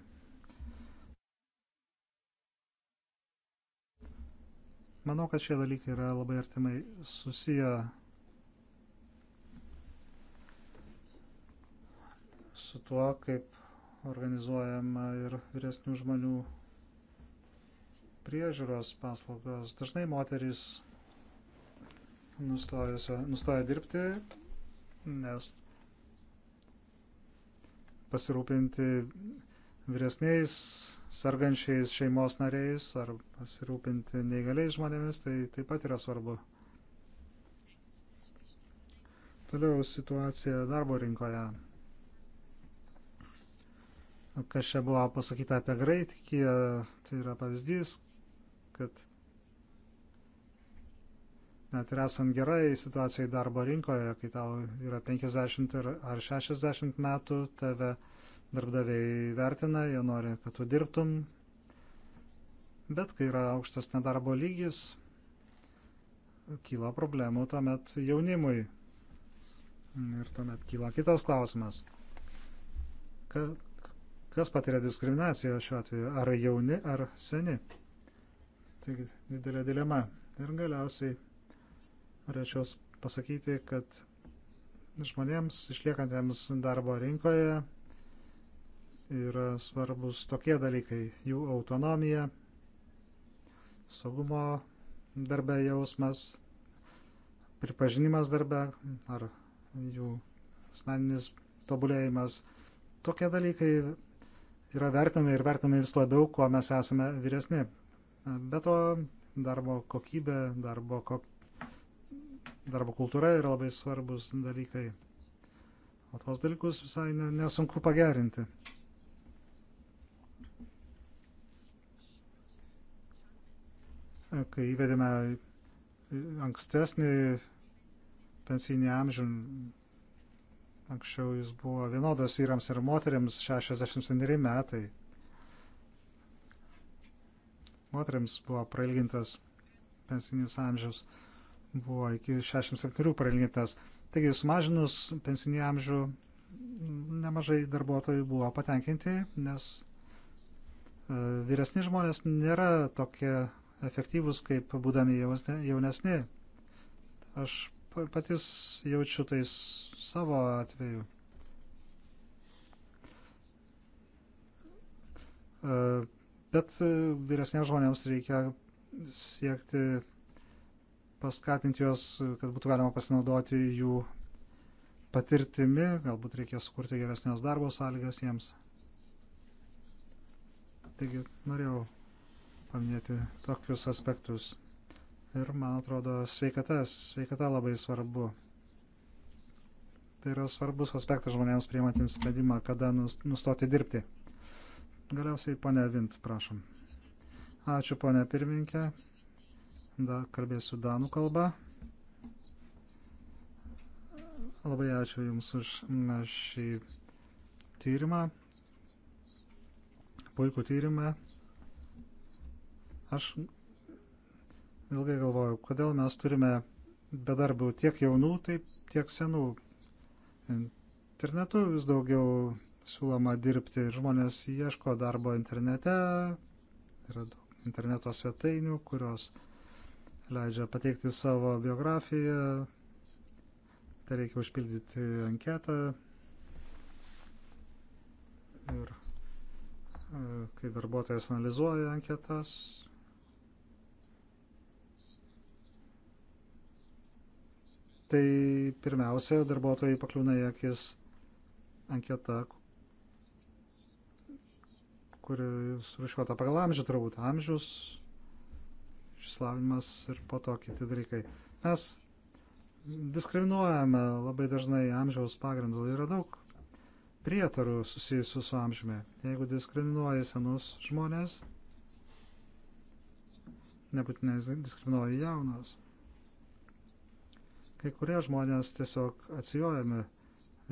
Manau, kad šie dalykai yra labai artimai susiję su tuo, kaip organizuojama ir vyresnių žmonių priežiūros paslaugos. Dažnai moterys nustoja dirbti, nes pasirūpinti vyresniais sargančiais šeimos nariais ar pasirūpinti neįgaliais žmonėmis, tai taip pat yra svarbu. Toliau situacija darbo rinkoje. Kas čia buvo pasakyta apie Graikiją, tai yra pavyzdys, kad net ir esant gerai situacijai darbo rinkoje, kai tau yra 50 ar 60 metų, tave uh, darbdaviai vertina, jie nori, kad tu dirbtum, bet kai yra aukštas nedarbo lygis, kyla problemų tuomet jaunimui. Ir tuomet kyla kitas klausimas. Kas patiria diskriminaciją šiuo atveju? Ar jauni, ar seni? Taigi didelė dilema. Ir galiausiai norėčiau pasakyti, kad žmonėms išliekantiems darbo rinkoje yra svarbus tokie dalykai - jų autonomija, saugumo darbe jausmas, pripažinimas darbe ar jų asmeninis tobulėjimas. Tokie dalykai yra vertinami ir vertinami vis labiau, kuo mes esame vyresni. Be to, darbo kokybė, darbo, kok... darbo kultūra yra labai svarbus dalykai. O tos dalykus visai nesunku pagerinti. kai įvedėme ankstesnį pensinį amžių, anksčiau jis buvo vienodas vyrams ir moteriams 67 metai. Moteriams buvo prailgintas pensinis amžius, buvo iki 67 prailgintas. Taigi sumažinus pensinį amžių nemažai darbuotojų buvo patenkinti, nes e, vyresni žmonės nėra tokie efektyvus, kaip būdami jaunesni. Aš patys jaučiu tai savo atveju. E, bet e, vyresniems žmonėms reikia siekti paskatinti juos, kad būtų galima pasinaudoti jų patirtimi, galbūt reikės sukurti geresnės darbo sąlygas jiems. Taigi norėjau paminėti tokius aspektus. Ir, man atrodo, sveikata, sveikata labai svarbu. Tai yra svarbus aspektas žmonėms priimantiems sprendimą, kada nustoti dirbti. Galiausiai, ponia Vint, prašom. Ačiū, ponia pirmininkė. Da, kalbėsiu danų kalbą. Labai ačiū Jums už šį tyrimą. Puikų tyrimą. Aš ilgai galvojau, kodėl mes turime bedarbių tiek jaunų, taip, tiek senų. Internetu vis daugiau siūloma dirbti ir žmonės ieško darbo internete. Yra daug interneto svetainių, kurios leidžia pateikti savo biografiją. Tai reikia užpildyti anketą. Ir e, kai darbuotojas analizuoja anketas, tai pirmiausia, darbuotojai pakliūna į akis anketa, kuri surušiuota pagal amžių, turbūt amžius, išslavimas ir po to kiti dalykai. Mes diskriminuojame labai dažnai amžiaus pagrindų. Yra daug prietarų susijusių su amžiumi. Jeigu diskriminuoji senus žmonės, nebūtinai diskriminuoji jaunus. Kai kurie žmonės tiesiog atsijojami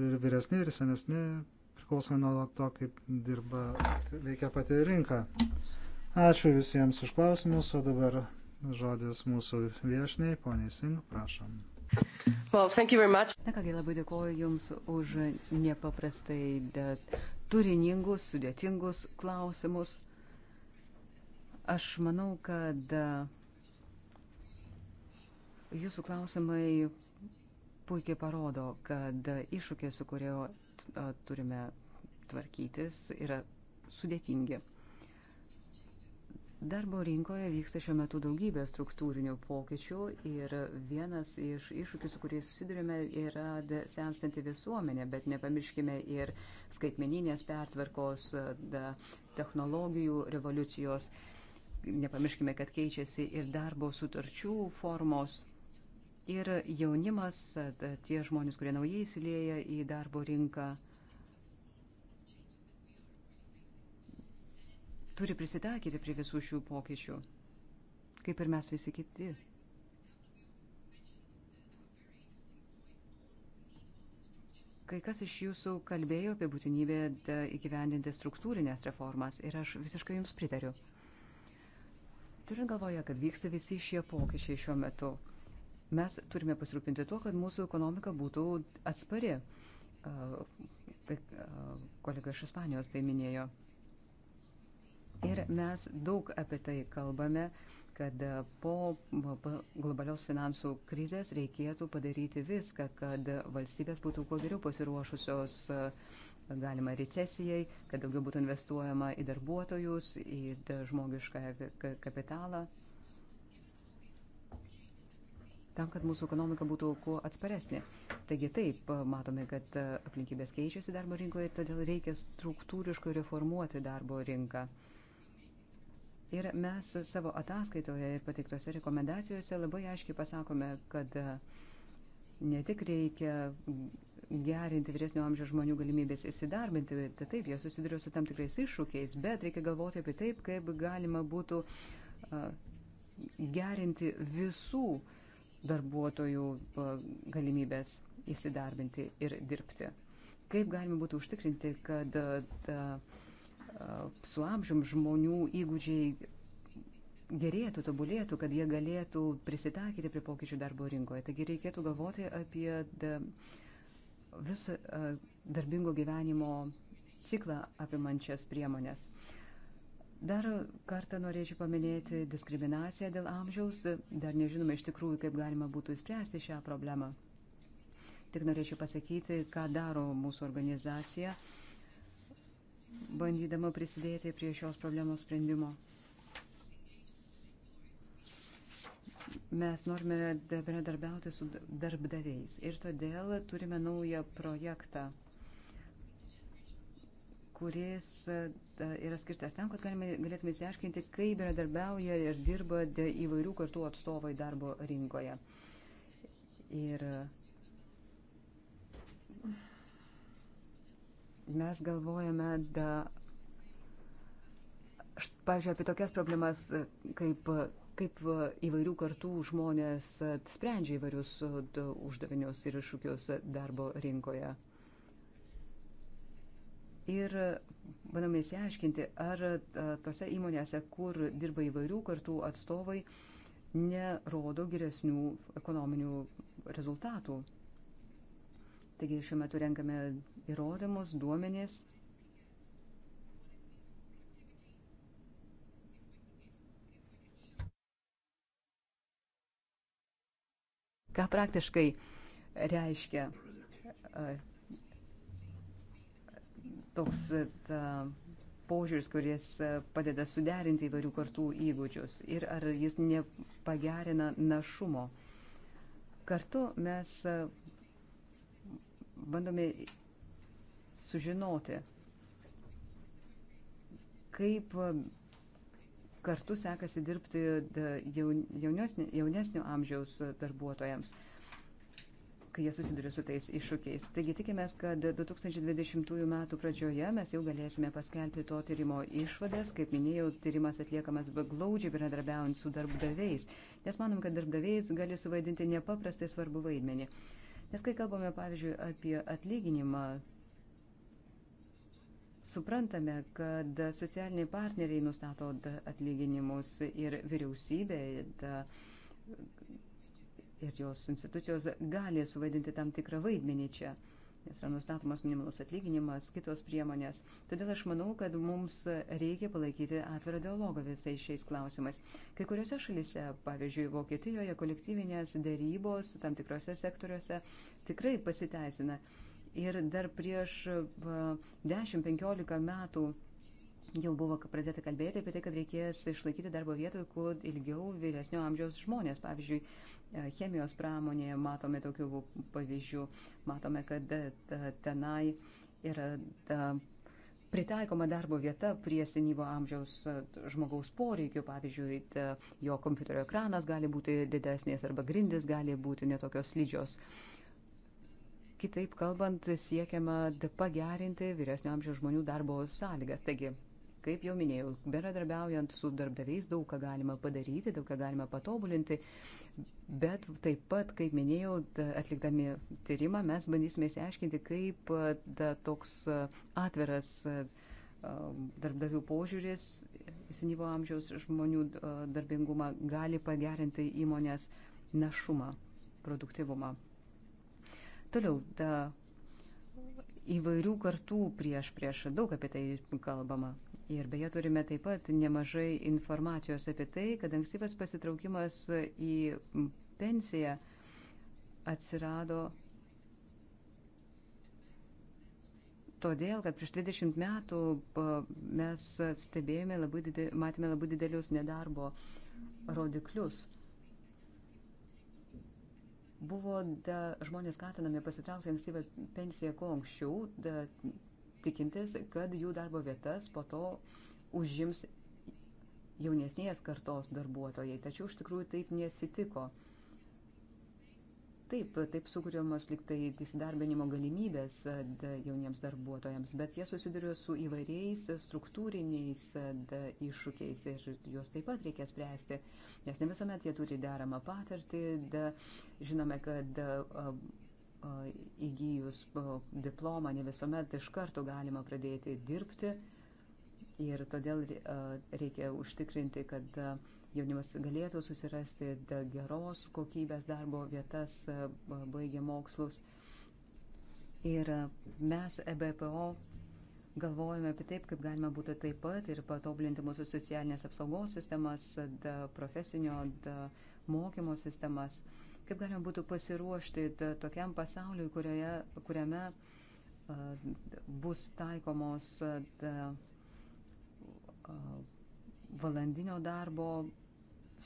ir vyresni, ir senesni, priklausomai nuo to, kaip dirba, veikia pati rinka. Ačiū visiems už klausimus, o dabar žodis mūsų viešniai, poniai Singh, prašom. Well, Na kągi, labai dėkoju Jums už nepaprastai turiningus, sudėtingus klausimus. Aš manau, kad Jūsų klausimai puikiai parodo, kad iššūkiai, su kurio turime tvarkytis, yra sudėtingi. Darbo rinkoje vyksta šiuo metu daugybė struktūrinių pokyčių ir vienas iš iššūkių, su kuriais susidurime, yra senstanti visuomenė, bet nepamirškime ir skaitmeninės pertvarkos, da, technologijų revoliucijos, nepamirškime, kad keičiasi ir darbo sutarčių formos. Ir jaunimas, tie žmonės, kurie naujai įsilieja į darbo rinką, turi prisitaikyti prie visų šių pokyčių, kaip ir mes visi kiti. Kai kas iš jūsų kalbėjo apie būtinybę įgyvendinti struktūrinės reformas ir aš visiškai jums pritariu. Turint galvoje, kad vyksta visi šie pokyčiai šiuo metu, Mes turime pasirūpinti tuo, kad mūsų ekonomika būtų atspari. E, kolega iš Ispanijos tai minėjo. Ir mes daug apie tai kalbame, kad po globalios finansų krizės reikėtų padaryti viską, kad valstybės būtų kuo geriau pasiruošusios galima recesijai, kad daugiau būtų investuojama į darbuotojus, į žmogišką kapitalą tam, kad mūsų ekonomika būtų kuo atsparesnė. Taigi taip, matome, kad aplinkybės keičiasi darbo rinkoje ir todėl reikia struktūriškai reformuoti darbo rinką. Ir mes savo ataskaitoje ir pateiktose rekomendacijose labai aiškiai pasakome, kad ne tik reikia gerinti vyresnio amžiaus žmonių galimybės įsidarbinti, tai taip, jie susiduria su tam tikrais iššūkiais, bet reikia galvoti apie taip, kaip galima būtų gerinti visų uh, darbuotojų galimybės įsidarbinti ir dirbti. Kaip galima būtų užtikrinti, kad ta, su amžium žmonių įgūdžiai gerėtų, tobulėtų, kad jie galėtų prisitaikyti prie pokyčių darbo rinkoje. Taigi reikėtų galvoti apie visą darbingo gyvenimo ciklą apimančias priemonės. Dar kartą norėčiau paminėti diskriminaciją dėl amžiaus. Dar nežinome iš tikrųjų, kaip galima būtų įspręsti šią problemą. Tik norėčiau pasakyti, ką daro mūsų organizacija, bandydama prisidėti prie šios problemos sprendimo. Mes norime bendradarbiauti su darbdaviais ir todėl turime naują projektą kuris e, yra skirtas tam, kad galime, galėtume įsiaiškinti, kaip bendradarbiauja ir dirba įvairių kartų atstovai darbo rinkoje. Ir mes galvojame, da, pavyzdžiui, apie tokias problemas, e, kaip, kaip e, įvairių kartų žmonės sprendžia įvairius uždavinius ir iššūkius darbo rinkoje ir bandome įsiaiškinti, ar e, tose įmonėse, kur dirba įvairių kartų atstovai, nerodo geresnių ekonominių rezultatų. Taigi šiuo metu renkame įrodymus, duomenys. Ką praktiškai reiškia e, toks e, ta, požiūris, kuris e, padeda suderinti įvairių kartų įgūdžius ir ar jis nepagerina našumo. Kartu mes e, bandome sužinoti, kaip kartu sekasi dirbti jaunesnio amžiaus darbuotojams kai jie susiduria su tais iššūkiais. Taigi tikimės, kad 2020 m. pradžioje mes jau galėsime paskelbti to tyrimo išvadas. Kaip minėjau, tyrimas atliekamas glaudžiai bendradarbiaujant su darbdaviais, nes manom, kad darbdaviais gali suvaidinti nepaprastai svarbu vaidmenį. Nes kai kalbame, pavyzdžiui, apie atlyginimą, suprantame, kad socialiniai partneriai nustato atlyginimus ir vyriausybė. Da, ir jos institucijos gali suvaidinti tam tikrą vaidmenį čia, nes yra nustatomas minimalus atlyginimas, kitos priemonės. Todėl aš manau, kad mums reikia palaikyti atvirą dialogą visais šiais klausimais. Kai kuriuose šalise, pavyzdžiui, Vokietijoje, kolektyvinės dėrybos tam tikrose sektoriuose tikrai pasiteisina. Ir dar prieš 10-15 metų Jau buvo pradėta kalbėti apie tai, kad reikės išlaikyti darbo vietoje kuo ilgiau vyresnio amžiaus žmonės. Pavyzdžiui, e, chemijos pramonėje matome tokių pavyzdžių. Matome, kad e, tenai yra pritaikoma darbo vieta prie senyvo amžiaus e, žmogaus poreikių. Pavyzdžiui, jo kompiuterio ekranas gali būti didesnės arba grindis gali būti netokios slidžios. Kitaip kalbant, siekiama pagerinti vyresnio amžiaus žmonių darbo sąlygas. Taigi, Kaip jau minėjau, bendradarbiaujant su darbdaviais daug ką galima padaryti, daug ką galima patobulinti, bet taip pat, kaip minėjau, atlikdami tyrimą mes bandysime įsiaiškinti, kaip da, toks atviras darbdavių požiūris senyvo amžiaus žmonių darbingumą gali pagerinti įmonės našumą, produktivumą. Toliau, ta įvairių kartų prieš prieš, daug apie tai kalbama. Ir beje, turime taip pat nemažai informacijos apie tai, kad ankstyvas pasitraukimas į pensiją atsirado todėl, kad prieš 20 metų mes stebėjome labai didelį, matėme labai didelius nedarbo rodiklius. Buvo da, žmonės skatinami pasitraukti ankstyvą pensiją kuo anksčiau, da, tikintis, kad jų darbo vietas po to užims jaunesnės kartos darbuotojai. Tačiau iš tikrųjų taip nesitiko. Taip, taip sukūriamos liktai įsidarbinimo galimybės e, jauniems darbuotojams, bet jie susiduria su įvairiais struktūriniais e, iššūkiais ir juos taip pat reikia spręsti, nes ne visuomet jie turi deramą patirtį. Žinome, kad e, E, įgyjus e, diplomą ne visuomet iš karto galima pradėti dirbti ir todėl e, reikia užtikrinti, kad jaunimas galėtų susirasti geros kokybės darbo vietas, baigė mokslus. Ir mes EBPO galvojame apie taip, kaip galima būtų taip pat ir patobulinti mūsų socialinės apsaugos sistemas, da, profesinio da, mokymo sistemas. Uh, Kaip galima būtų pasiruošti tokiam pasauliui, kurioje, kuriame bus taikomos ta, valandinio darbo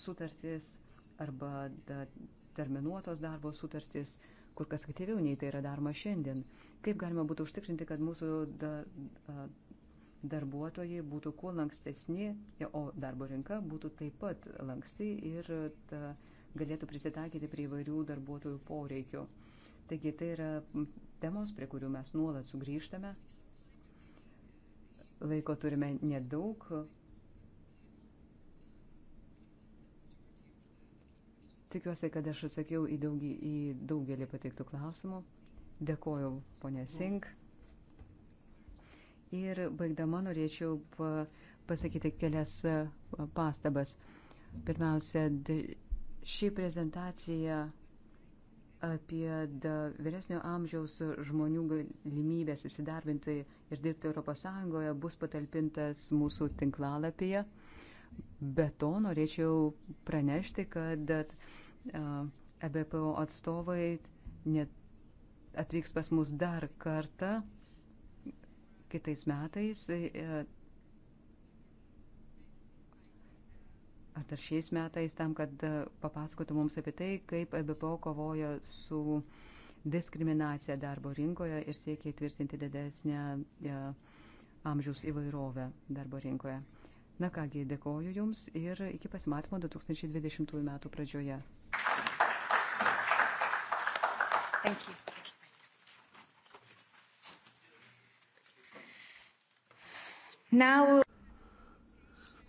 sutartys arba da, terminuotos darbo sutartys, kur kas aktyviau nei tai yra daroma šiandien. Kaip galima būtų užtikrinti, kad mūsų da, da, darbuotojai būtų kuo lankstesni, o darbo rinka būtų taip pat lanksti ir ta, da, galėtų prisitaikyti prie įvairių darbuotojų poreikių. Taigi tai yra temos, prie kurių mes nuolat sugrįžtame. Laiko turime nedaug. Tikiuosi, kad aš atsakiau į, daugį, į daugelį pateiktų klausimų. Dėkoju, ponė Sink. Ir baigdama norėčiau pasakyti kelias pastabas. Pirmiausia, Ši prezentacija apie vyresnio amžiaus žmonių galimybės įsidarbinti ir dirbti ES bus patalpintas mūsų tinklalapyje. Be to norėčiau pranešti, kad EBPO atstovai atvyks pas mus dar kartą kitais metais e, ar dar šiais metais, tam, kad e, papasakotų mums apie tai, kaip EBPO kovoja su diskriminacija darbo rinkoje ir siekia įtvirtinti didesnę e, amžiaus įvairovę darbo rinkoje. Na kągi, dėkoju Jums ir iki pasimatymo 2020 m. pradžioje. Thank you. Now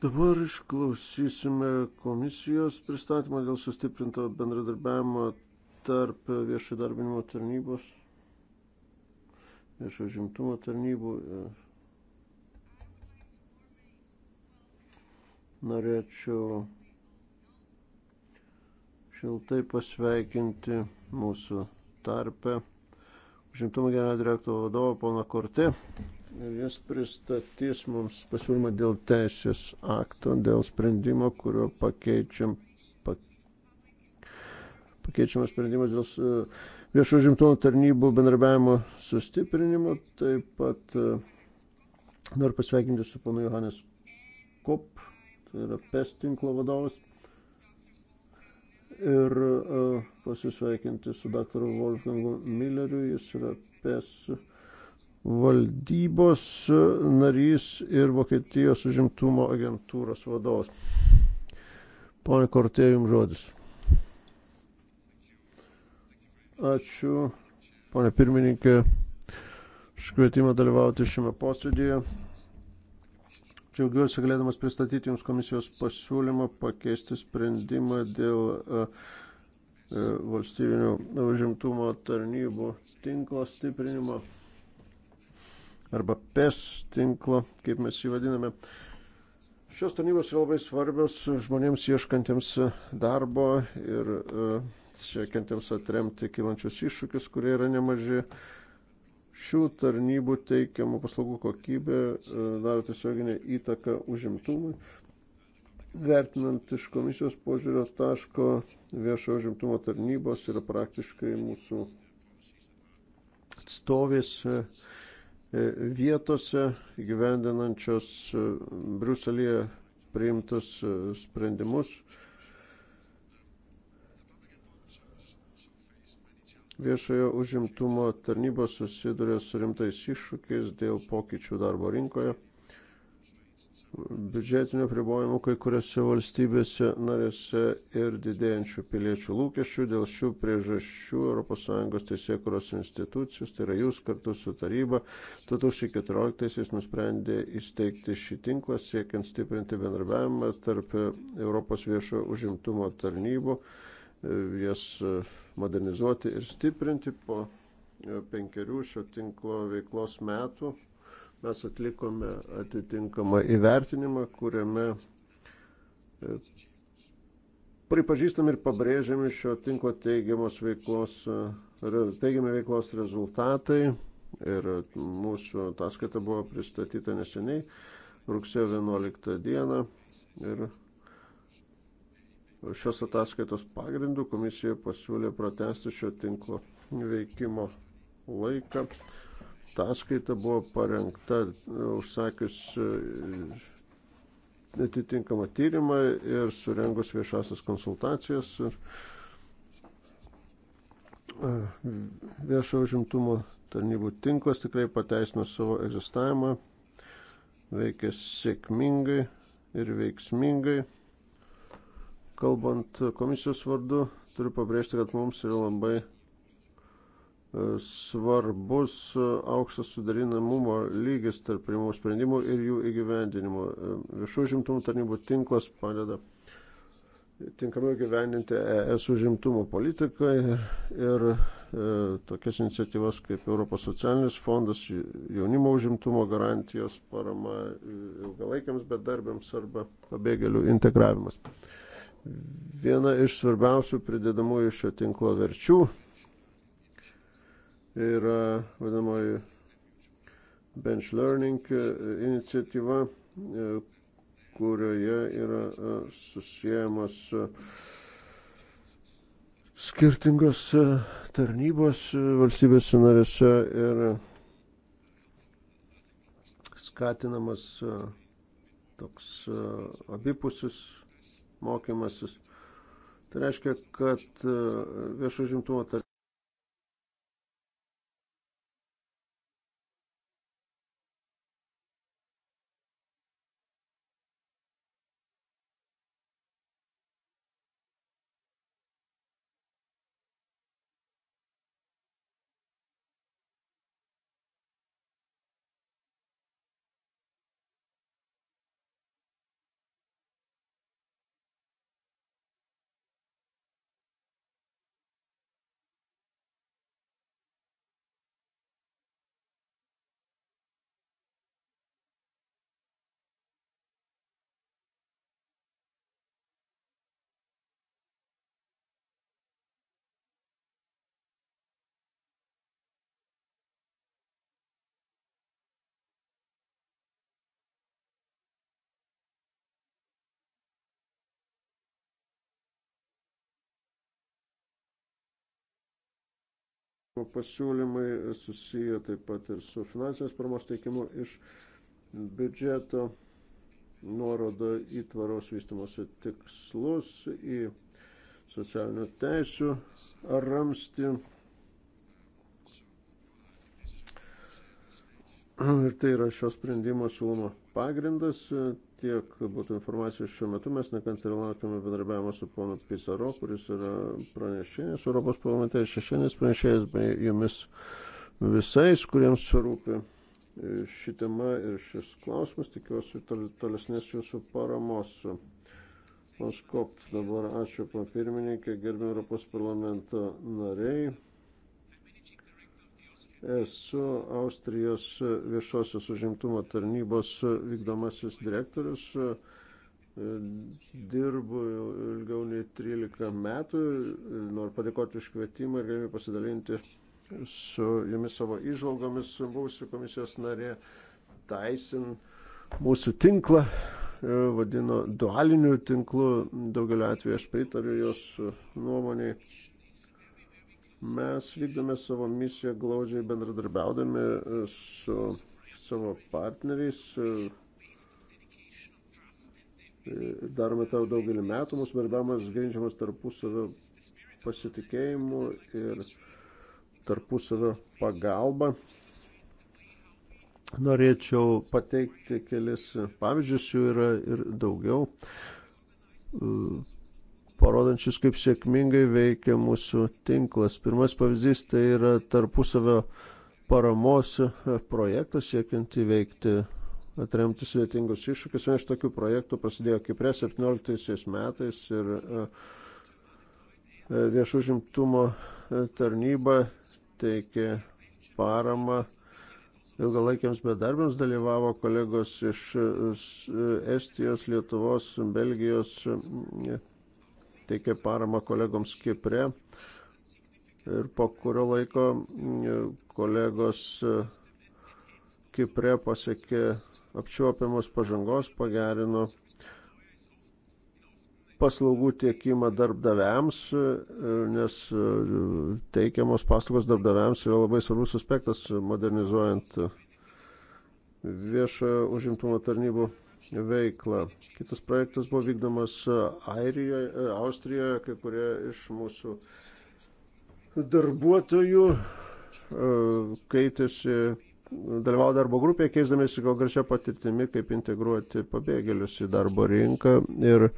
Dabar išklausysime komisijos pristatymą dėl sustiprinto bendradarbiavimo tarp viešo darbinimo tarnybos, viešo žimtumo tarnybų. E, norėčiau šiltai pasveikinti mūsų tarpę užimtumo generalinio direktoro vadovą, poną Kortį ir jis pristatys mums pasiūlymą dėl teisės akto, dėl sprendimo, kurio pakeičiam, pa, pakeičiamas sprendimas dėl uh, viešo žimtumo tarnybų bendrabiavimo sustiprinimo. Taip pat uh, noriu pasveikinti su panu Johannes Kop, tai yra PES tinklo vadovas. Ir uh, pasisveikinti su daktaru Wolfgangu Milleriu, jis yra PES uh, valdybos narys ir Vokietijos užimtumo agentūros vadovas. Pone Kortė, jums žodis. Ačiū, pone pirmininkė, už kvietimą dalyvauti šiame posėdėje. Džiaugiuosi galėdamas pristatyti Jums komisijos pasiūlymą pakeisti sprendimą dėl uh, valstybinių užimtumo tarnybų tinklo stiprinimo arba PES tinklo, kaip mes jį vadiname. Šios tarnybos yra labai svarbios žmonėms ieškantiems darbo ir e, siekiantiems atremti kilančius iššūkius, kurie yra nemaži. Šių tarnybų teikiamų paslaugų kokybė e, daro tiesioginę įtaką užimtumui. Vertinant iš komisijos požiūrio taško, viešo užimtumo tarnybos yra praktiškai mūsų atstovės e, E, vietose gyvendinančios e, Bruselėje priimtus e, sprendimus. Viešojo užimtumo tarnybos susiduria su rimtais iššūkiais dėl pokyčių darbo rinkoje biudžetinių pribojimų kai kuriuose valstybėse narėse ir didėjančių piliečių lūkesčių. Dėl šių priežasčių ES teisėkuros institucijos, tai yra jūs kartu su taryba, 2014-aisiais nusprendė įsteigti šį tinklą siekiant stiprinti bendrabiavimą tarp Europos viešo užimtumo tarnybų, jas modernizuoti ir stiprinti po penkerių šio tinklo veiklos metų mes atlikome atitinkamą įvertinimą, kuriame e, pripažįstam ir pabrėžiami šio tinklo teigiamos veiklos, e, teigiami veiklos rezultatai. Ir mūsų ataskaita buvo pristatyta neseniai, rugsėjo 11 dieną. Ir šios ataskaitos pagrindų komisija pasiūlė pratesti šio tinklo veikimo laiką ataskaita buvo parengta e, užsakius e, atitinkamą tyrimą ir surengus viešasias konsultacijas ir e, viešo užimtumo tarnybų tinklas tikrai pateisino savo egzistavimą, veikia sėkmingai ir veiksmingai. Kalbant komisijos vardu, turiu pabrėžti, kad mums yra labai svarbus e, aukštas sudarinamumo lygis tarp primų sprendimų ir jų įgyvendinimo. E, Viešų žimtumų tarnybų tinklas padeda tinkamiau gyveninti ES užimtumo politiką ir, ir e, tokias iniciatyvas kaip Europos socialinis fondas, jaunimo užimtumo garantijos, parama e, ilgalaikiams bedarbiams arba pabėgėlių integravimas. Viena iš svarbiausių pridedamųjų šio tinklo verčių yra vadinamoji bench learning e, iniciatyva, e, kurioje yra e, susijęmas skirtingos tarnybos valstybės narėse ir skatinamas toks abipusis mokymasis. Tai reiškia, kad viešo žimtumo tarnybos pasiūlymai susiję taip pat ir su finansinės paramos teikimu iš biudžeto nuoroda į tvaros vystimosi tikslus, į socialinių teisių ramstį. Ir tai yra šio sprendimo siūlomo pagrindas. Tiek būtų informacijos šiuo metu. Mes nekantriai laukiame bendarbiavimo su ponu Pisaro, kuris yra pranešėjas Europos parlamente, šešienis pranešėjas, bei jumis visais, kuriems rūpi ši tema ir šis klausimas. Tikiuosi tolesnės jūsų paramos. Paskop, dabar ačiū, papirmininkė, gerbė Europos parlamento nariai. Esu Austrijos viešosios užimtumo tarnybos vykdomasis direktorius. Dirbu ilgiau nei 13 metų. Noriu padėkoti už kvietimą ir galime pasidalinti su jumis savo išvalgomis. Buvusi komisijos narė Taisin mūsų tinklą e, vadino dualiniu tinklu. Daugelio atveju aš pritariu jos nuomonėje Mes vykdome savo misiją glaudžiai bendradarbiaudami e, su savo partneriais. E, e, darome tau daugelį metų, mūsų darbiavimas grindžiamas tarpusavio pasitikėjimu ir tarpusavio pagalba. Norėčiau pateikti kelis pavyzdžius, jų yra ir daugiau parodančius, kaip sėkmingai veikia mūsų tinklas. Pirmas pavyzdys tai yra tarpusavio paramos projektas siekiant įveikti atremti sudėtingus iššūkius. Vienas iš tokių projektų prasidėjo Kiprė 17 metais ir e, viešų žimtumo e, tarnyba teikė paramą ilgalaikiams bedarbiams, dalyvavo kolegos iš e, Estijos, Lietuvos, Belgijos, teikė paramą kolegoms Kipre ir po kurio laiko kolegos e, Kipre pasiekė apčiuopiamos pažangos, pagerino paslaugų tiekimą darbdaviams, e, nes e, teikiamos paslaugos darbdaviams yra labai svarbus aspektas modernizuojant viešojo užimtumo tarnybų veiklą. Kitas projektas buvo vykdomas Airijoje, Austrijoje, kai kurie iš mūsų darbuotojų e, keitėsi, dalyvavo darbo grupėje, keisdamėsi gal garsia patirtimi, kaip integruoti pabėgėlius į darbo rinką. Ir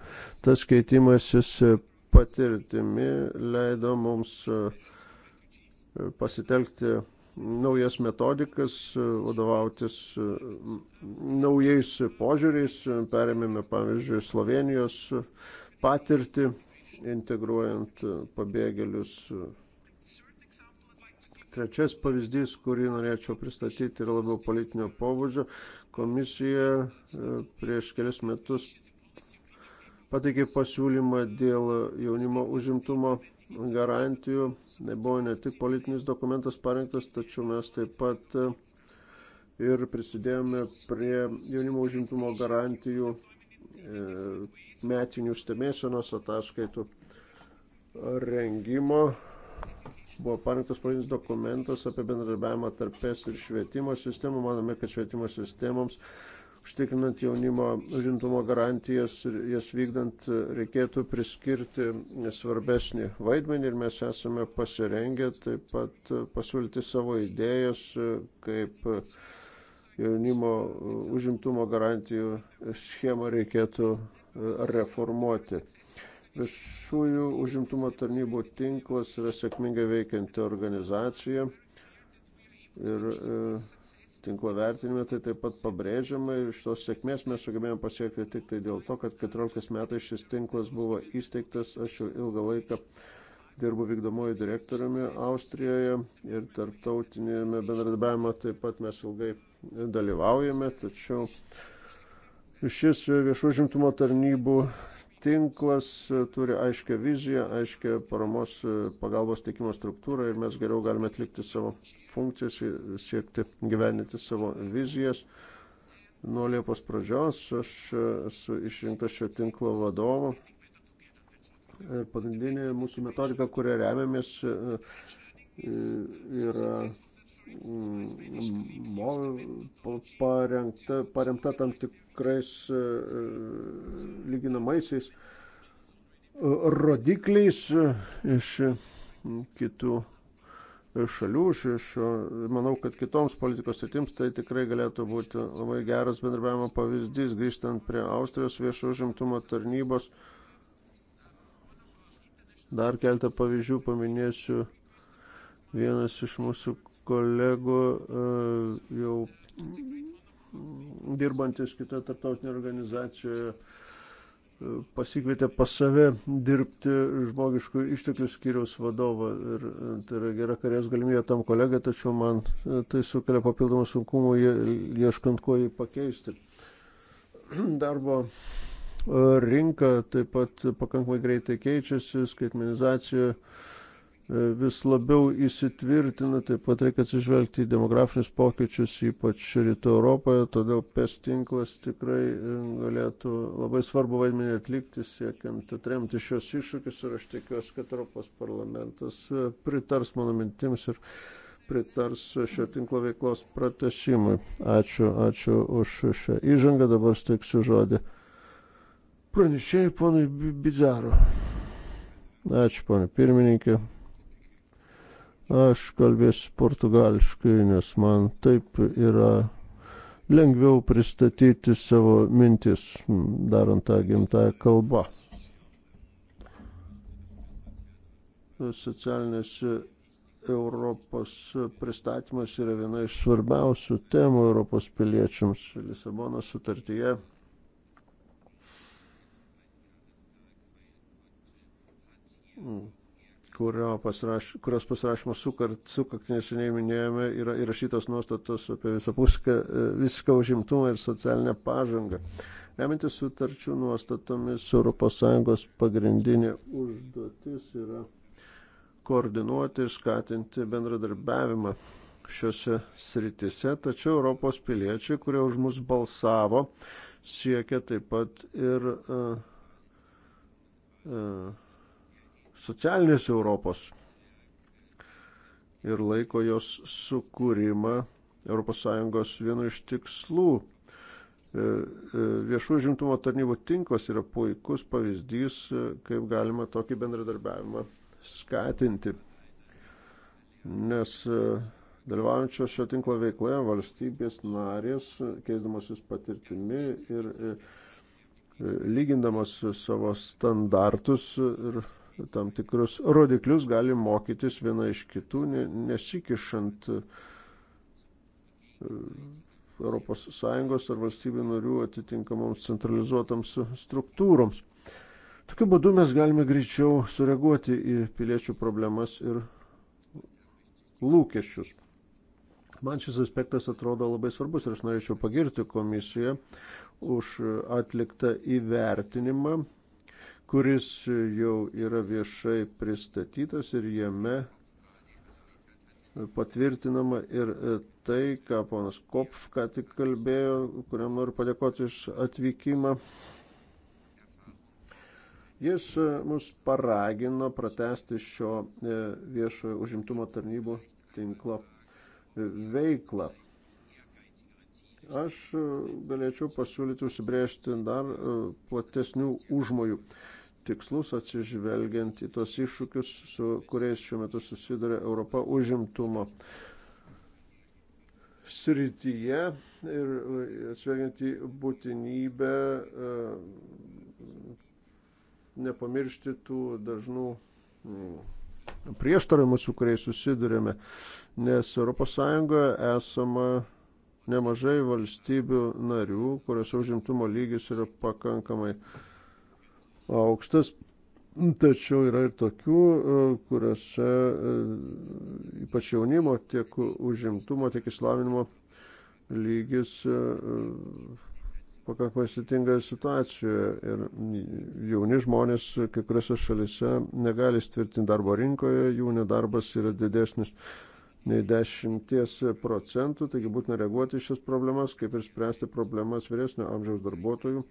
tas keitimasis patirtimi leido mums e, pasitelkti naujas metodikas, vadovautis naujais požiūriais. Perėmėme, pavyzdžiui, Slovenijos patirtį, integruojant pabėgėlius. Trečias pavyzdys, kurį norėčiau pristatyti, yra labiau politinio pobūdžio. Komisija e, prieš kelias metus pateikė pasiūlymą dėl jaunimo užimtumo garantijų. Tai buvo ne tik politinis dokumentas parengtas, tačiau mes taip pat e, ir prisidėjome prie jaunimo užimtumo garantijų e, metinių stebėsenos ataskaitų rengimo. Buvo parengtas politinis dokumentas apie bendradarbiavimą tarp PES ir švietimo sistemų. Manome, kad švietimo sistemoms užtikrinant jaunimo užimtumo garantijas ir jas vykdant reikėtų priskirti svarbesnį vaidmenį ir mes esame pasirengę taip pat pasiūlyti savo idėjas, kaip jaunimo užimtumo garantijų schemą reikėtų reformuoti. Viešųjų užimtumo tarnybų tinklas yra sėkmingai veikianti organizacija ir e, tinklo vertinime tai taip pat pabrėžiama ir iš tos sėkmės mes sugebėjome pasiekti tik tai dėl to, kad 14 metais šis tinklas buvo įsteigtas, aš jau ilgą laiką dirbu vykdomuoju direktoriumi Austrijoje ir tarptautinėme bendradarbiavime taip pat mes ilgai dalyvaujame, tačiau šis viešų žimtumo tarnybų tinklas e, turi aiškę viziją, aiškę paramos e, pagalbos teikimo struktūrą ir mes geriau galime atlikti savo funkcijas, siekti gyveninti savo vizijas. Nuo Liepos pradžios aš e, esu išrinktas šio tinklo vadovu. Ir pagrindinė mūsų metodika, kurią remiamės, yra mm, parengta, paremta tam tik tikrais e, e, lyginamaisiais e, rodikliais iš kitų šalių. Iš, iš, manau, kad kitoms politikos sritims tai tikrai galėtų būti labai geras bendrabiavimo pavyzdys, grįžtant prie Austrijos viešo užimtumo tarnybos. Dar keltą pavyzdžių paminėsiu. Vienas iš mūsų kolegų jau dirbantis kitoje tarptautinėje organizacijoje pasikvietė pas save dirbti žmogiškų išteklių skyriaus vadovą. Ir e, tai yra gera karės galimybė tam kolegai, tačiau man e, tai sukelia papildomų sunkumų ieškant, kuo jį pakeisti. Darbo e, rinka taip pat pakankamai greitai keičiasi, skaitmenizacija E, vis labiau įsitvirtina, taip pat reikia atsižvelgti į demografinius pokyčius, ypač rytų Europoje, todėl PES tinklas tikrai e, galėtų labai svarbu vaidmenį atlikti, siekiant atremti šios iššūkius ir aš tikiuosi, kad Europos parlamentas e, pritars mano mintims ir pritars šio tinklo veiklos pratesimui. Ačiū, ačiū už šią įžangą, dabar steiksiu žodį. Pranešėjai ponui Bizaro. Ačiū, ponė pirmininkė. Aš kalbėsiu portugališkai, nes man taip yra lengviau pristatyti savo mintis, darant tą gimtąją kalbą. Socialinės Europos pristatymas yra viena iš svarbiausių temų Europos piliečiams Lisabono sutartyje. Mm pasiraš, kurios pasirašymo sukakti neseniai minėjome, yra įrašytos nuostatos apie e, visišką užimtumą ir socialinę pažangą. Remintis sutarčių nuostatomis, ES pagrindinė užduotis yra koordinuoti ir skatinti bendradarbiavimą šiuose sritise, tačiau Europos piliečiai, kurie už mus balsavo, siekia taip pat ir uh, uh, socialinės Europos ir laiko jos sukūrimą ES vienu iš tikslų. E, e, Viešų žimtumo tarnybų tinklas yra puikus pavyzdys, e, kaip galima tokį bendradarbiavimą skatinti. Nes dalyvaujančios šio tinklo veikloje valstybės narės, keisdamasis patirtimi ir lygindamos savo standartus ir tam tikrus rodiklius gali mokytis viena iš kitų, nesikišant ES ar valstybių narių atitinkamoms centralizuotams struktūroms. Tokiu būdu mes galime greičiau sureaguoti į piliečių problemas ir lūkesčius. Man šis aspektas atrodo labai svarbus ir aš norėčiau pagirti komisiją už atliktą įvertinimą kuris jau yra viešai pristatytas ir jame patvirtinama ir tai, ką ponas Kopf ką tik kalbėjo, kuriam noriu padėkoti už atvykimą. Jis mus paragino pratesti šio e, viešojo užimtumo tarnybų tinklo e, veiklą. Aš e, galėčiau pasiūlyti užsibriežti dar platesnių užmojų tikslus atsižvelgiant į tos iššūkius, su kuriais šiuo metu susiduria Europa užimtumo srityje ir atsižvelgiant į būtinybę e, nepamiršti tų dažnų prieštaravimų, su kuriais susidurėme, nes ES esama nemažai valstybių narių, kuriuose užimtumo lygis yra pakankamai uh, aukštas, tačiau yra ir tokių, e, kuriuose e, ypač jaunimo tiek užimtumo, tiek išslavinimo lygis e, pakankamai sėtingoje situacijoje ir jauni žmonės kai kuriuose šalise negali stvirtinti darbo rinkoje, jų nedarbas yra didesnis nei 10 procentų, taigi būtina reaguoti šias problemas, kaip ir spręsti problemas vyresnio amžiaus darbuotojų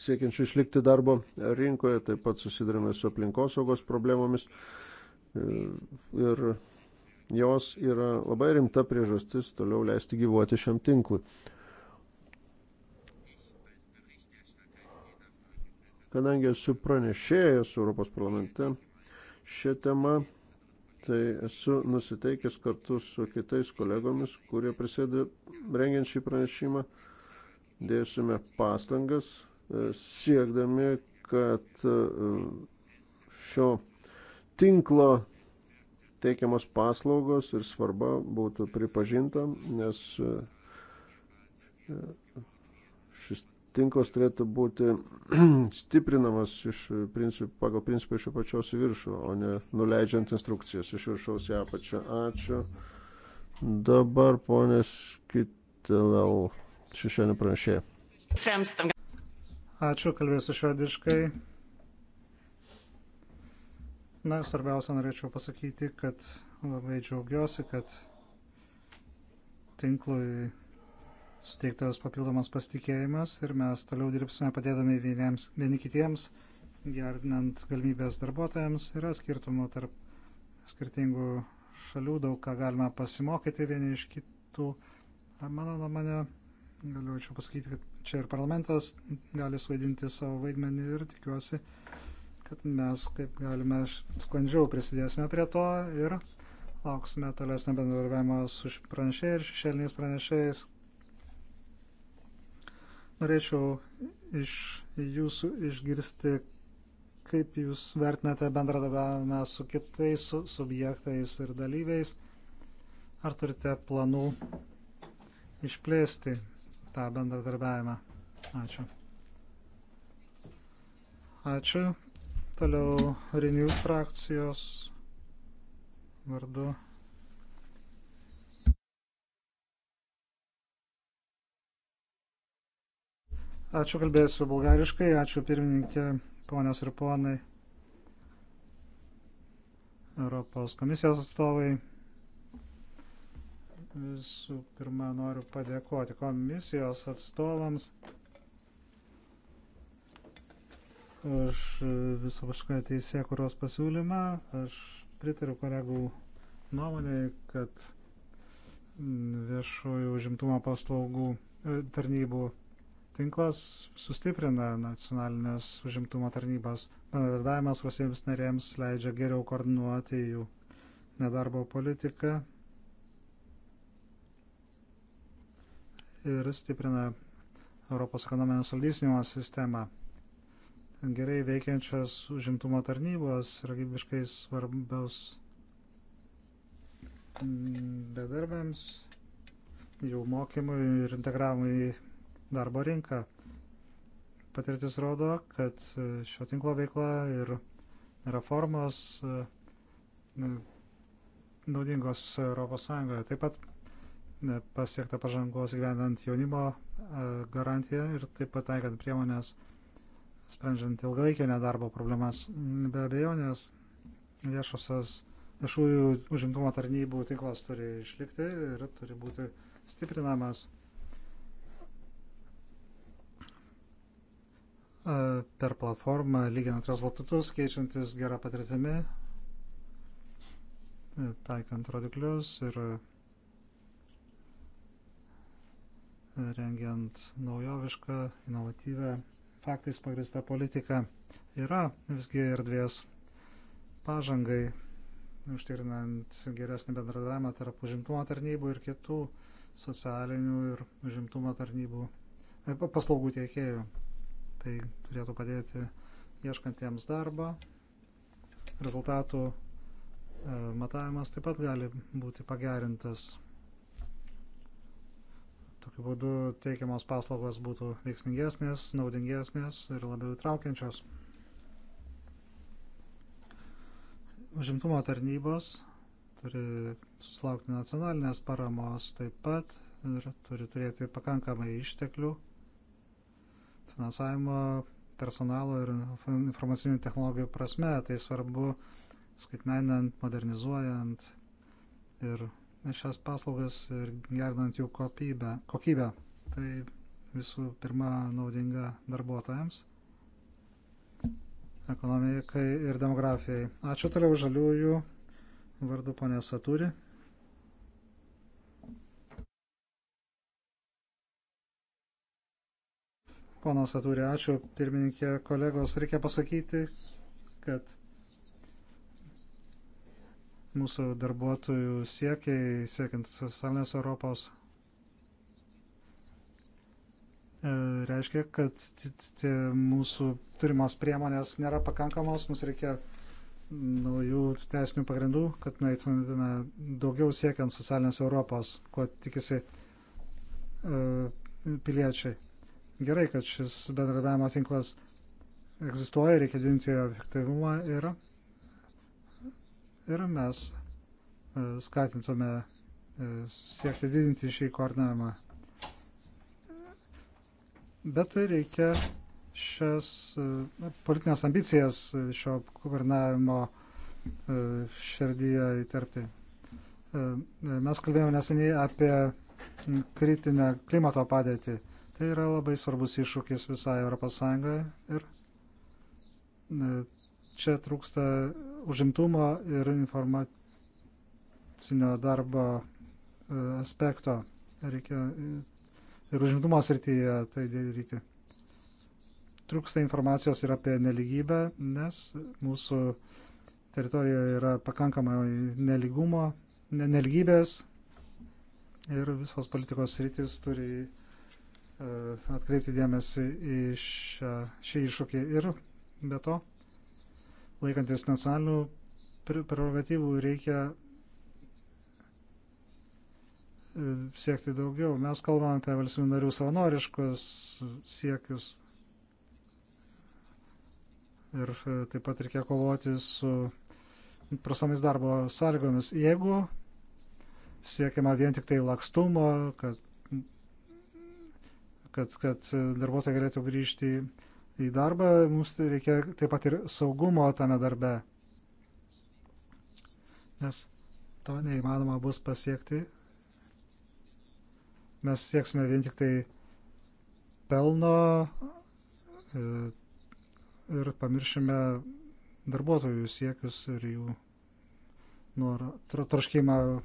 siekiančių išlikti darbo rinkoje, taip pat susidurime su aplinkosaugos problemomis ir jos yra labai rimta priežastis toliau leisti gyvuoti šiam tinklui. Kadangi esu pranešėjęs Europos parlamente šią temą, tai esu nusiteikęs kartu su kitais kolegomis, kurie prisėdė rengiant šį pranešimą, dėsime pastangas e, siekdami, kad e, šio tinklo teikiamos paslaugos ir svarba būtų pripažinta, nes e, šis tinklas turėtų būti stiprinamas iš principų, pagal principą iš apačios į viršų, o ne nuleidžiant instrukcijas iš viršaus į apačią. Ačiū. Dabar ponės Kitelel šešienį pranešė. Ačiū, kalbėsiu švediškai. Na, svarbiausia, norėčiau pasakyti, kad labai džiaugiuosi, kad tinklui suteiktas papildomas pasitikėjimas ir mes toliau dirbsime padėdami vieniems, vieni kitiems, gerinant galimybės darbuotojams. Yra skirtumų tarp skirtingų šalių, daug ką galima pasimokyti vieni iš kitų. Mano nuomonė, galiuočiau pasakyti, kad čia ir parlamentas gali suvaidinti savo vaidmenį ir tikiuosi, kad mes kaip galime sklandžiau prisidėsime prie to ir lauksime tolesnio bendradarbiavimo su pranešėjais ir šešėliniais pranešėjais. Norėčiau iš jūsų išgirsti, kaip jūs vertinate bendradarbiavimą su kitais su subjektais ir dalyviais. Ar turite planų išplėsti tą bendradarbiavimą? Ačiū. Ačiū. Toliau Renew frakcijos vardu Ačiū kalbėsiu bulgariškai, ačiū pirmininkė, ponios ir ponai, Europos komisijos atstovai. Visų pirma, noriu padėkoti komisijos atstovams už visą kažką teisė, kurios pasiūlymą. Aš pritariu kolegų nuomonėje, kad viešųjų užimtumo paslaugų e, tarnybų tinklas sustiprina nacionalinės užimtumo tarnybos. Bendradarbiavimas valstybėms narėms leidžia geriau koordinuoti jų nedarbo politiką ir stiprina Europos ekonominės valdysinimo sistemą. Gerai veikiančios užimtumo tarnybos yra gyviškai svarbiaus bedarbiams, jų mokymui ir integravimui darbo rinką. Patirtis rodo, kad e, šio tinklo veikla ir reformos e, e, naudingos visoje Europos Sąjungoje. Taip pat pasiekta pažangos gyvenant jaunimo garantiją ir taip pat taikant priemonės sprendžiant ilgalaikio nedarbo problemas. Be abejonės viešosios viešųjų užimtumo tarnybų tinklas turi išlikti ir turi būti stiprinamas. per platformą, lyginant rezultatus, keičiantis gerą patirtimį, e, taikant rodiklius ir e, rengiant naujovišką, inovatyvę, faktais pagristą politiką. Yra visgi erdvės pažangai, užtikrinant geresnį bendradarbiavimą tarp užimtumo tarnybų ir kitų socialinių ir užimtumo tarnybų e, paslaugų tiekėjų. Tai turėtų padėti ieškantiems darbo. Rezultatų e, matavimas taip pat gali būti pagerintas. Tokiu būdu teikiamos paslaugos būtų veiksmingesnės, naudingesnės ir labiau traukiančios. Užimtumo tarnybos turi susilaukti nacionalinės paramos taip pat ir turi turėti pakankamai išteklių finansavimo, personalo ir informacinių technologijų prasme. Tai svarbu skaitmeninant, modernizuojant ir šias paslaugas ir gerinant jų kopybę, kokybę. Tai visų pirma naudinga darbuotojams, ekonomikai ir demografijai. Ačiū toliau žaliųjų vardu ponė Saturi. Ponas Atūrė, ačiū pirmininkė kolegos. Reikia pasakyti, kad mūsų darbuotojų siekiai, siekiant socialinės Europos, e, reiškia, kad tie mūsų turimos priemonės nėra pakankamos, mums reikia naujų teisinių pagrindų, kad nueitumėme daugiau siekiant socialinės Europos, ko tikisi e, piliečiai. Gerai, kad šis bendradarbiavimo tinklas egzistuoja, reikia didinti jo efektyvumą ir, ir mes e, skatintume e, siekti didinti šį koordinavimą. Bet reikia šias e, politinės ambicijas šio koordinavimo širdyje įterpti. Mes kalbėjome neseniai apie kritinę klimato padėtį. Tai yra labai svarbus iššūkis visai ES ir e, čia trūksta užimtumo ir informacinio darbo e, aspekto. Reikia e, ir užimtumo srityje tai daryti. Trūksta informacijos ir apie neligybę, nes mūsų teritorijoje yra pakankamai neligumo, nelygybės ir visos politikos sritis turi E, atkreipti dėmesį į šią, šį iššūkį ir be to, laikantis nacionalinių prerogatyvų, reikia e, siekti daugiau. Mes kalbame apie valstybių narių savanoriškus siekius. Ir e, taip pat reikia kovoti su prastomis darbo sąlygomis. Jeigu siekiama vien tik tai lakstumo, kad kad, kad darbuotojai galėtų grįžti į darbą, mums reikia taip pat ir saugumo tame darbe. Nes to neįmanoma bus pasiekti. Mes sieksime vien tik tai pelno e, ir pamiršime darbuotojų siekius ir jų norą, troškimą e,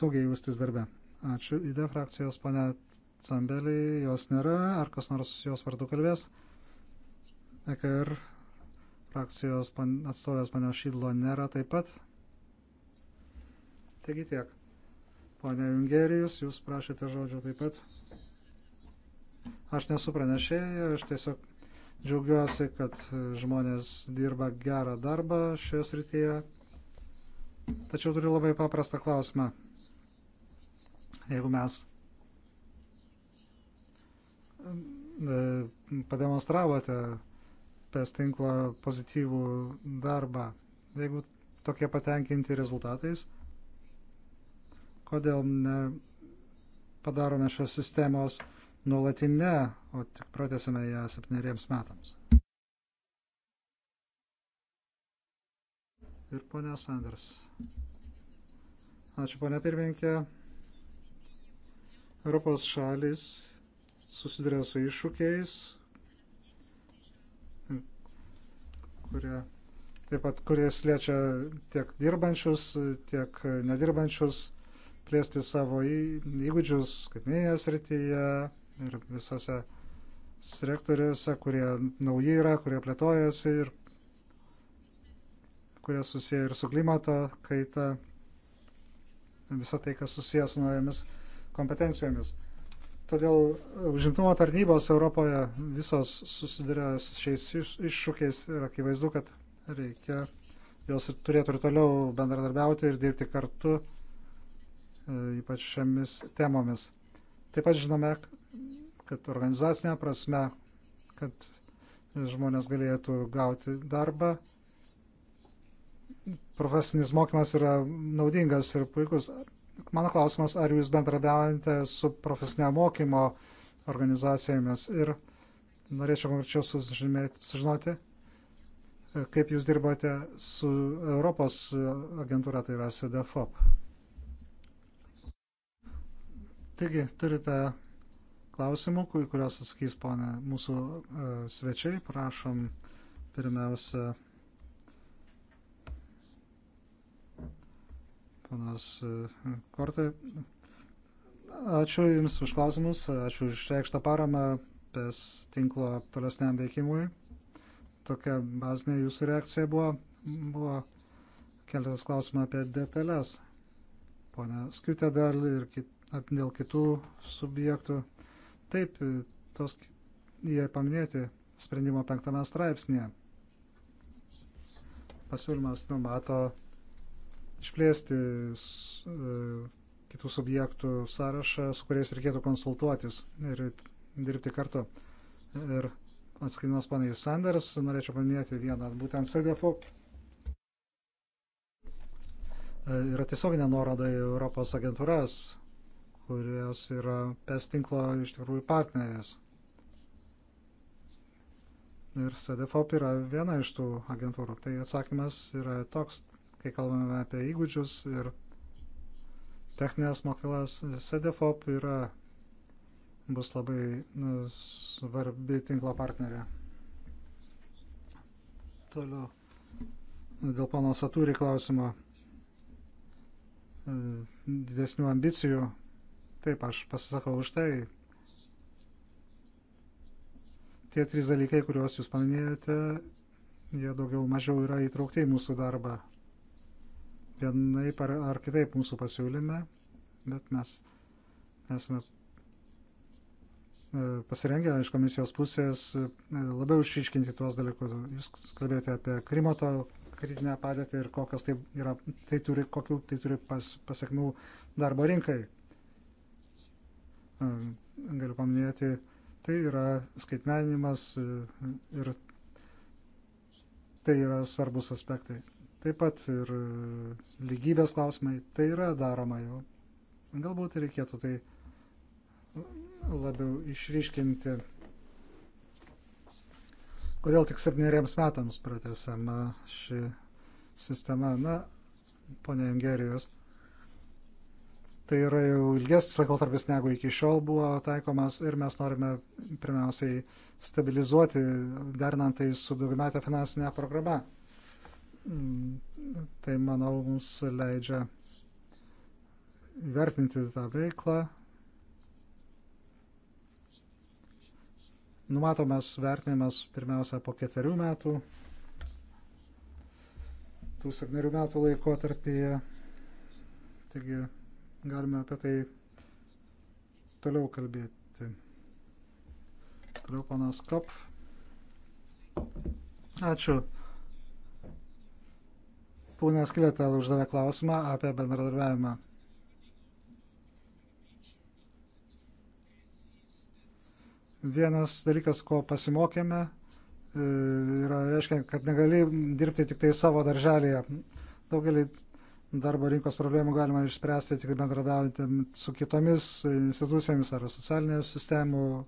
saugiai jaustis darbe. Ačiū. ID frakcijos pane Cambelį, jos nėra, ar kas nors jos vardu kalbės. EKR frakcijos pan, atstovės panio Šydlo nėra taip pat. Taigi tiek. Pone Jungerijus, jūs prašėte žodžio taip pat. Aš nesu pranešėja, aš tiesiog džiaugiuosi, kad žmonės dirba gerą darbą šioje srityje. Tačiau turiu labai paprastą klausimą. Jeigu mes E, pademonstravote PES tinklo pozityvų darbą. Jeigu tokie patenkinti rezultatais, kodėl nepadarome šios sistemos nuolatinę, o tik pratesime ją septyneriems metams. Ir ponia Sanders. Ačiū ponia pirmininkė. Europos šalis susiduria su iššūkiais, kurie taip pat, kurie sliečia tiek dirbančius, tiek nedirbančius, plėsti savo įgūdžius skaitmėje srityje ir visose sektoriuose, kurie nauji yra, kurie plėtojasi ir kurie susiję ir su klimato kaita, visą tai, kas susijęs su naujomis kompetencijomis. Todėl užimtumo tarnybos Europoje visos susiduria su šiais iššūkiais ir akivaizdu, kad reikia jos turėtų ir toliau bendradarbiauti ir dirbti kartu, e, ypač šiomis temomis. Taip pat žinome, kad organizacinė prasme, kad žmonės galėtų gauti darbą, profesinis mokymas yra naudingas ir puikus. Mano klausimas, ar jūs bendradaujate su profesinio mokymo organizacijomis ir norėčiau konkrečiau sužinoti, kaip jūs dirbate su Europos agentūra, tai yra SDFOP. Taigi, turite klausimų, kuriuos atsakys ponė mūsų e, svečiai. Prašom pirmiausia Ponas e, Kortai, ačiū Jums už klausimus, ačiū už reikštą paramą PES tinklo tolesniam veikimui. Tokia bazinė Jūsų reakcija buvo. Buvo keletas klausimų apie detalės. Pone Skiutė dar ir kit, dėl kitų subjektų. Taip, e, tos jie paminėti sprendimo penktame straipsnėje. Pasiūlymas numato išplėsti e, kitų subjektų sąrašą, su kuriais reikėtų konsultuotis ir dirbti kartu. Ir atskaitimas paniai Sanders, norėčiau paminėti vieną, būtent CDFO e, yra tiesioginė nuoroda į Europos agentūras, kurios yra PES tinklo iš tikrųjų partnerės. Ir CDFOP yra viena iš tų agentūrų. Tai atsakymas yra toks, kai kalbame apie įgūdžius ir techninės mokyklas, SEDEFOP yra, bus labai nu, svarbi tinklo partnerė. Toliau. Dėl pono Satūri klausimo e, didesnių ambicijų. Taip, aš pasisakau už tai. Tie trys dalykai, kuriuos jūs paminėjote, jie daugiau mažiau yra įtraukti į mūsų darbą vienai ar kitaip mūsų pasiūlyme, bet mes esame e, pasirengę iš komisijos pusės e, labiau išryškinti tuos dalykus. Jūs kalbėjote apie Krimoto kritinę padėtį ir kokios tai yra, tai turi, kokių tai turi pas, pasiekmių darbo rinkai. E, galiu paminėti, tai yra skaitmeninimas ir tai yra svarbus aspektai taip pat ir e, lygybės klausimai, tai yra daroma jau. Galbūt reikėtų tai e, labiau išryškinti. Kodėl tik septyneriems metams pratesama ši sistema? Na, ponia Ingerijos, tai yra jau ilgesnis laikotarpis negu iki šiol buvo taikomas ir mes norime pirmiausiai stabilizuoti, derinant tai su daugiametė finansinė programa. Mm, tai manau mums leidžia vertinti tą veiklą. Numatomas vertinimas pirmiausia po ketverių metų, tų septynerių metų laikotarpyje. Taigi galime apie tai toliau kalbėti. Toliau panas Kop. Ačiū. Pūnas Kilėtė uždavė klausimą apie bendradarbiavimą. Vienas dalykas, ko pasimokėme, e, yra, reiškia, kad negali dirbti tik tai savo darželėje. Daugelį darbo rinkos problemų galima išspręsti tik bendradaujant su kitomis institucijomis ar socialinės sistemų e,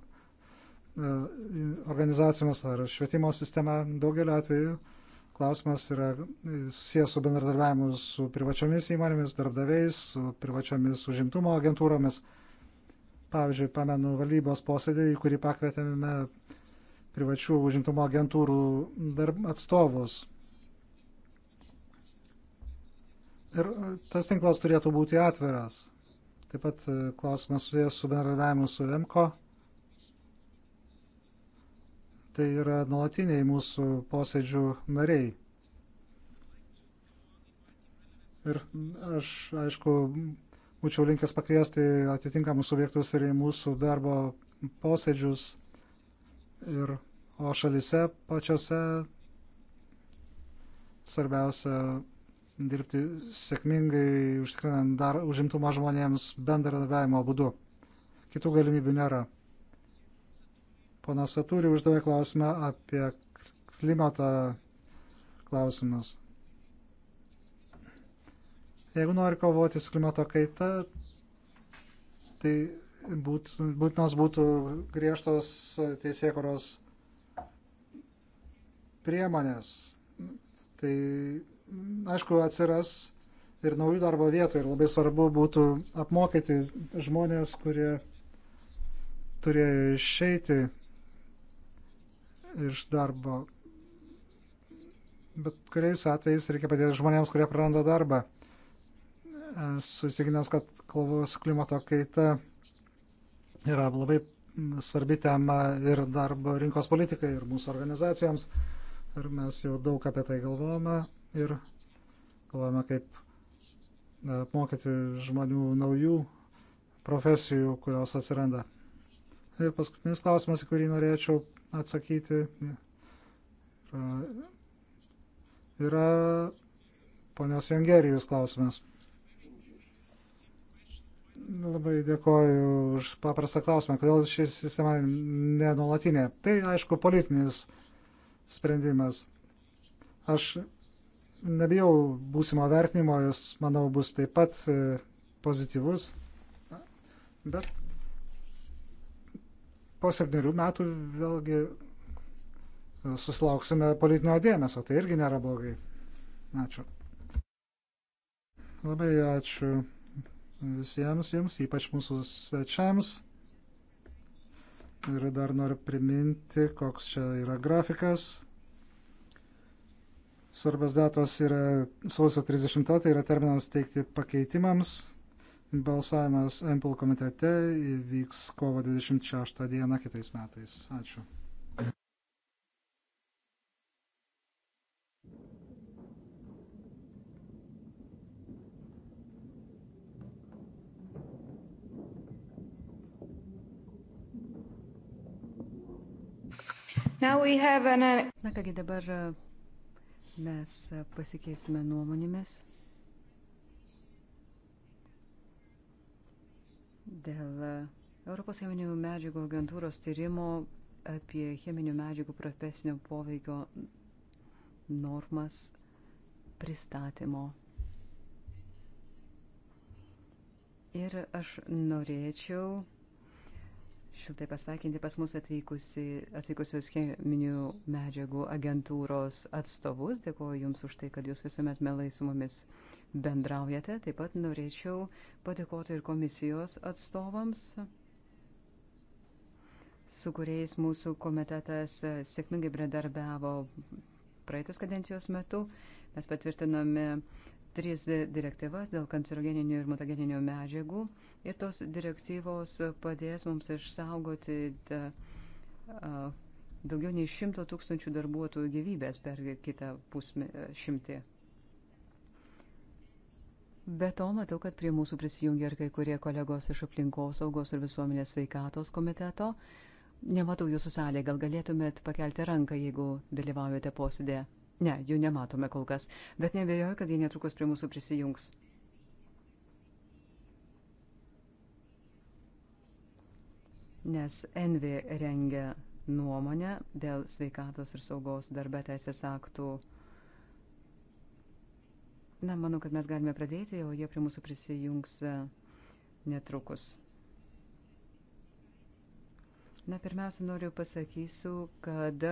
organizacijomis ar švietimo sistema daugeliu atveju Klausimas yra e, susijęs su bendradarbiavimu su privačiomis įmonėmis, darbdaviais, su privačiomis užimtumo agentūromis. Pavyzdžiui, pamenu valdybos posėdį, į kurį pakvietėme privačių užimtumo agentūrų darb, atstovus. Ir e, tas tinklas turėtų būti atviras. Taip pat e, klausimas susijęs su bendradarbiavimu su EMCO tai yra nuolatiniai mūsų posėdžių nariai. Ir aš, aišku, būčiau linkęs pakviesti atitinkamus subjektus ir į mūsų darbo posėdžius. Ir, o šalise pačiose svarbiausia dirbti sėkmingai, užtikrinant dar užimtumą žmonėms bendradarbiavimo būdu. Kitų galimybių nėra. Ponas Satūri uždavė klausimą apie klimato klausimus. Jeigu nori kovoti su klimato kaita, tai būt, būtinos būtų griežtos teisėkoros priemonės. Tai aišku atsiras ir naujų darbo vietų ir labai svarbu būtų apmokyti žmonės, kurie turėjo išeiti iš darbo. Bet kuriais atvejais reikia padėti žmonėms, kurie praranda darbą. Susiginęs, kad kalbos klimato kaita yra labai svarbi tema ir darbo rinkos politikai, ir mūsų organizacijoms. Ir mes jau daug apie tai galvojame ir galvojame, kaip e, apmokyti žmonių naujų profesijų, kurios atsiranda. Ir paskutinis klausimas, į kurį norėčiau atsakyti. Yra, yra ponios Jangerijus klausimas. Labai dėkoju už paprastą klausimą, kodėl ši sistema nenulatinė. Tai aišku politinis sprendimas. Aš nebijau būsimo vertinimo, jis manau bus taip pat e, pozityvus, bet po septyniarių metų vėlgi e, susilauksime politinio dėmesio. Tai irgi nėra blogai. Ačiū. Labai ačiū visiems jums, ypač mūsų svečiams. Ir dar noriu priminti, koks čia yra grafikas. Svarbios datos yra sausio 30, tai yra terminas teikti pakeitimams. Balsavimas MPL komitete vyks kovo 26 dieną kitais metais. Ačiū. An... Na kągi dabar mes pasikeisime nuomonėmis. dėl e, Europos cheminių medžiagų agentūros tyrimo apie cheminių medžiagų profesinio poveikio normas pristatymo. Ir aš norėčiau šiltai pasveikinti pas mus atvykusi, atvykusius cheminių medžiagų agentūros atstovus. Dėkuoju Jums už tai, kad Jūs visuomet melai su mumis bendraujate. Taip pat norėčiau padėkoti ir komisijos atstovams, su kuriais mūsų komitetas sėkmingai bradarbiavo praeitos kadencijos metu. Mes patvirtinome tris direktyvas dėl kancerogeninių ir mutageninių medžiagų ir tos direktyvos padės mums išsaugoti da, a, daugiau nei šimto tūkstančių darbuotojų gyvybės per kitą pusšimtį. Be to, matau, kad prie mūsų prisijungia ir kai kurie kolegos iš aplinkos saugos ir visuomenės sveikatos komiteto. Nematau jūsų salėje, gal galėtumėt pakelti ranką, jeigu dalyvaujate posėdėje. Ne, jų nematome kol kas, bet nebejoju, kad jie netrukus prie mūsų prisijungs. Nes Envi rengia nuomonę dėl sveikatos ir saugos darbe teisės aktų Na, manau, kad mes galime pradėti, o jie prie mūsų prisijungs e, netrukus. Na, pirmiausia, noriu pasakysiu, kad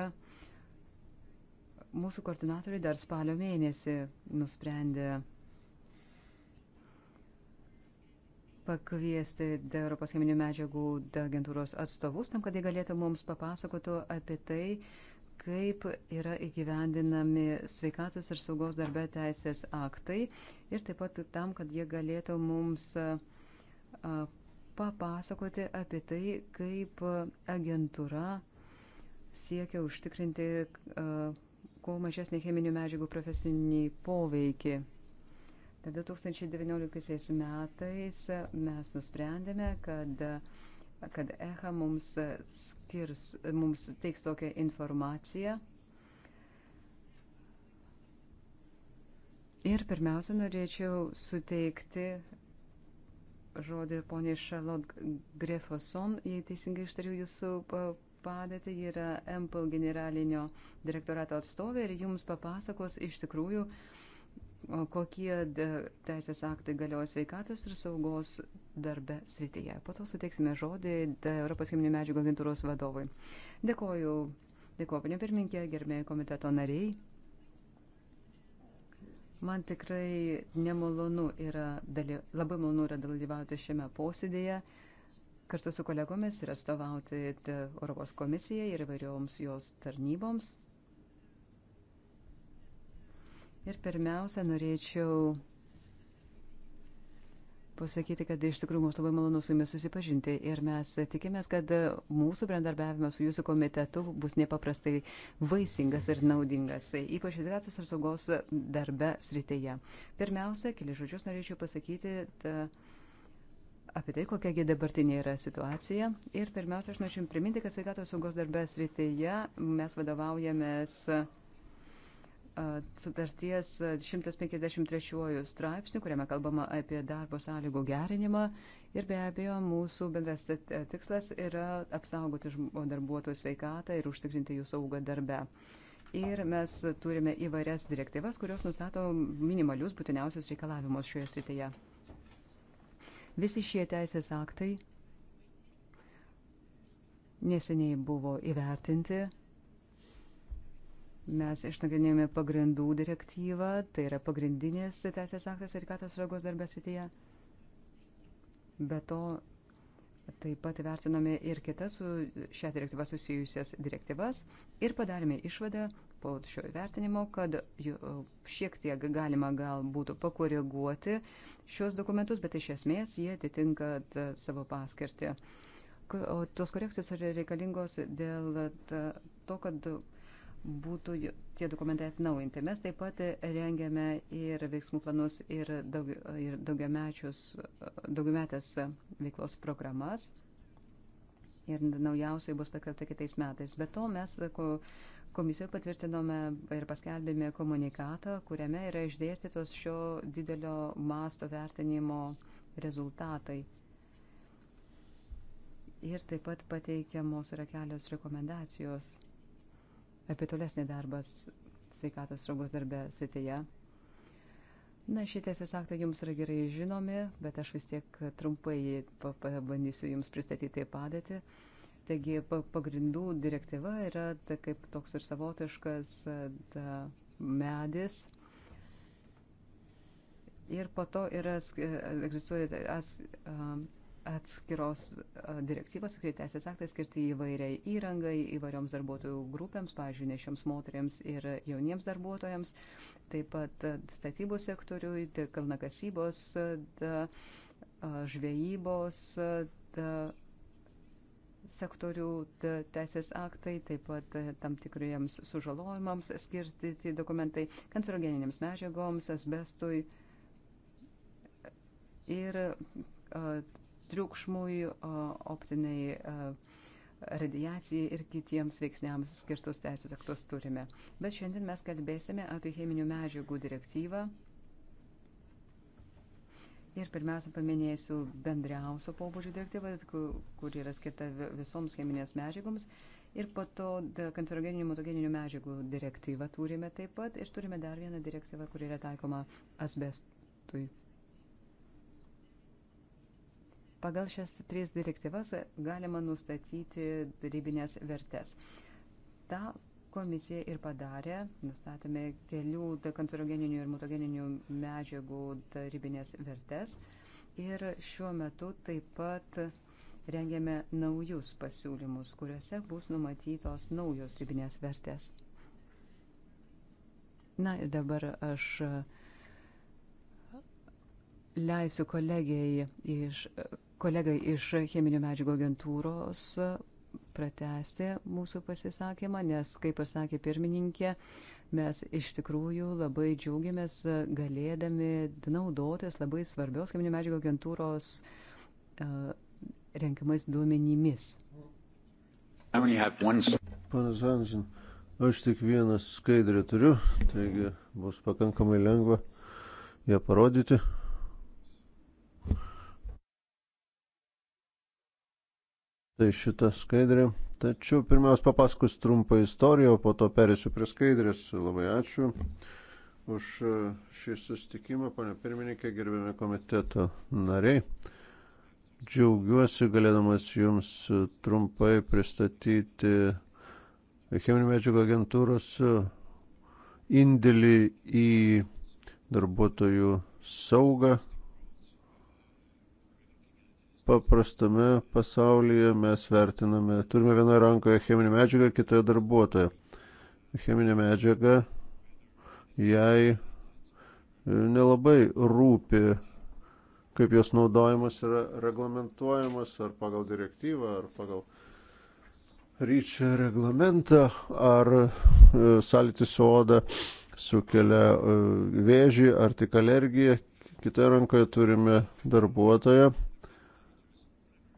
mūsų koordinatoriai dar spalio mėnesį nusprendė pakviesti Europos cheminių medžiagų agentūros atstovus tam, kad jie galėtų mums papasakotų apie tai, kaip yra įgyvendinami sveikatos ir saugos darbę teisės aktai ir taip pat tam, kad jie galėtų mums papasakoti apie tai, kaip agentūra siekia užtikrinti kuo mažesnį cheminių medžiagų profesinį poveikį. Tad 2019 metais mes nusprendėme, kad kad EHA mums e, skirs, e, mums teiks tokią informaciją. Ir pirmiausia, norėčiau suteikti žodį poniai Charlotte Grefoson, jei teisingai ištariu jūsų padėtį, ji yra MPL generalinio direktorato atstovė ir jums papasakos iš tikrųjų, uh, kokie teisės aktai galioja sveikatos ir saugos darbe srityje. Po to suteiksime žodį Europos cheminių medžiagų agentūros vadovui. Dėkoju, dėkoju, panė pirmininkė, gerbėjai komiteto nariai. Man tikrai nemalonu yra, daly, labai malonu yra dalyvauti šiame posėdėje kartu su kolegomis ir atstovauti Europos komisijai ir įvairioms jos tarnyboms. Ir pirmiausia, norėčiau pasakyti, kad iš tikrųjų mums labai malonu su jumis susipažinti ir mes tikimės, kad mūsų bendarbiavimas su jūsų komitetu bus nepaprastai vaisingas ir naudingas, ypač edukacijos ir saugos darbe srityje. Pirmiausia, keli žodžius norėčiau pasakyti ta, apie tai, kokiagi dabartinė yra situacija. Ir pirmiausia, aš norėčiau priminti, kad sveikatos saugos darbe srityje mes vadovaujamės. Uh, sutarties 153 straipsnių, kuriame kalbama apie darbo sąlygų gerinimą. Ir be abejo, mūsų bendras tikslas yra apsaugoti darbuotojų sveikatą ir užtikrinti jų saugą darbę. Ir mes turime įvairias direktyvas, kurios nustato minimalius būtiniausius reikalavimus šioje srityje. Visi šie teisės aktai neseniai buvo įvertinti Mes išnagrinėjome pagrindų direktyvą, tai yra pagrindinis teisės aktas sveikatos saugos darbės srityje. Be to, taip pat vertinome ir kitas su šią direktyvą susijusias direktyvas ir padarėme išvadą po šio įvertinimo, kad šiek tiek galima gal būtų pakoreguoti šios dokumentus, bet iš esmės jie atitinka savo paskirtį. O tos korekcijos yra reikalingos dėl to, kad būtų tie dokumentai atnaujinti. Mes taip pat rengiame ir veiksmų planus, ir, daug, ir daugiametės veiklos programas. Ir naujausiai bus paskelbta kitais metais. Be to mes komisijoje patvirtinome ir paskelbėme komunikatą, kuriame yra išdėstytos šio didelio masto vertinimo rezultatai. Ir taip pat pateikiamos yra kelios rekomendacijos apie tolesnį darbą sveikatos saugos darbę srityje. Na, šie teisės aktai jums yra gerai žinomi, bet aš vis tiek trumpai pabandysiu jums pristatyti padėtį. Taigi, pagrindų direktyva yra ta, kaip toks ir savotiškas ta, medis. Ir po to yra, egzistuoja as, a, atskiros direktyvos, atskiri teisės aktai skirti įvairiai įrangai, įvairioms darbuotojų grupėms, pavyzdžiui, nešioms moteriams ir jauniems darbuotojams, taip pat statybų sektoriui, tai kalnakasybos, žvejybos sektorių teisės aktai, taip pat tam tikriems sužalojimams skirti dokumentai, kancerogeninėms medžiagoms, asbestui ir triukšmui, optiniai e, radiacijai ir kitiems veiksniams skirtus teisės aktus turime. Bet šiandien mes kalbėsime apie cheminių medžiagų direktyvą. Ir pirmiausia, paminėsiu bendriausio pobūdžio direktyvą, kur yra skirta visoms cheminės medžiagoms. Ir po to kancerogeninių mutogeninių medžiagų direktyvą turime taip pat. Ir turime dar vieną direktyvą, kur yra taikoma asbestui. Pagal šias tris direktyvas galima nustatyti ribinės vertės. Ta komisija ir padarė, nustatėme kelių kancerogeninių ir mutogeninių medžiagų ribinės vertės ir šiuo metu taip pat rengiame naujus pasiūlymus, kuriuose bus numatytos naujos ribinės vertės. Na ir dabar aš leisiu kolegijai iš kolegai iš cheminių medžiagų agentūros pratesti mūsų pasisakymą, nes, kaip pasakė pirmininkė, mes iš tikrųjų labai džiaugiamės galėdami naudotis labai svarbios cheminių medžiagų agentūros uh, renkamais duomenimis. Panas Anzin, aš tik vieną skaidrę turiu, taigi bus pakankamai lengva ją parodyti. tai šitą skaidrę. Tačiau pirmiausia papasakos trumpą istoriją, po to perėsiu prie skaidrės. Labai ačiū už e, šį sustikimą, panė pirmininkė, gerbėme komiteto nariai. Džiaugiuosi galėdamas Jums e, trumpai pristatyti cheminių medžiagų agentūros e, indėlį į darbuotojų saugą paprastame pasaulyje mes vertiname, turime vienoje rankoje cheminę medžiagą, kitoje darbuotoją. Cheminė medžiaga, jai e, nelabai rūpi, kaip jos naudojimas yra reglamentuojamas ar pagal direktyvą, ar pagal ryčio reglamentą, ar e, sąlytis su oda sukelia e, vėžį ar tik alergiją. Kitoje rankoje turime darbuotoją,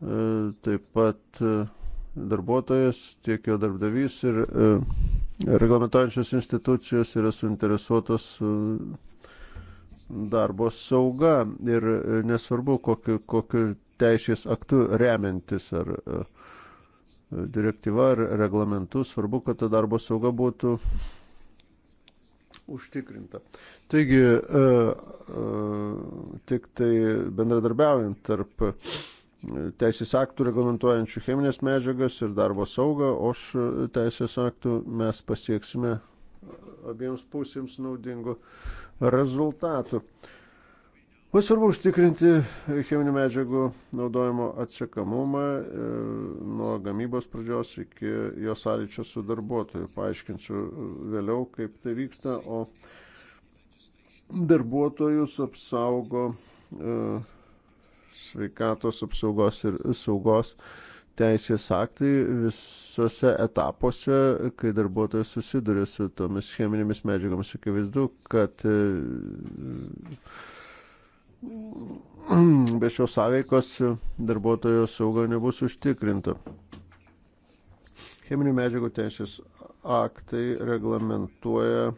E, taip pat e, darbuotojas, tiek jo darbdavys ir e, reglamentuojančios institucijos yra suinteresuotos darbo sauga ir nesvarbu, kokiu, kokiu teisės aktu remiantis ar direktyva ar reglamentu, svarbu, kad ta darbo sauga būtų užtikrinta. Taigi, tik tai bendradarbiaujant tarp uh, teisės aktų reglamentuojančių cheminės medžiagas ir darbo saugą, o šių teisės aktų mes pasieksime abiems pusėms naudingų rezultatų. Labai svarbu užtikrinti cheminių medžiagų naudojimo atsekamumą e, nuo gamybos pradžios iki jos sąlyčio su darbuotoju. Paaiškinsiu vėliau, kaip tai vyksta, o darbuotojus apsaugo e, sveikatos apsaugos ir saugos teisės aktai visose etapuose, kai darbuotojas susiduria su tomis cheminėmis medžiagomis, akivaizdu, kad e, be šios sąveikos darbuotojo sauga nebus užtikrinta. Cheminių medžiagų teisės aktai reglamentuoja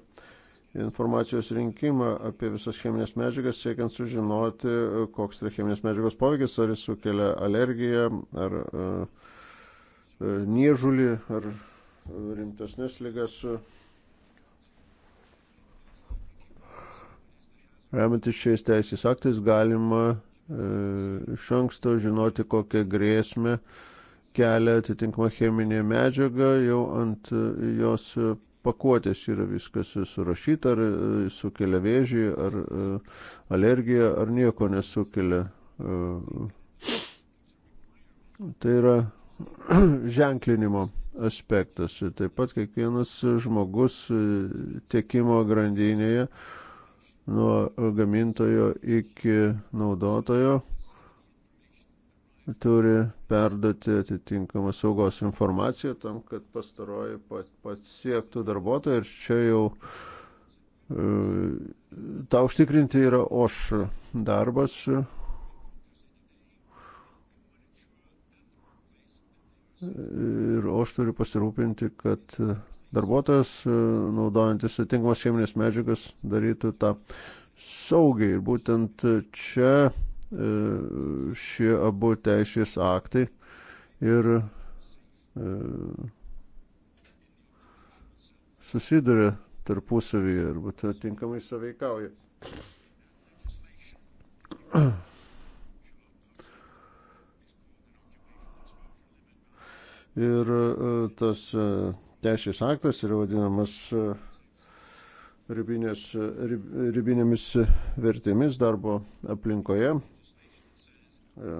informacijos rinkimą apie visas cheminės medžiagas, siekiant sužinoti, koks yra cheminės medžiagos poveikis, ar jis sukelia alergiją, ar uh, niežulį, ar e, rimtesnės lygas. Remiantis šiais teisės aktais galima iš anksto žinoti, kokią grėsmę kelia atitinkama cheminė medžiaga jau ant jos pakuotės yra viskas surašyta, ar e, sukelia vėžį, ar e, alergiją, ar nieko nesukelia. E. Tai yra ženklinimo aspektas. Taip pat kiekvienas žmogus tiekimo grandinėje nuo gamintojo iki naudotojo turi perduoti atitinkamą saugos informaciją tam, kad pastaroji pasiektų darbuotoją ir čia jau e, tą užtikrinti yra OŠ darbas. Ir OŠ turi pasirūpinti, kad darbuotojas, e, naudojantis atitinkamas cheminės medžiagas, darytų tą saugiai. Būtent čia E, šie abu teisės aktai ir e, susiduria tarpusavyje arba tinkamai saveikauja. Ir e, tas teisės aktas yra vadinamas ribinės, rib, ribinėmis vertėmis darbo aplinkoje, E,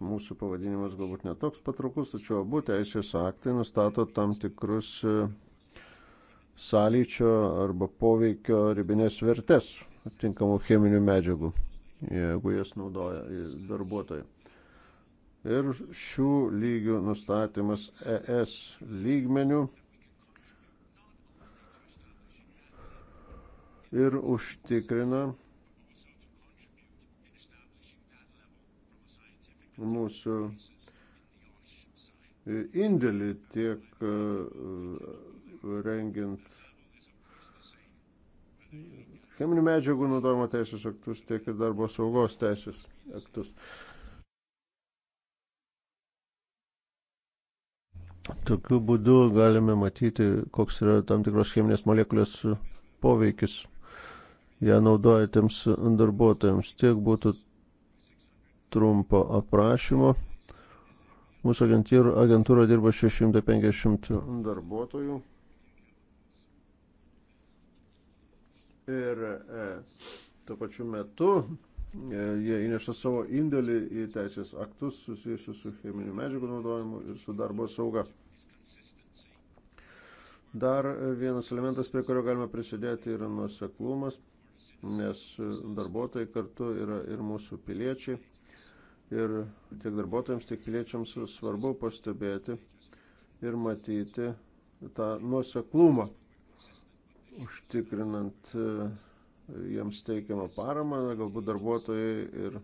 mūsų pavadinimas galbūt netoks patraukus, tačiau abu teisės aktai nustato tam tikrus e, sąlyčio arba poveikio ribinės vertes atitinkamų cheminių medžiagų, jeigu jas naudoja darbuotojai. Ir šių lygių nustatymas ES lygmenių ir užtikrina mūsų indėlį tiek e, rengiant cheminių medžiagų naudojimo teisės aktus, tiek ir darbo saugos teisės aktus. Tokiu būdu galime matyti, koks yra tam tikros cheminės molekulės poveikis ją naudojantiems darbuotojams. Tiek būtų trumpo aprašymo. Mūsų agentūra dirba 650 darbuotojų. Ir e, tuo pačiu metu e, jie įneša savo indėlį į teisės aktus susijusius su cheminių medžiagų naudojimu ir su darbo sauga. Dar vienas elementas, prie kurio galima prisidėti, yra nuoseklumas, nes darbuotojai kartu yra ir mūsų piliečiai. Ir tiek darbuotojams, tiek piliečiams svarbu pastebėti ir matyti tą nuoseklumą, užtikrinant e, jiems teikiamą paramą. Galbūt darbuotojai ir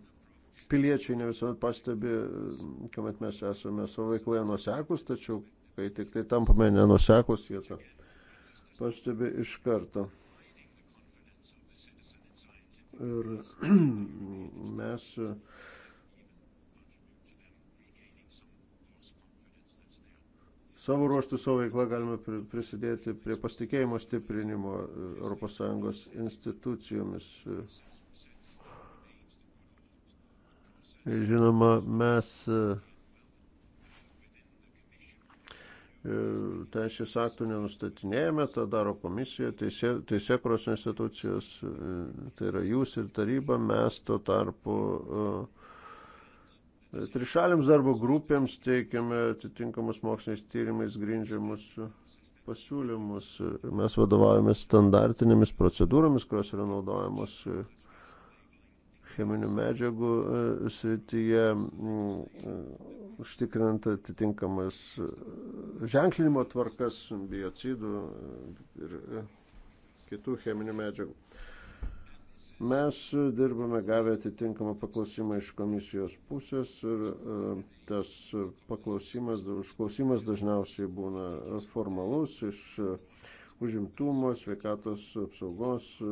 piliečiai ne visuomet pastebi, e, kuomet mes esame savo veikloje nuosekus, tačiau kai tik tai tampame nenusekus, jie tą pastebi iš karto. Ir mes savo ruoštų, savo veiklą galime prisidėti prie pasitikėjimo stiprinimo ES institucijomis. E, žinoma, mes e, e, teisės aktų nenustatinėjame, tą daro komisija, teisė, teisėkros institucijos, tai yra jūs ir taryba, mes tuo tarpu uh, Trišalėms darbo grupėms teikiame atitinkamus moksliniais tyrimais grindžiamus pasiūlymus. Mes vadovavome standartinėmis procedūromis, kurios yra naudojamos cheminių medžiagų e, srityje, užtikrinant atitinkamas ženklinimo tvarkas biocidų ir kitų cheminių medžiagų. Mes dirbame gavę atitinkamą paklausimą iš komisijos pusės ir e, tas paklausimas, užklausimas dažniausiai būna formalus iš užimtumo, sveikatos apsaugos, e,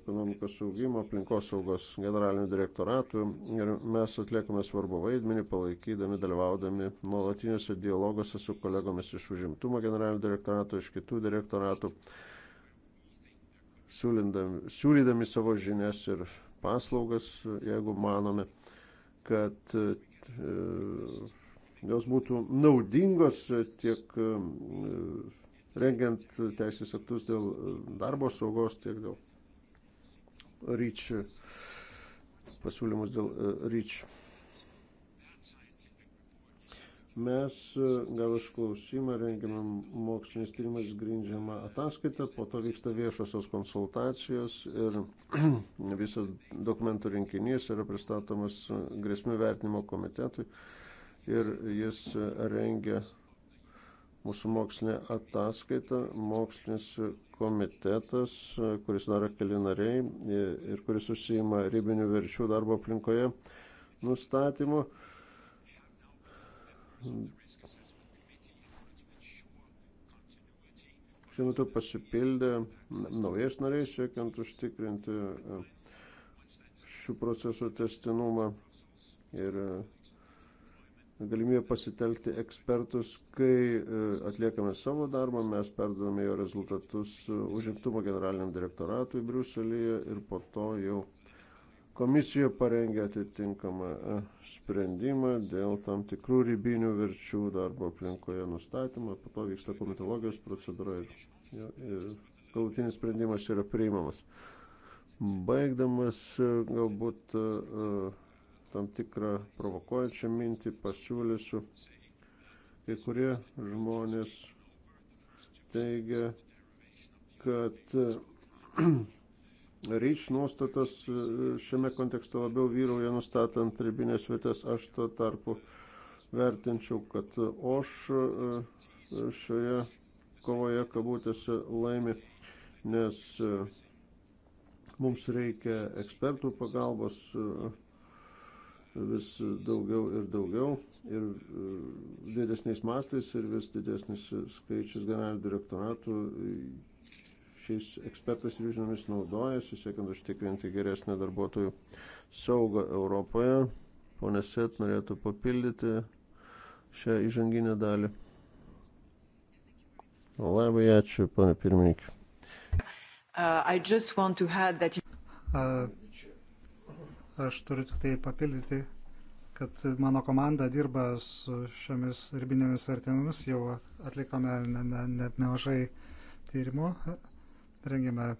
ekonomikos saugimo, aplinkos saugos generalinių direktoratų ir mes atliekame svarbu vaidmenį, palaikydami, dalyvaudami nuolatiniuose dialoguose su kolegomis iš užimtumo generalinio direktorato, iš kitų direktoratų siūlydami savo žinias ir paslaugas, jeigu manome, kad e, jos būtų naudingos tiek e, rengiant teisės aktus dėl e, darbo saugos, tiek dėl ryčių pasiūlymus dėl ryčių. Mes e, gal išklausimą rengiame moksliniais tyrimais grindžiamą ataskaitą, po to vyksta viešosios konsultacijos ir visas dokumentų rinkinys yra pristatomas grėsmių vertinimo komitetui ir jis rengia mūsų mokslinė ataskaita, mokslinis komitetas, e, kuris daro keli nariai e, ir kuris užsijima ribinių verčių darbo aplinkoje nustatymu šiuo metu pasipildė naujais nariais, siekiant užtikrinti e, šių procesų testinumą ir e, galimybę pasitelkti ekspertus, kai e, atliekame savo darbą, mes perdavome jo rezultatus užimtumo generaliniam direktoratui Briuselėje ir po to jau Komisija parengė atitinkamą e, sprendimą dėl tam tikrų ribinių verčių darbo aplinkoje nustatymą, po to vyksta komitologijos procedūra ir, ir galutinis sprendimas yra priimamas. Baigdamas e, galbūt e, tam tikrą provokuojančią mintį pasiūlysiu, kai kurie žmonės teigia, kad reič nuostatas e, šiame kontekste labiau vyrauja nustatant ribinės vietas, aš to tarpu vertinčiau, kad aš e, šioje kovoje kabutėse laimi, nes e, mums reikia ekspertų pagalbos vis daugiau ir daugiau ir didesniais mastais ir vis didesnis skaičius generalinių direktoratų šiais ekspertais ir žiniomis naudojasi, siekiant užtikrinti geresnę darbuotojų saugą Europoje. Pone Set norėtų papildyti šią įžanginę dalį. Labai ačiū, pane pirmininkė. Uh, uh, aš turiu tik tai papildyti, kad mano komanda dirba su šiomis ribinėmis vertimėmis, jau atlikome nemažai ne, ne, ne tyrimų rengėme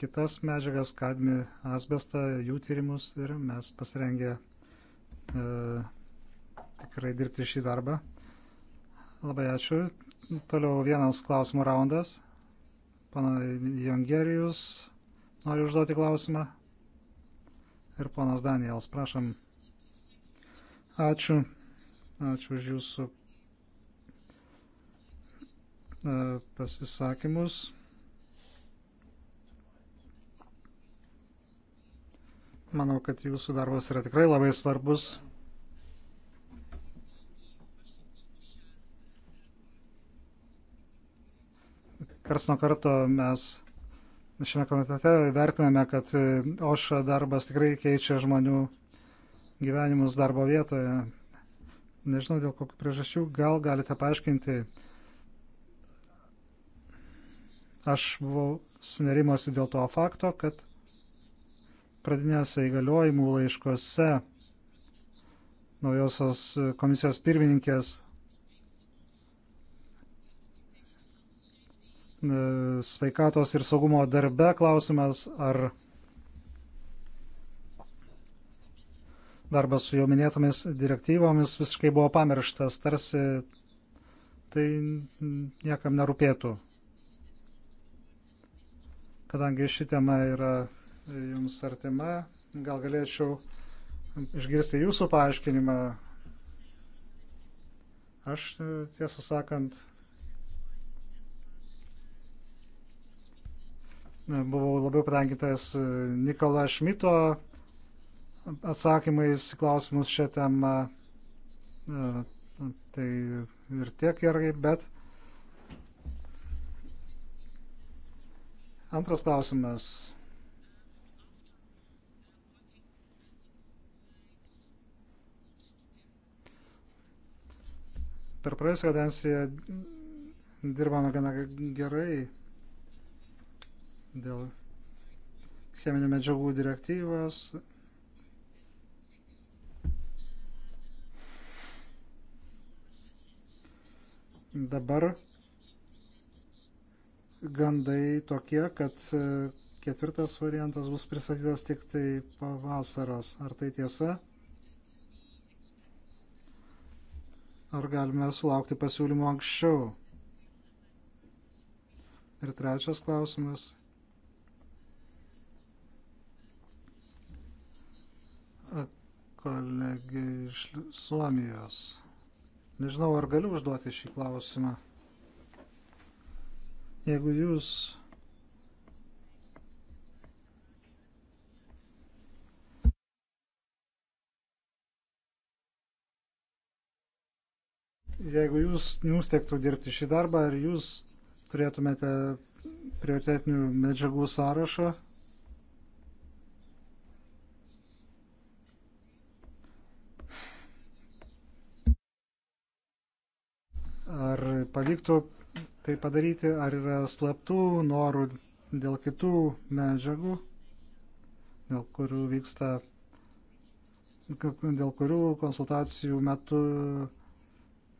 kitas medžiagas, kadmi, asbestą, jų tyrimus ir mes pasirengę e, tikrai dirbti šį darbą. Labai ačiū. Toliau vienas klausimų raundas. Pana Jongerijus nori užduoti klausimą. Ir ponas Daniels, prašom. Ačiū. Ačiū už jūsų e, pasisakymus. Manau, kad jūsų darbas yra tikrai labai svarbus. Kars nuo karto mes šiame komitete vertiname, kad OŠA darbas tikrai keičia žmonių gyvenimus darbo vietoje. Nežinau, dėl kokių priežasčių gal galite paaiškinti. Aš buvau sunerimosi dėl to fakto, kad pradinėse įgaliojimų laiškose naujosios komisijos pirmininkės e, sveikatos ir saugumo darbe klausimas, ar darbas su jau minėtomis direktyvomis visiškai buvo pamirštas, tarsi tai niekam nerūpėtų. Kadangi ši tema yra jums artima. Gal galėčiau išgirsti jūsų paaiškinimą. Aš e, tiesą sakant, e, buvau labiau patenkintas e, Nikola Šmito atsakymais į klausimus šią temą. Tai ir tiek gerai, bet antras klausimas. Per praėjusią kadenciją dirbame gana gerai dėl cheminių medžiagų direktyvos. Dabar gandai tokie, kad ketvirtas variantas bus pristatytas tik tai pavasaros. Ar tai tiesa? ar galime sulaukti pasiūlymų anksčiau? Ir trečias klausimas. Kolegė iš Suomijos. Nežinau, ar galiu užduoti šį klausimą. Jeigu jūs jeigu jūs, jums tektų dirbti šį darbą, ar jūs turėtumėte prioritetinių medžiagų sąrašą? Ar pavyktų tai padaryti, ar yra slaptų norų dėl kitų medžiagų, dėl kurių vyksta, dėl kurių konsultacijų metu uh,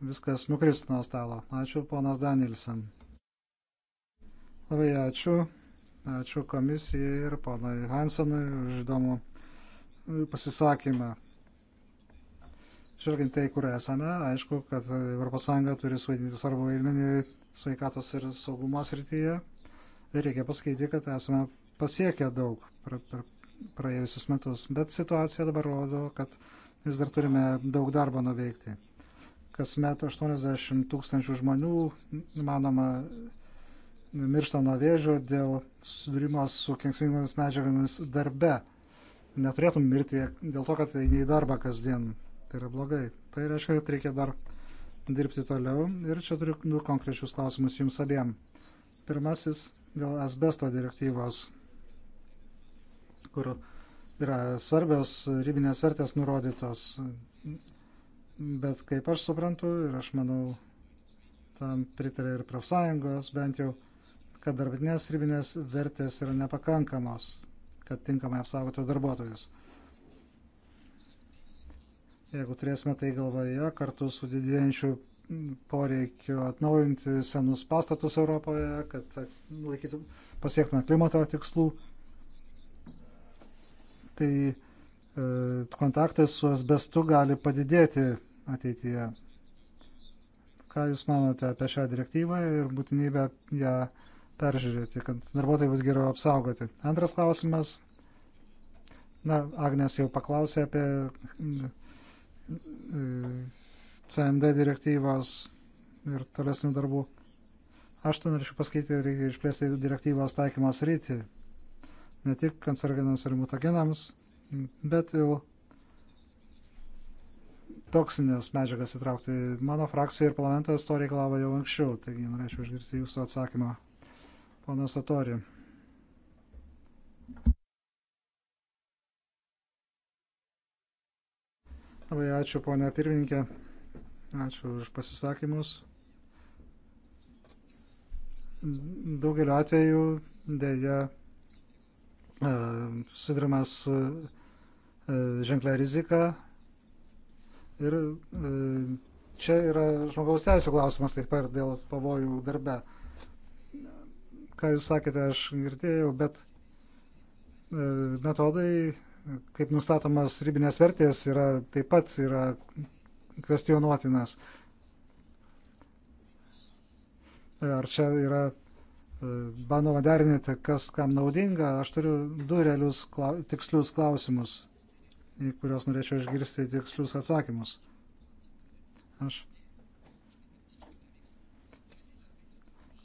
viskas nukristų nuo stalo. Ačiū, ponas Danielsen. Labai ačiū. Ačiū komisijai ir ponai Hansenui už įdomų e, pasisakymą. Žvelgiant tai, kur esame, aišku, kad ES turi suvaidinti svarbu vaidmenį sveikatos ir saugumo srityje. Ir reikia pasakyti, kad esame pasiekę daug per, per praėjusius metus. Bet situacija dabar rodo, kad vis dar turime daug darbo nuveikti. Kasmet 80 tūkstančių žmonių, manoma, miršta nuo vėžio dėl susidūrimo su kenksmingomis medžiagomis darbe. Neturėtum mirti dėl to, kad eini tai į darbą kasdien. Tai yra blogai. Tai reiškia, kad reikia dar dirbti toliau. Ir čia turiu du konkrečius klausimus jums abiem. Pirmasis dėl asbesto direktyvos, kur yra svarbios ribinės vertės nurodytos Bet kaip aš suprantu ir aš manau, tam pritarė ir profsąjungos, bent jau, kad darbinės ribinės vertės yra nepakankamos, kad tinkamai apsaugotų darbuotojus. Jeigu turėsime tai galvoje, kartu su didėjančiu poreikiu atnaujinti senus pastatus Europoje, kad laikytų, pasiektume klimato tikslų, tai e, kontaktas su asbestu gali padidėti ateityje. Ką Jūs manote apie šią direktyvą ir būtinybę ją peržiūrėti, kad darbuotojai būtų geriau apsaugoti? Antras klausimas. Na, Agnes jau paklausė apie e, CND direktyvos ir tolesnių darbų. Aš to tai norėčiau pasakyti, reikia išplėsti direktyvos taikymos rytį. Ne tik kancerogenams ir mutagenams, bet jau toksinės medžiagas įtraukti. Mano frakcija ir parlamentas to reikalavo jau anksčiau, taigi norėčiau išgirsti jūsų atsakymą. Ponas Atori. Labai ačiū, ponia pirmininkė. Ačiū už pasisakymus. Daugeliu atveju dėja e, sudurimas su e, ženklia rizika Ir e, čia yra žmogaus teisų klausimas taip pat dėl pavojų darbe. Ką jūs sakėte, aš girdėjau, bet e, metodai, kaip nustatomas ribinės vertės, yra taip pat yra kvestionuotinas. Ar čia yra e, bandoma derinti, kas kam naudinga, aš turiu du realius klau, tikslius klausimus į kuriuos norėčiau išgirsti tikslius atsakymus. Aš.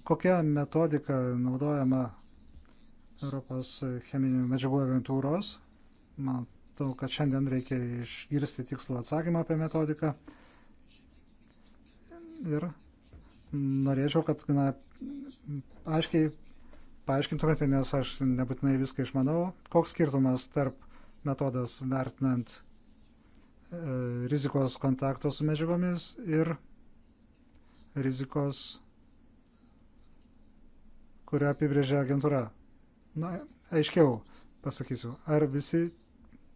Kokia metodika naudojama Europos cheminių medžiagų agentūros? Matau, kad šiandien reikia išgirsti tikslų atsakymą apie metodiką. Ir norėčiau, kad na, aiškiai paaiškintumėte, nes aš nebūtinai viską išmanau, koks skirtumas tarp metodas vertinant e, rizikos kontakto su medžiagomis ir rizikos, kurią apibrėžia agentūra. Na, aiškiau pasakysiu, ar visi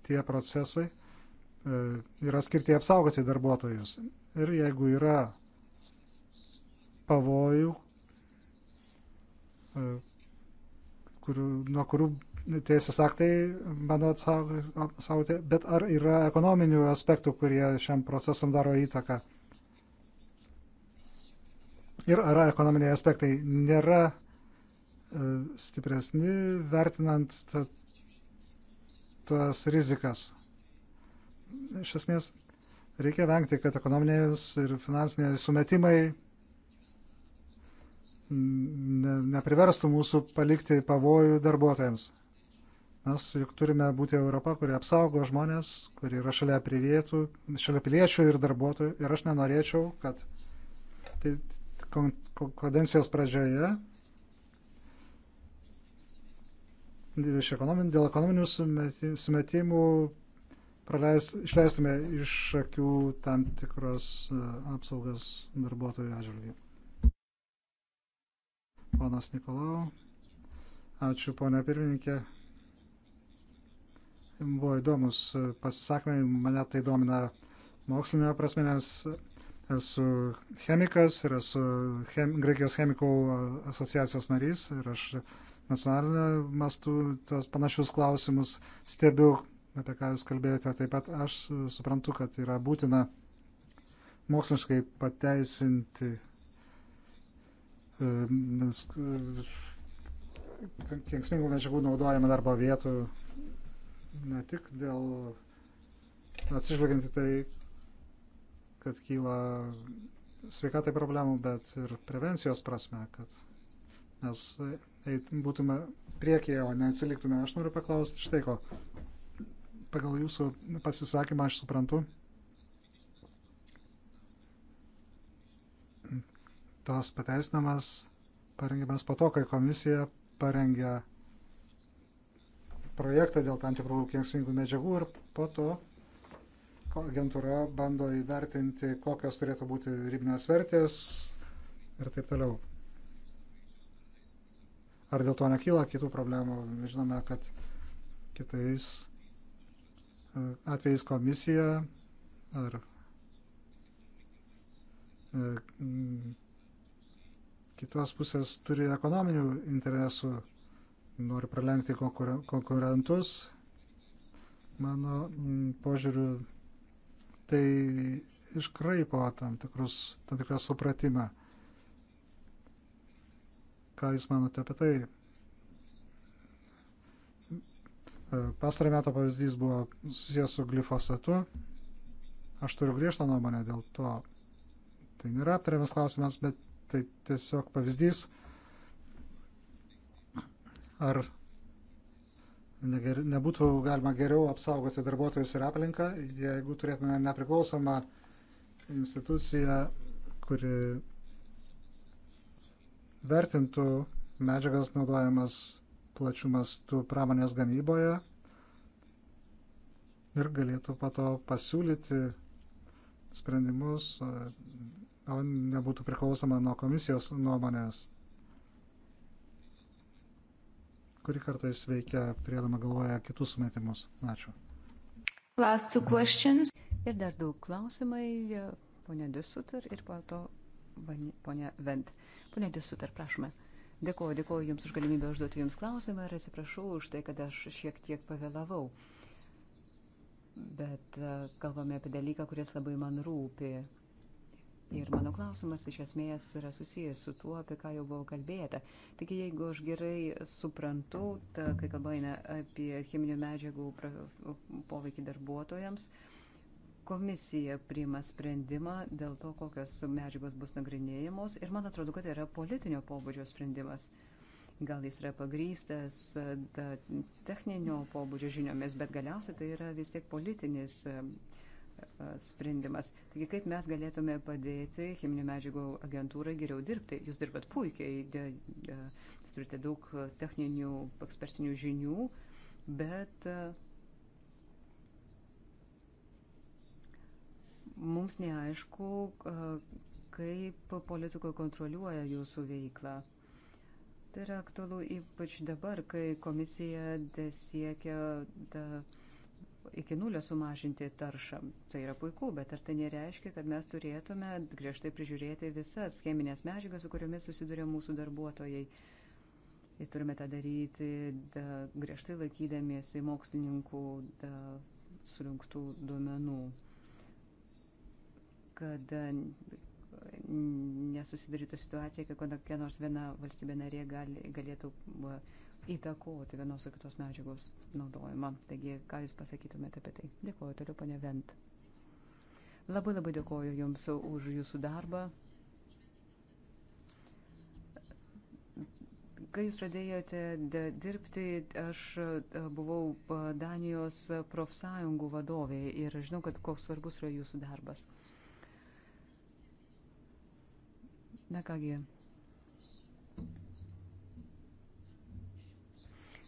tie procesai e, yra skirti apsaugoti darbuotojus. Ir jeigu yra pavojų, e, kurių, nuo kurių teisės aktai bando apsaugoti, bet ar yra ekonominių aspektų, kurie šiam procesam daro įtaką? Ir ar ekonominiai aspektai nėra e, stipresni, vertinant tas rizikas? Iš esmės, reikia vengti, kad ekonominės ir finansiniai sumetimai nepriverstų mūsų palikti pavojų darbuotojams. Mes juk turime būti Europa, kuri apsaugo žmonės, kuri yra šalia, privietų, šalia piliečių ir darbuotojų. Ir aš nenorėčiau, kad tai kadencijos pradžioje ekonomin, dėl ekonominių sumetimų praleis, išleistume iš akių tam tikros e, apsaugas darbuotojų atžvilgių. Ponas Nikolau, ačiū ponia pirmininkė buvo įdomus e, pasisakymai, mane tai domina mokslinė prasme, nes esu chemikas ir esu chem, Graikijos chemikų e, asociacijos narys ir aš nacionalinio mastu tos panašius klausimus stebiu, apie ką jūs kalbėjote. Taip pat aš suprantu, kad yra būtina moksliškai pateisinti e, kenksmingų medžiagų naudojimą darbo vietų ne tik dėl atsižvelgiant į tai, kad kyla sveikatai problemų, bet ir prevencijos prasme, kad mes eit, būtume priekyje, o neatsiliktume. Aš noriu paklausti štai ko. Pagal jūsų pasisakymą aš suprantu. Tos pateisinamas parengimas po to, kai komisija parengia projektą dėl tam tikrų kenksmingų medžiagų ir po to agentūra bando įvertinti, kokios turėtų būti ribinės vertės ir taip toliau. Ar dėl to nekyla kitų problemų? Žinome, kad kitais e, atvejais komisija ar e, kitos pusės turi ekonominių interesų nori pralenkti konkurentus. Mano mm, požiūriu, tai iškraipo tam, tikrus, tam tikrą supratimą. Ką Jūs manote apie tai? E, pastarą metą pavyzdys buvo susijęs su glifosatu. Aš turiu griežtą nuomonę dėl to. Tai nėra aptariamas klausimas, bet tai tiesiog pavyzdys, ar neger, nebūtų galima geriau apsaugoti darbuotojus ir aplinką, jeigu turėtume nepriklausomą instituciją, kuri vertintų medžiagas naudojamas plačių mastų pramonės gamyboje ir galėtų pato pasiūlyti sprendimus, o nebūtų priklausoma nuo komisijos nuomonės. kuri kartais veikia turėdama galvoje kitus metimus. Ačiū. Last two questions. Ir dar daug klausimai, e, ponia Disutar ir po to ponia Vent. Ponia Disutar, prašome. Dėkuoju, dėkuoju Jums už galimybę užduoti Jums klausimą ir atsiprašau už tai, kad aš šiek tiek pavėlavau. Bet e, kalbame apie dalyką, kuris labai man rūpi. Ir mano klausimas iš esmės yra susijęs su tuo, apie ką jau buvo kalbėta. Tik jeigu aš gerai suprantu, ta, kai kalba eina apie cheminių medžiagų poveikį darbuotojams, komisija priima sprendimą dėl to, kokios medžiagos bus nagrinėjamos ir man atrodo, kad tai yra politinio pobūdžio sprendimas. Gal jis yra pagrystas techninio pobūdžio žiniomis, bet galiausiai tai yra vis tiek politinis E, sprendimas. Taigi, kaip mes galėtume padėti cheminių medžiagų agentūrai geriau dirbti? Jūs dirbat puikiai, de, de, jūs turite daug techninių, ekspertinių žinių, bet e, mums neaišku, e, kaip politikoje kontroliuoja jūsų veiklą. Tai yra aktualu ypač dabar, kai komisija siekia. Da, de iki nulio sumažinti taršą. Tai yra puiku, bet ar tai nereiškia, kad mes turėtume griežtai prižiūrėti visas cheminės medžiagas, su kuriomis susiduria mūsų darbuotojai. Ir turime tą daryti da, griežtai laikydamiesi mokslininkų da, surinktų duomenų, kad nesusidarytų situacija, kai kokia nors viena valstybė narė gali, galėtų. Uh, įtakoti vienos ar kitos medžiagos naudojimą. Taigi, ką Jūs pasakytumėte apie tai? Dėkuoju toliau, ponė Vent. Labai labai dėkuoju Jums už Jūsų darbą. Kai Jūs pradėjote dirbti, aš e, buvau e, Danijos profsąjungų vadovė ir žinau, kad koks svarbus yra Jūsų darbas. Na kągi,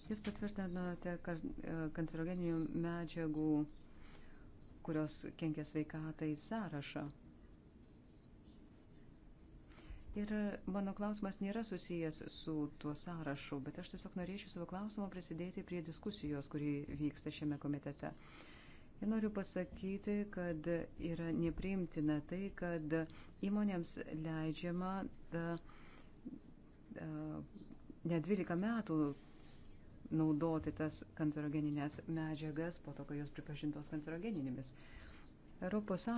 Jūs patvirtinote kancerogeninių medžiagų, kurios kenkia sveikatai sąrašą. Ir mano klausimas nėra susijęs su tuo sąrašu, bet aš tiesiog norėčiau savo klausimą prisidėti prie diskusijos, kuri vyksta šiame komitete. Ir noriu pasakyti, kad yra nepriimtina tai, kad įmonėms leidžiama da, da, ne 12 metų naudoti tas kancerogeninės medžiagas po to, kai jos pripažintos kancerogeninėmis. ES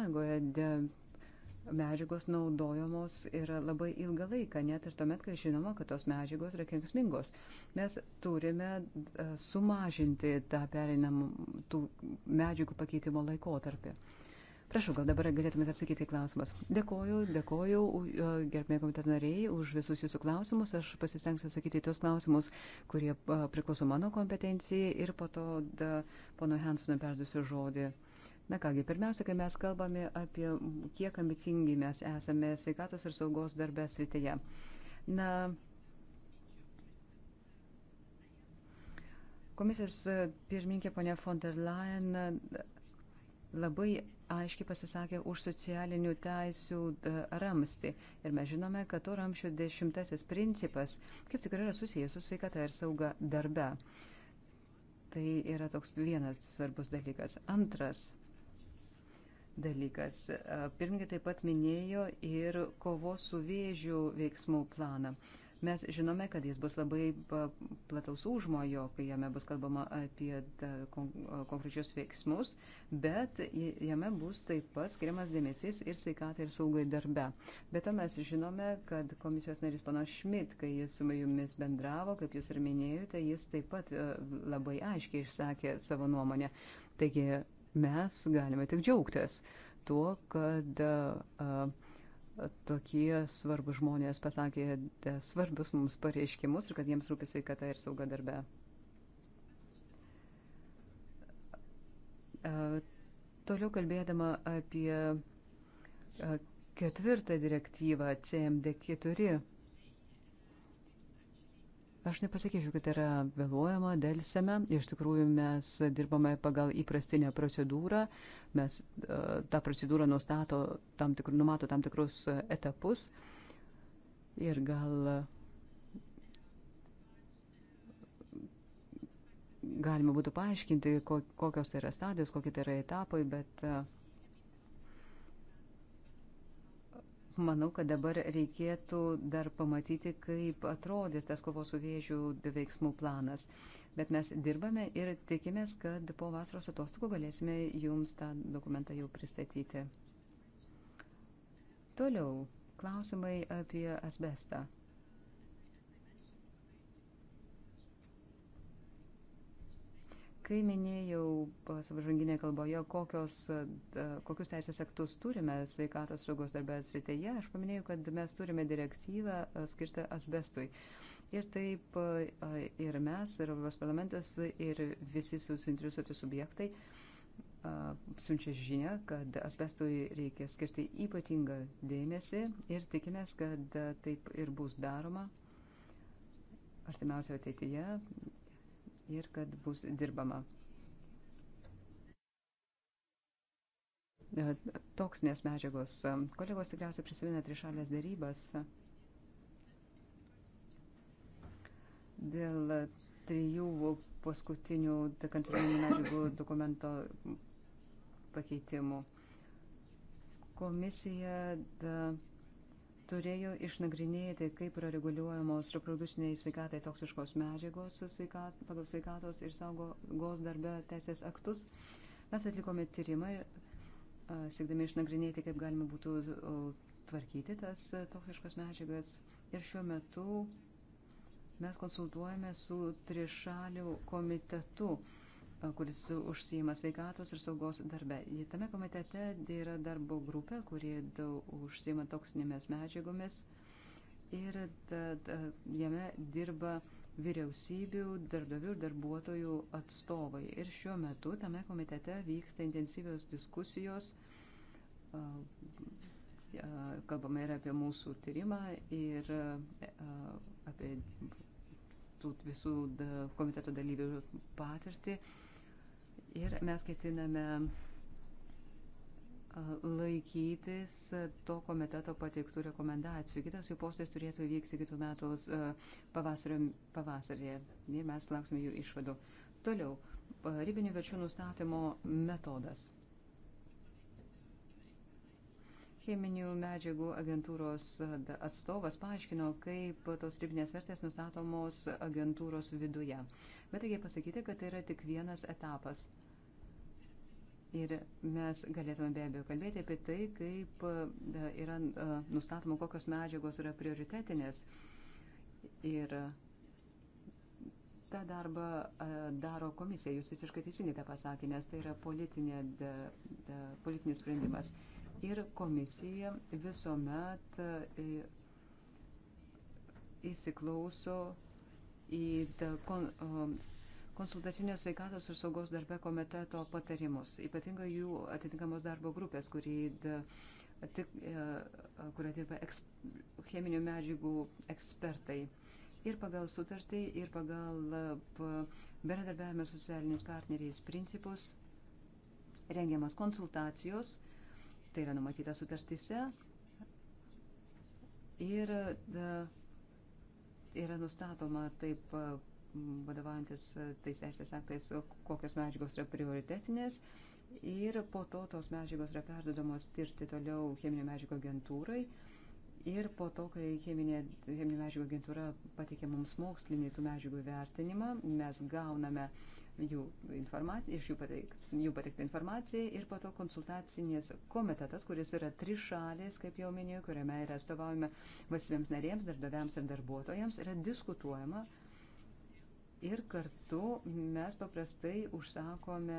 medžiagos naudojamos yra labai ilgą laiką, net ir tuomet, kai žinoma, kad tos medžiagos yra kenksmingos. Mes turime e, sumažinti tą perinamų tų medžiagų pakeitimo laikotarpį. Prašau, gal dabar galėtumėte atsakyti klausimas. Dėkoju, dėkoju, e, gerbėjai komiteto nariai, už visus jūsų klausimus. Aš pasistengsiu atsakyti tuos klausimus, kurie e, priklauso mano kompetencijai ir po to pono Hansonui perdusiu žodį. Na kągi, pirmiausia, kai mes kalbame apie kiek ambicingi mes esame sveikatos ir saugos darbės rytyje. Na, komisijos e, pirmininkė ponė von der Leyen labai aiškiai pasisakė už socialinių teisų e, ramsti. Ir mes žinome, kad to ramščio dešimtasis principas kaip tikrai yra susijęs su sveikata ir sauga darbe. Tai yra toks vienas svarbus dalykas. Antras dalykas. E, Pirmgi taip pat minėjo ir kovos su vėžiu veiksmų planą. Uh, Mes žinome, kad jis bus labai plataus užmojo, kai jame bus kalbama apie konkrečius veiksmus, bet jame bus taip pat skiriamas dėmesys ir sveikatai ir saugai darbe. Bet to mes žinome, kad komisijos narys pana Šmit, kai jis su jumis bendravo, kaip jūs ir minėjote, jis taip pat e, labai aiškiai išsakė savo nuomonę. Taigi mes galime tik džiaugtis tuo, kad uh, tokie svarbus žmonės pasakė svarbius mums pareiškimus ir kad jiems rūpi sveikata ir sauga darbe. Toliau kalbėdama apie ketvirtą direktyvą CMD4, Aš nepasakyčiau, kad yra vėluojama, dėlsime. Iš tikrųjų, mes dirbame pagal įprastinę procedūrą. Mes e, tą procedūrą nustato tam tikr, numato tam tikrus e, etapus. Ir gal galima būtų paaiškinti, kokios tai yra stadijos, kokie tai yra etapai, bet. Uh, Manau, kad dabar reikėtų dar pamatyti, kaip atrodys tas kovos su vėžių veiksmų planas. Bet mes dirbame ir tikimės, kad po vasaros atostogų galėsime jums tą dokumentą jau pristatyti. Toliau klausimai apie asbestą. Kai minėjau savo žanginėje kalboje, kokios, kokius teisės aktus turime sveikatos saugos darbės rytėje, aš paminėjau, kad mes turime direktyvą skirtą asbestui. Ir taip ir mes, ir Europos parlamentas, ir visi suinteresuoti subjektai siunčia žinia, kad asbestui reikia skirti ypatingą dėmesį ir tikimės, kad taip ir bus daroma artimiausioje ateityje ir kad bus dirbama. E, toksinės medžiagos. Kolegos tikriausiai prisimena trišalės darybas dėl trijų paskutinių kancerogenių medžiagų dokumento pakeitimų. Komisija da, turėjo išnagrinėti, kaip yra reguliuojamos reprodukciniai sveikatai toksiškos medžiagos sveikat, pagal sveikatos ir saugos darbę teisės aktus. Mes atlikome tyrimą, siekdami išnagrinėti, kaip galima būtų tvarkyti tas toksiškas medžiagas. Ir šiuo metu mes konsultuojame su trišaliu komitetu kuris užsijima sveikatos ir saugos darbe. Tame komitete yra darbo grupė, kurie užsijima toksinėmis medžiagomis ir da, da, jame dirba vyriausybių, darbdavių ir darbuotojų atstovai. Ir šiuo metu tame komitete vyksta intensyvios diskusijos. Kalbame ir apie mūsų tyrimą ir apie tų visų komiteto dalyvių patirtį. Ir mes ketiname laikytis to komiteto pateiktų rekomendacijų. Kitas jų postas turėtų įvykti kitų metų pavasario, pavasarį ir mes lauksime jų išvadų. Toliau, ribinių verčių nustatymo metodas. cheminių medžiagų agentūros atstovas paaiškino, kaip tos ribinės vertės nustatomos agentūros viduje. Bet reikia pasakyti, kad tai yra tik vienas etapas. Ir mes galėtume be abejo kalbėti apie tai, kaip yra nustatoma, kokios medžiagos yra prioritetinės. Ir tą darbą daro komisija. Jūs visiškai teisingai tą pasakė, nes tai yra politinė, da, da, politinis sprendimas. Mm. Ir komisija visuomet e, įsiklauso į konsultacinio sveikatos ir saugos darbe komiteto patarimus, ypatingai jų atitinkamos darbo grupės, kurie kurio dirba eks, cheminių medžiagų ekspertai. Ir pagal sutartį, ir pagal e, bendradarbiavimą socialiniais partneriais principus rengiamas konsultacijos Tai yra numatyta sutartyse. Ir da, yra nustatoma taip vadovaujantis tais teisės aktais, kokios medžiagos yra prioritetinės. Ir po to tos medžiagos yra perdodamos tirti toliau cheminių medžiagų agentūrai. Ir po to, kai cheminė, cheminė medžiagų agentūra pateikė mums mokslinį tų medžiagų vertinimą, mes gauname uh, jų iš jų, pateik, jų pateiktą informaciją ir po to konsultacinės komitetas, kuris yra trišalės, kaip jau minėjau, kuriame yra atstovaujama valstybėms narėms, darbdaviams ir darbuotojams, yra diskutuojama. Ir kartu mes paprastai užsakome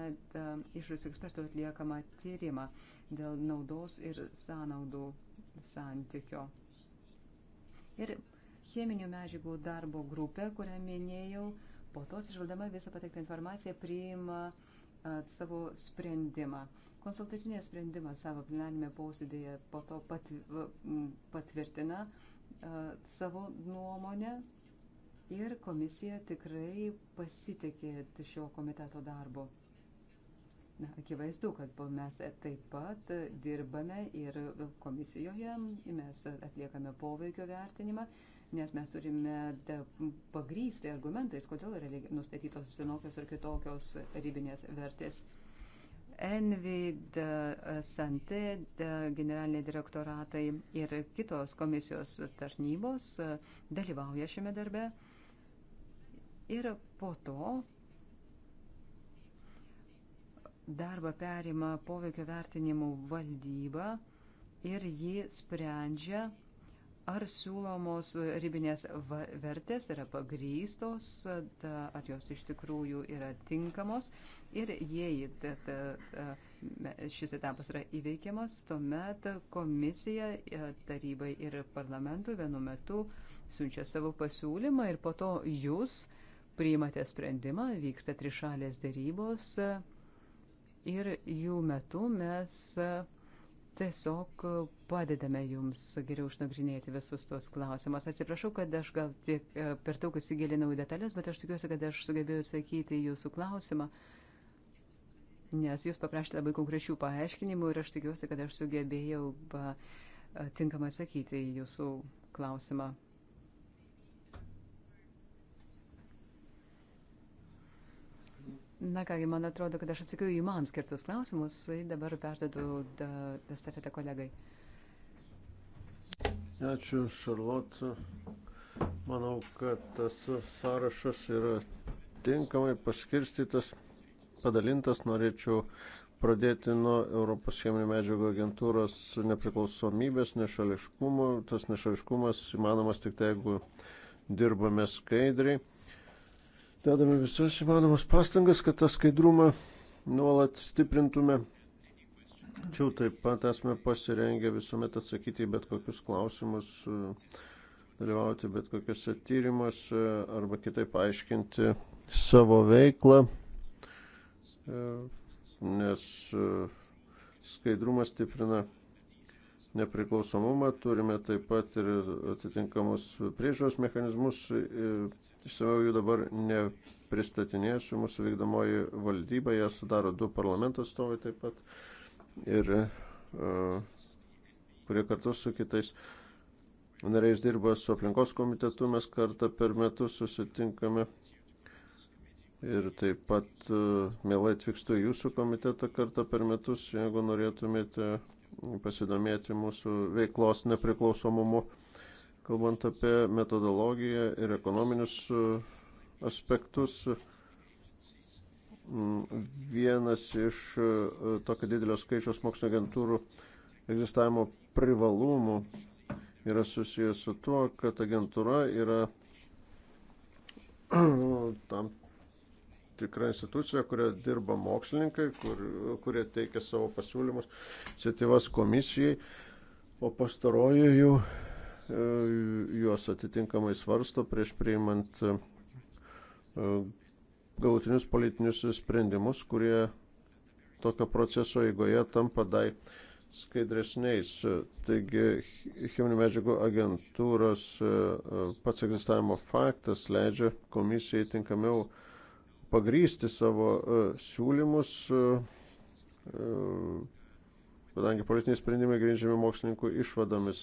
išorės ekspertų atliekamą tyrimą dėl naudos ir sąnaudų santykio. Ir cheminių medžiagų darbo grupė, kurią minėjau, po to atsižvaldama visą pateiktą informaciją priima savo sprendimą. Konsultacinė sprendimą savo plenarinėme posėdėje po to pat, patvirtina savo nuomonę ir komisija tikrai pasitikė šio komiteto darbu. Na, akivaizdu, kad mes taip pat dirbame ir komisijoje, mes atliekame poveikio vertinimą nes mes turime pagrysti argumentais, kodėl yra nustatytos vienokios ir kitokios ribinės vertės. Envid, Sante, generaliniai direktoratai ir kitos komisijos tarnybos dalyvauja šiame darbe. Ir po to darbą perima poveikio vertinimų valdyba ir ji sprendžia ar siūlomos ribinės vertės yra pagrystos, ar jos iš tikrųjų yra tinkamos. Ir jei šis etapas yra įveikiamas, tuomet komisija e, tarybai ir parlamentui vienu metu siunčia savo pasiūlymą ir po to jūs priimate sprendimą, vyksta trišalės dėrybos e, ir jų metu mes e, tiesiog padedame jums geriau išnagrinėti visus tuos klausimus. Atsiprašau, kad aš gal tiek e, per daug įsigilinau į detalės, bet aš tikiuosi, kad aš sugebėjau sakyti jūsų klausimą, nes jūs paprašėte labai konkrečių paaiškinimų ir aš tikiuosi, kad aš sugebėjau e, tinkamai sakyti į jūsų klausimą. Na kągi, man atrodo, kad aš atsakiau į man skirtus klausimus, tai dabar perdodu estafetę kolegai. Ačiū, Šarlotė. Manau, kad tas sąrašas yra tinkamai paskirstytas, padalintas. Norėčiau pradėti nuo Europos cheminių medžiagų agentūros nepriklausomybės, nešališkumo. Tas nešališkumas įmanomas tik tai, jeigu dirbame skaidriai. Dedame visas įmanomas pastangas, kad tą skaidrumą nuolat stiprintume. Tačiau taip pat esame pasirengę visuomet atsakyti į bet kokius klausimus, dalyvauti bet kokiuose tyrimuose arba kitaip aiškinti savo veiklą, nes skaidrumas stiprina nepriklausomumą, turime taip pat ir atitinkamus priežiūros mechanizmus. E, Išsameu jų dabar nepristatinėsiu, mūsų vykdomoji valdyba, ją sudaro du parlamento atstovai taip pat, ir, e, kurie kartu su kitais nariais dirba su aplinkos komitetu, mes kartą per metus susitinkame Ir taip pat e, mielai atvykstu į jūsų komitetą kartą per metus, jeigu norėtumėte pasidomėti mūsų veiklos nepriklausomumu, kalbant apie metodologiją ir ekonominius e, aspektus. Vienas iš e, tokio didelio skaičiaus mokslo agentūrų egzistavimo privalumų yra susijęs su tuo, kad agentūra yra tam tikra institucija, kurioje dirba mokslininkai, kur, kurie teikia savo pasiūlymus, iniciatyvas komisijai, o pastaroji jų e, juos atitinkamai svarsto prieš priimant e, galutinius politinius sprendimus, kurie tokio proceso eigoje tampa dai skaidresniais. Taigi cheminių medžiagų agentūros e, pats egzistavimo faktas leidžia komisijai tinkamiau pagrysti savo e, siūlymus, e, e, kadangi politiniai sprendimai grindžiami mokslininkų išvadomis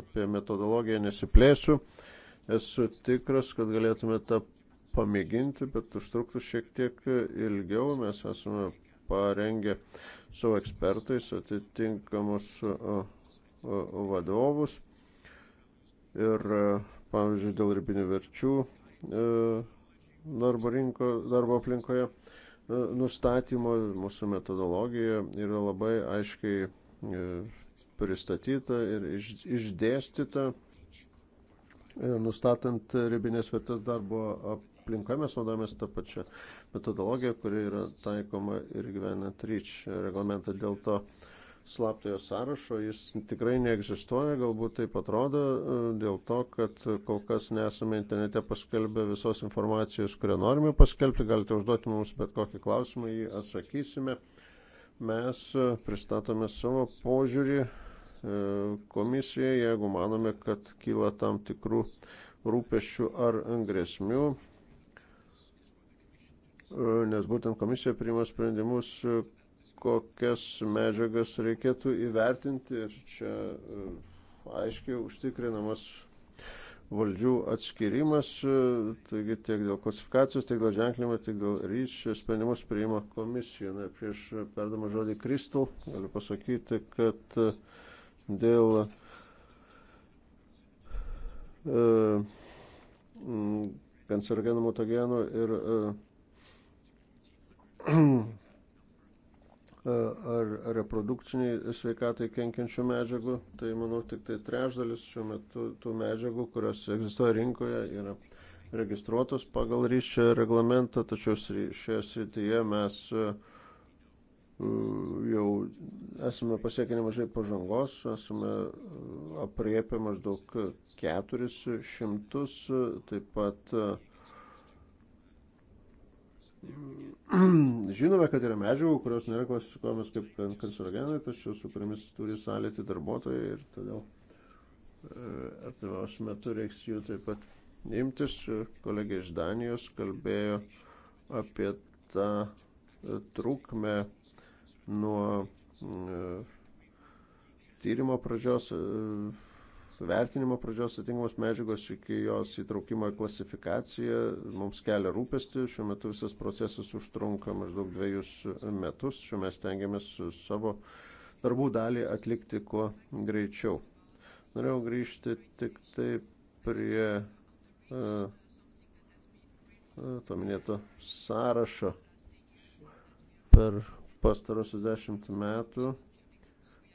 apie metodologiją nesiplėsiu. Esu tikras, kad galėtume tą pamėginti, bet užtruktų šiek tiek ilgiau. Mes esame parengę su ekspertais atitinkamus vadovus. Ir, pavyzdžiui, dėl ribinių verčių darbo, rinko, darbo aplinkoje e, nustatymo. Mūsų metodologija yra labai aiškiai e, pristatyta ir iš, išdėstyta, e, nustatant ribinės vertės darbo aplinkoje mes naudojame tą pačią metodologiją, kuri yra taikoma ir gyvenant ryč reglamentą dėl to. Uh, slaptojo sąrašo, jis tikrai neegzistuoja, galbūt taip atrodo, e, dėl to, kad kol kas nesame internete paskelbę visos informacijos, kurią norime paskelbti, galite užduoti mums bet kokį klausimą, jį atsakysime. Mes e, pristatome savo požiūrį e, komisijai, jeigu manome, kad kyla tam tikrų rūpešių ar grėsmių, nes būtent komisija priima sprendimus, kokias medžiagas reikėtų įvertinti ir čia e, aiškiai užtikrinamas valdžių atskirimas, e, taigi tiek dėl klasifikacijos, tiek dėl ženklimo, tiek dėl ryšio sprendimus priima komisija. Na, prieš perdamą žodį Kristal galiu pasakyti, kad e, dėl e, kancerogenų, mutagenų ir e, E, ar reprodukciniai sveikatai kenkiančių medžiagų, tai manau tik tai trečdalis šiuo metu tų medžiagų, kurios egzistuoja rinkoje, yra registruotos pagal ryšio reglamentą, tačiau šioje srityje mes e, jau esame pasiekę nemažai pažangos, esame apriepę maždaug 400, taip pat e, Žinome, kad yra medžiagų, kurios nėra klasifikuojamas kaip kancerogenai, tačiau su kuriamis turi sąlyti darbuotojai ir todėl e, artimiaus metu reiks jų taip pat imtis. Kolegė iš Danijos kalbėjo apie tą e, trukmę nuo e, tyrimo pradžios vertinimo pradžios atitinkamos medžiagos iki jos įtraukimo į klasifikaciją mums kelia rūpestį. Šiuo metu visas procesas užtrunka maždaug dviejus metus. Šiuo mes tengiamės savo darbų dalį atlikti kuo greičiau. Norėjau grįžti tik tai prie uh, to minėto sąrašo per pastarosius dešimt metų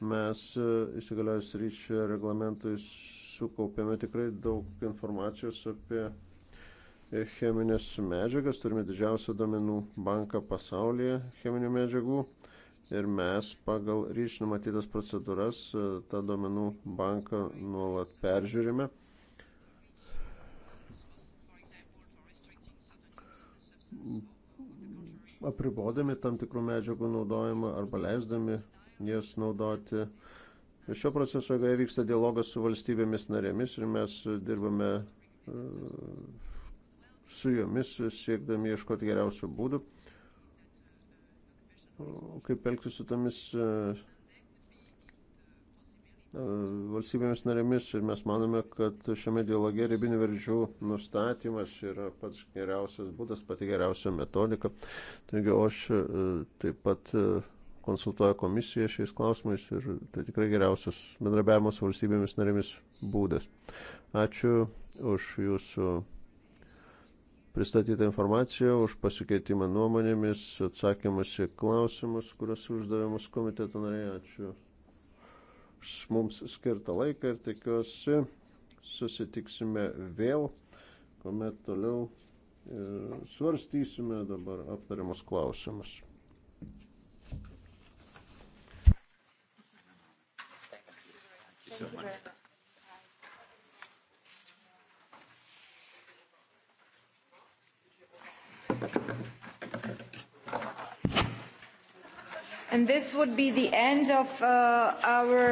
mes e, įsigaliojus ryčio reglamentui sukaupėme tikrai daug informacijos apie e, cheminės medžiagas, turime didžiausią domenų banką pasaulyje cheminių medžiagų ir mes pagal ryšį numatytas procedūras e, tą domenų banką nuolat peržiūrime. Apribodami tam tikrų medžiagų naudojimą arba leisdami jas naudoti. Šio proceso eigoje vyksta dialogas su valstybėmis narėmis ir mes dirbame e, su jomis, siekdami ieškoti geriausių būdų, kaip elgtis su tomis e, e, valstybėmis narėmis ir mes manome, kad šiame dialoge ribinių veržių nustatymas yra pats geriausias būdas, pati geriausia metodika. Taigi aš taip pat konsultuoja komisiją šiais klausimais ir tai tikrai geriausias bendrabiavimo su valstybėmis narėmis būdas. Ačiū už jūsų pristatytą informaciją, už pasikeitimą nuomonėmis, atsakymus į klausimus, kuriuos uždavė mūsų komiteto nariai. Ačiū už mums skirtą laiką ir tikiuosi susitiksime vėl, kuomet toliau e, svarstysime dabar aptariamus klausimus. so much. And this would be the end of uh, our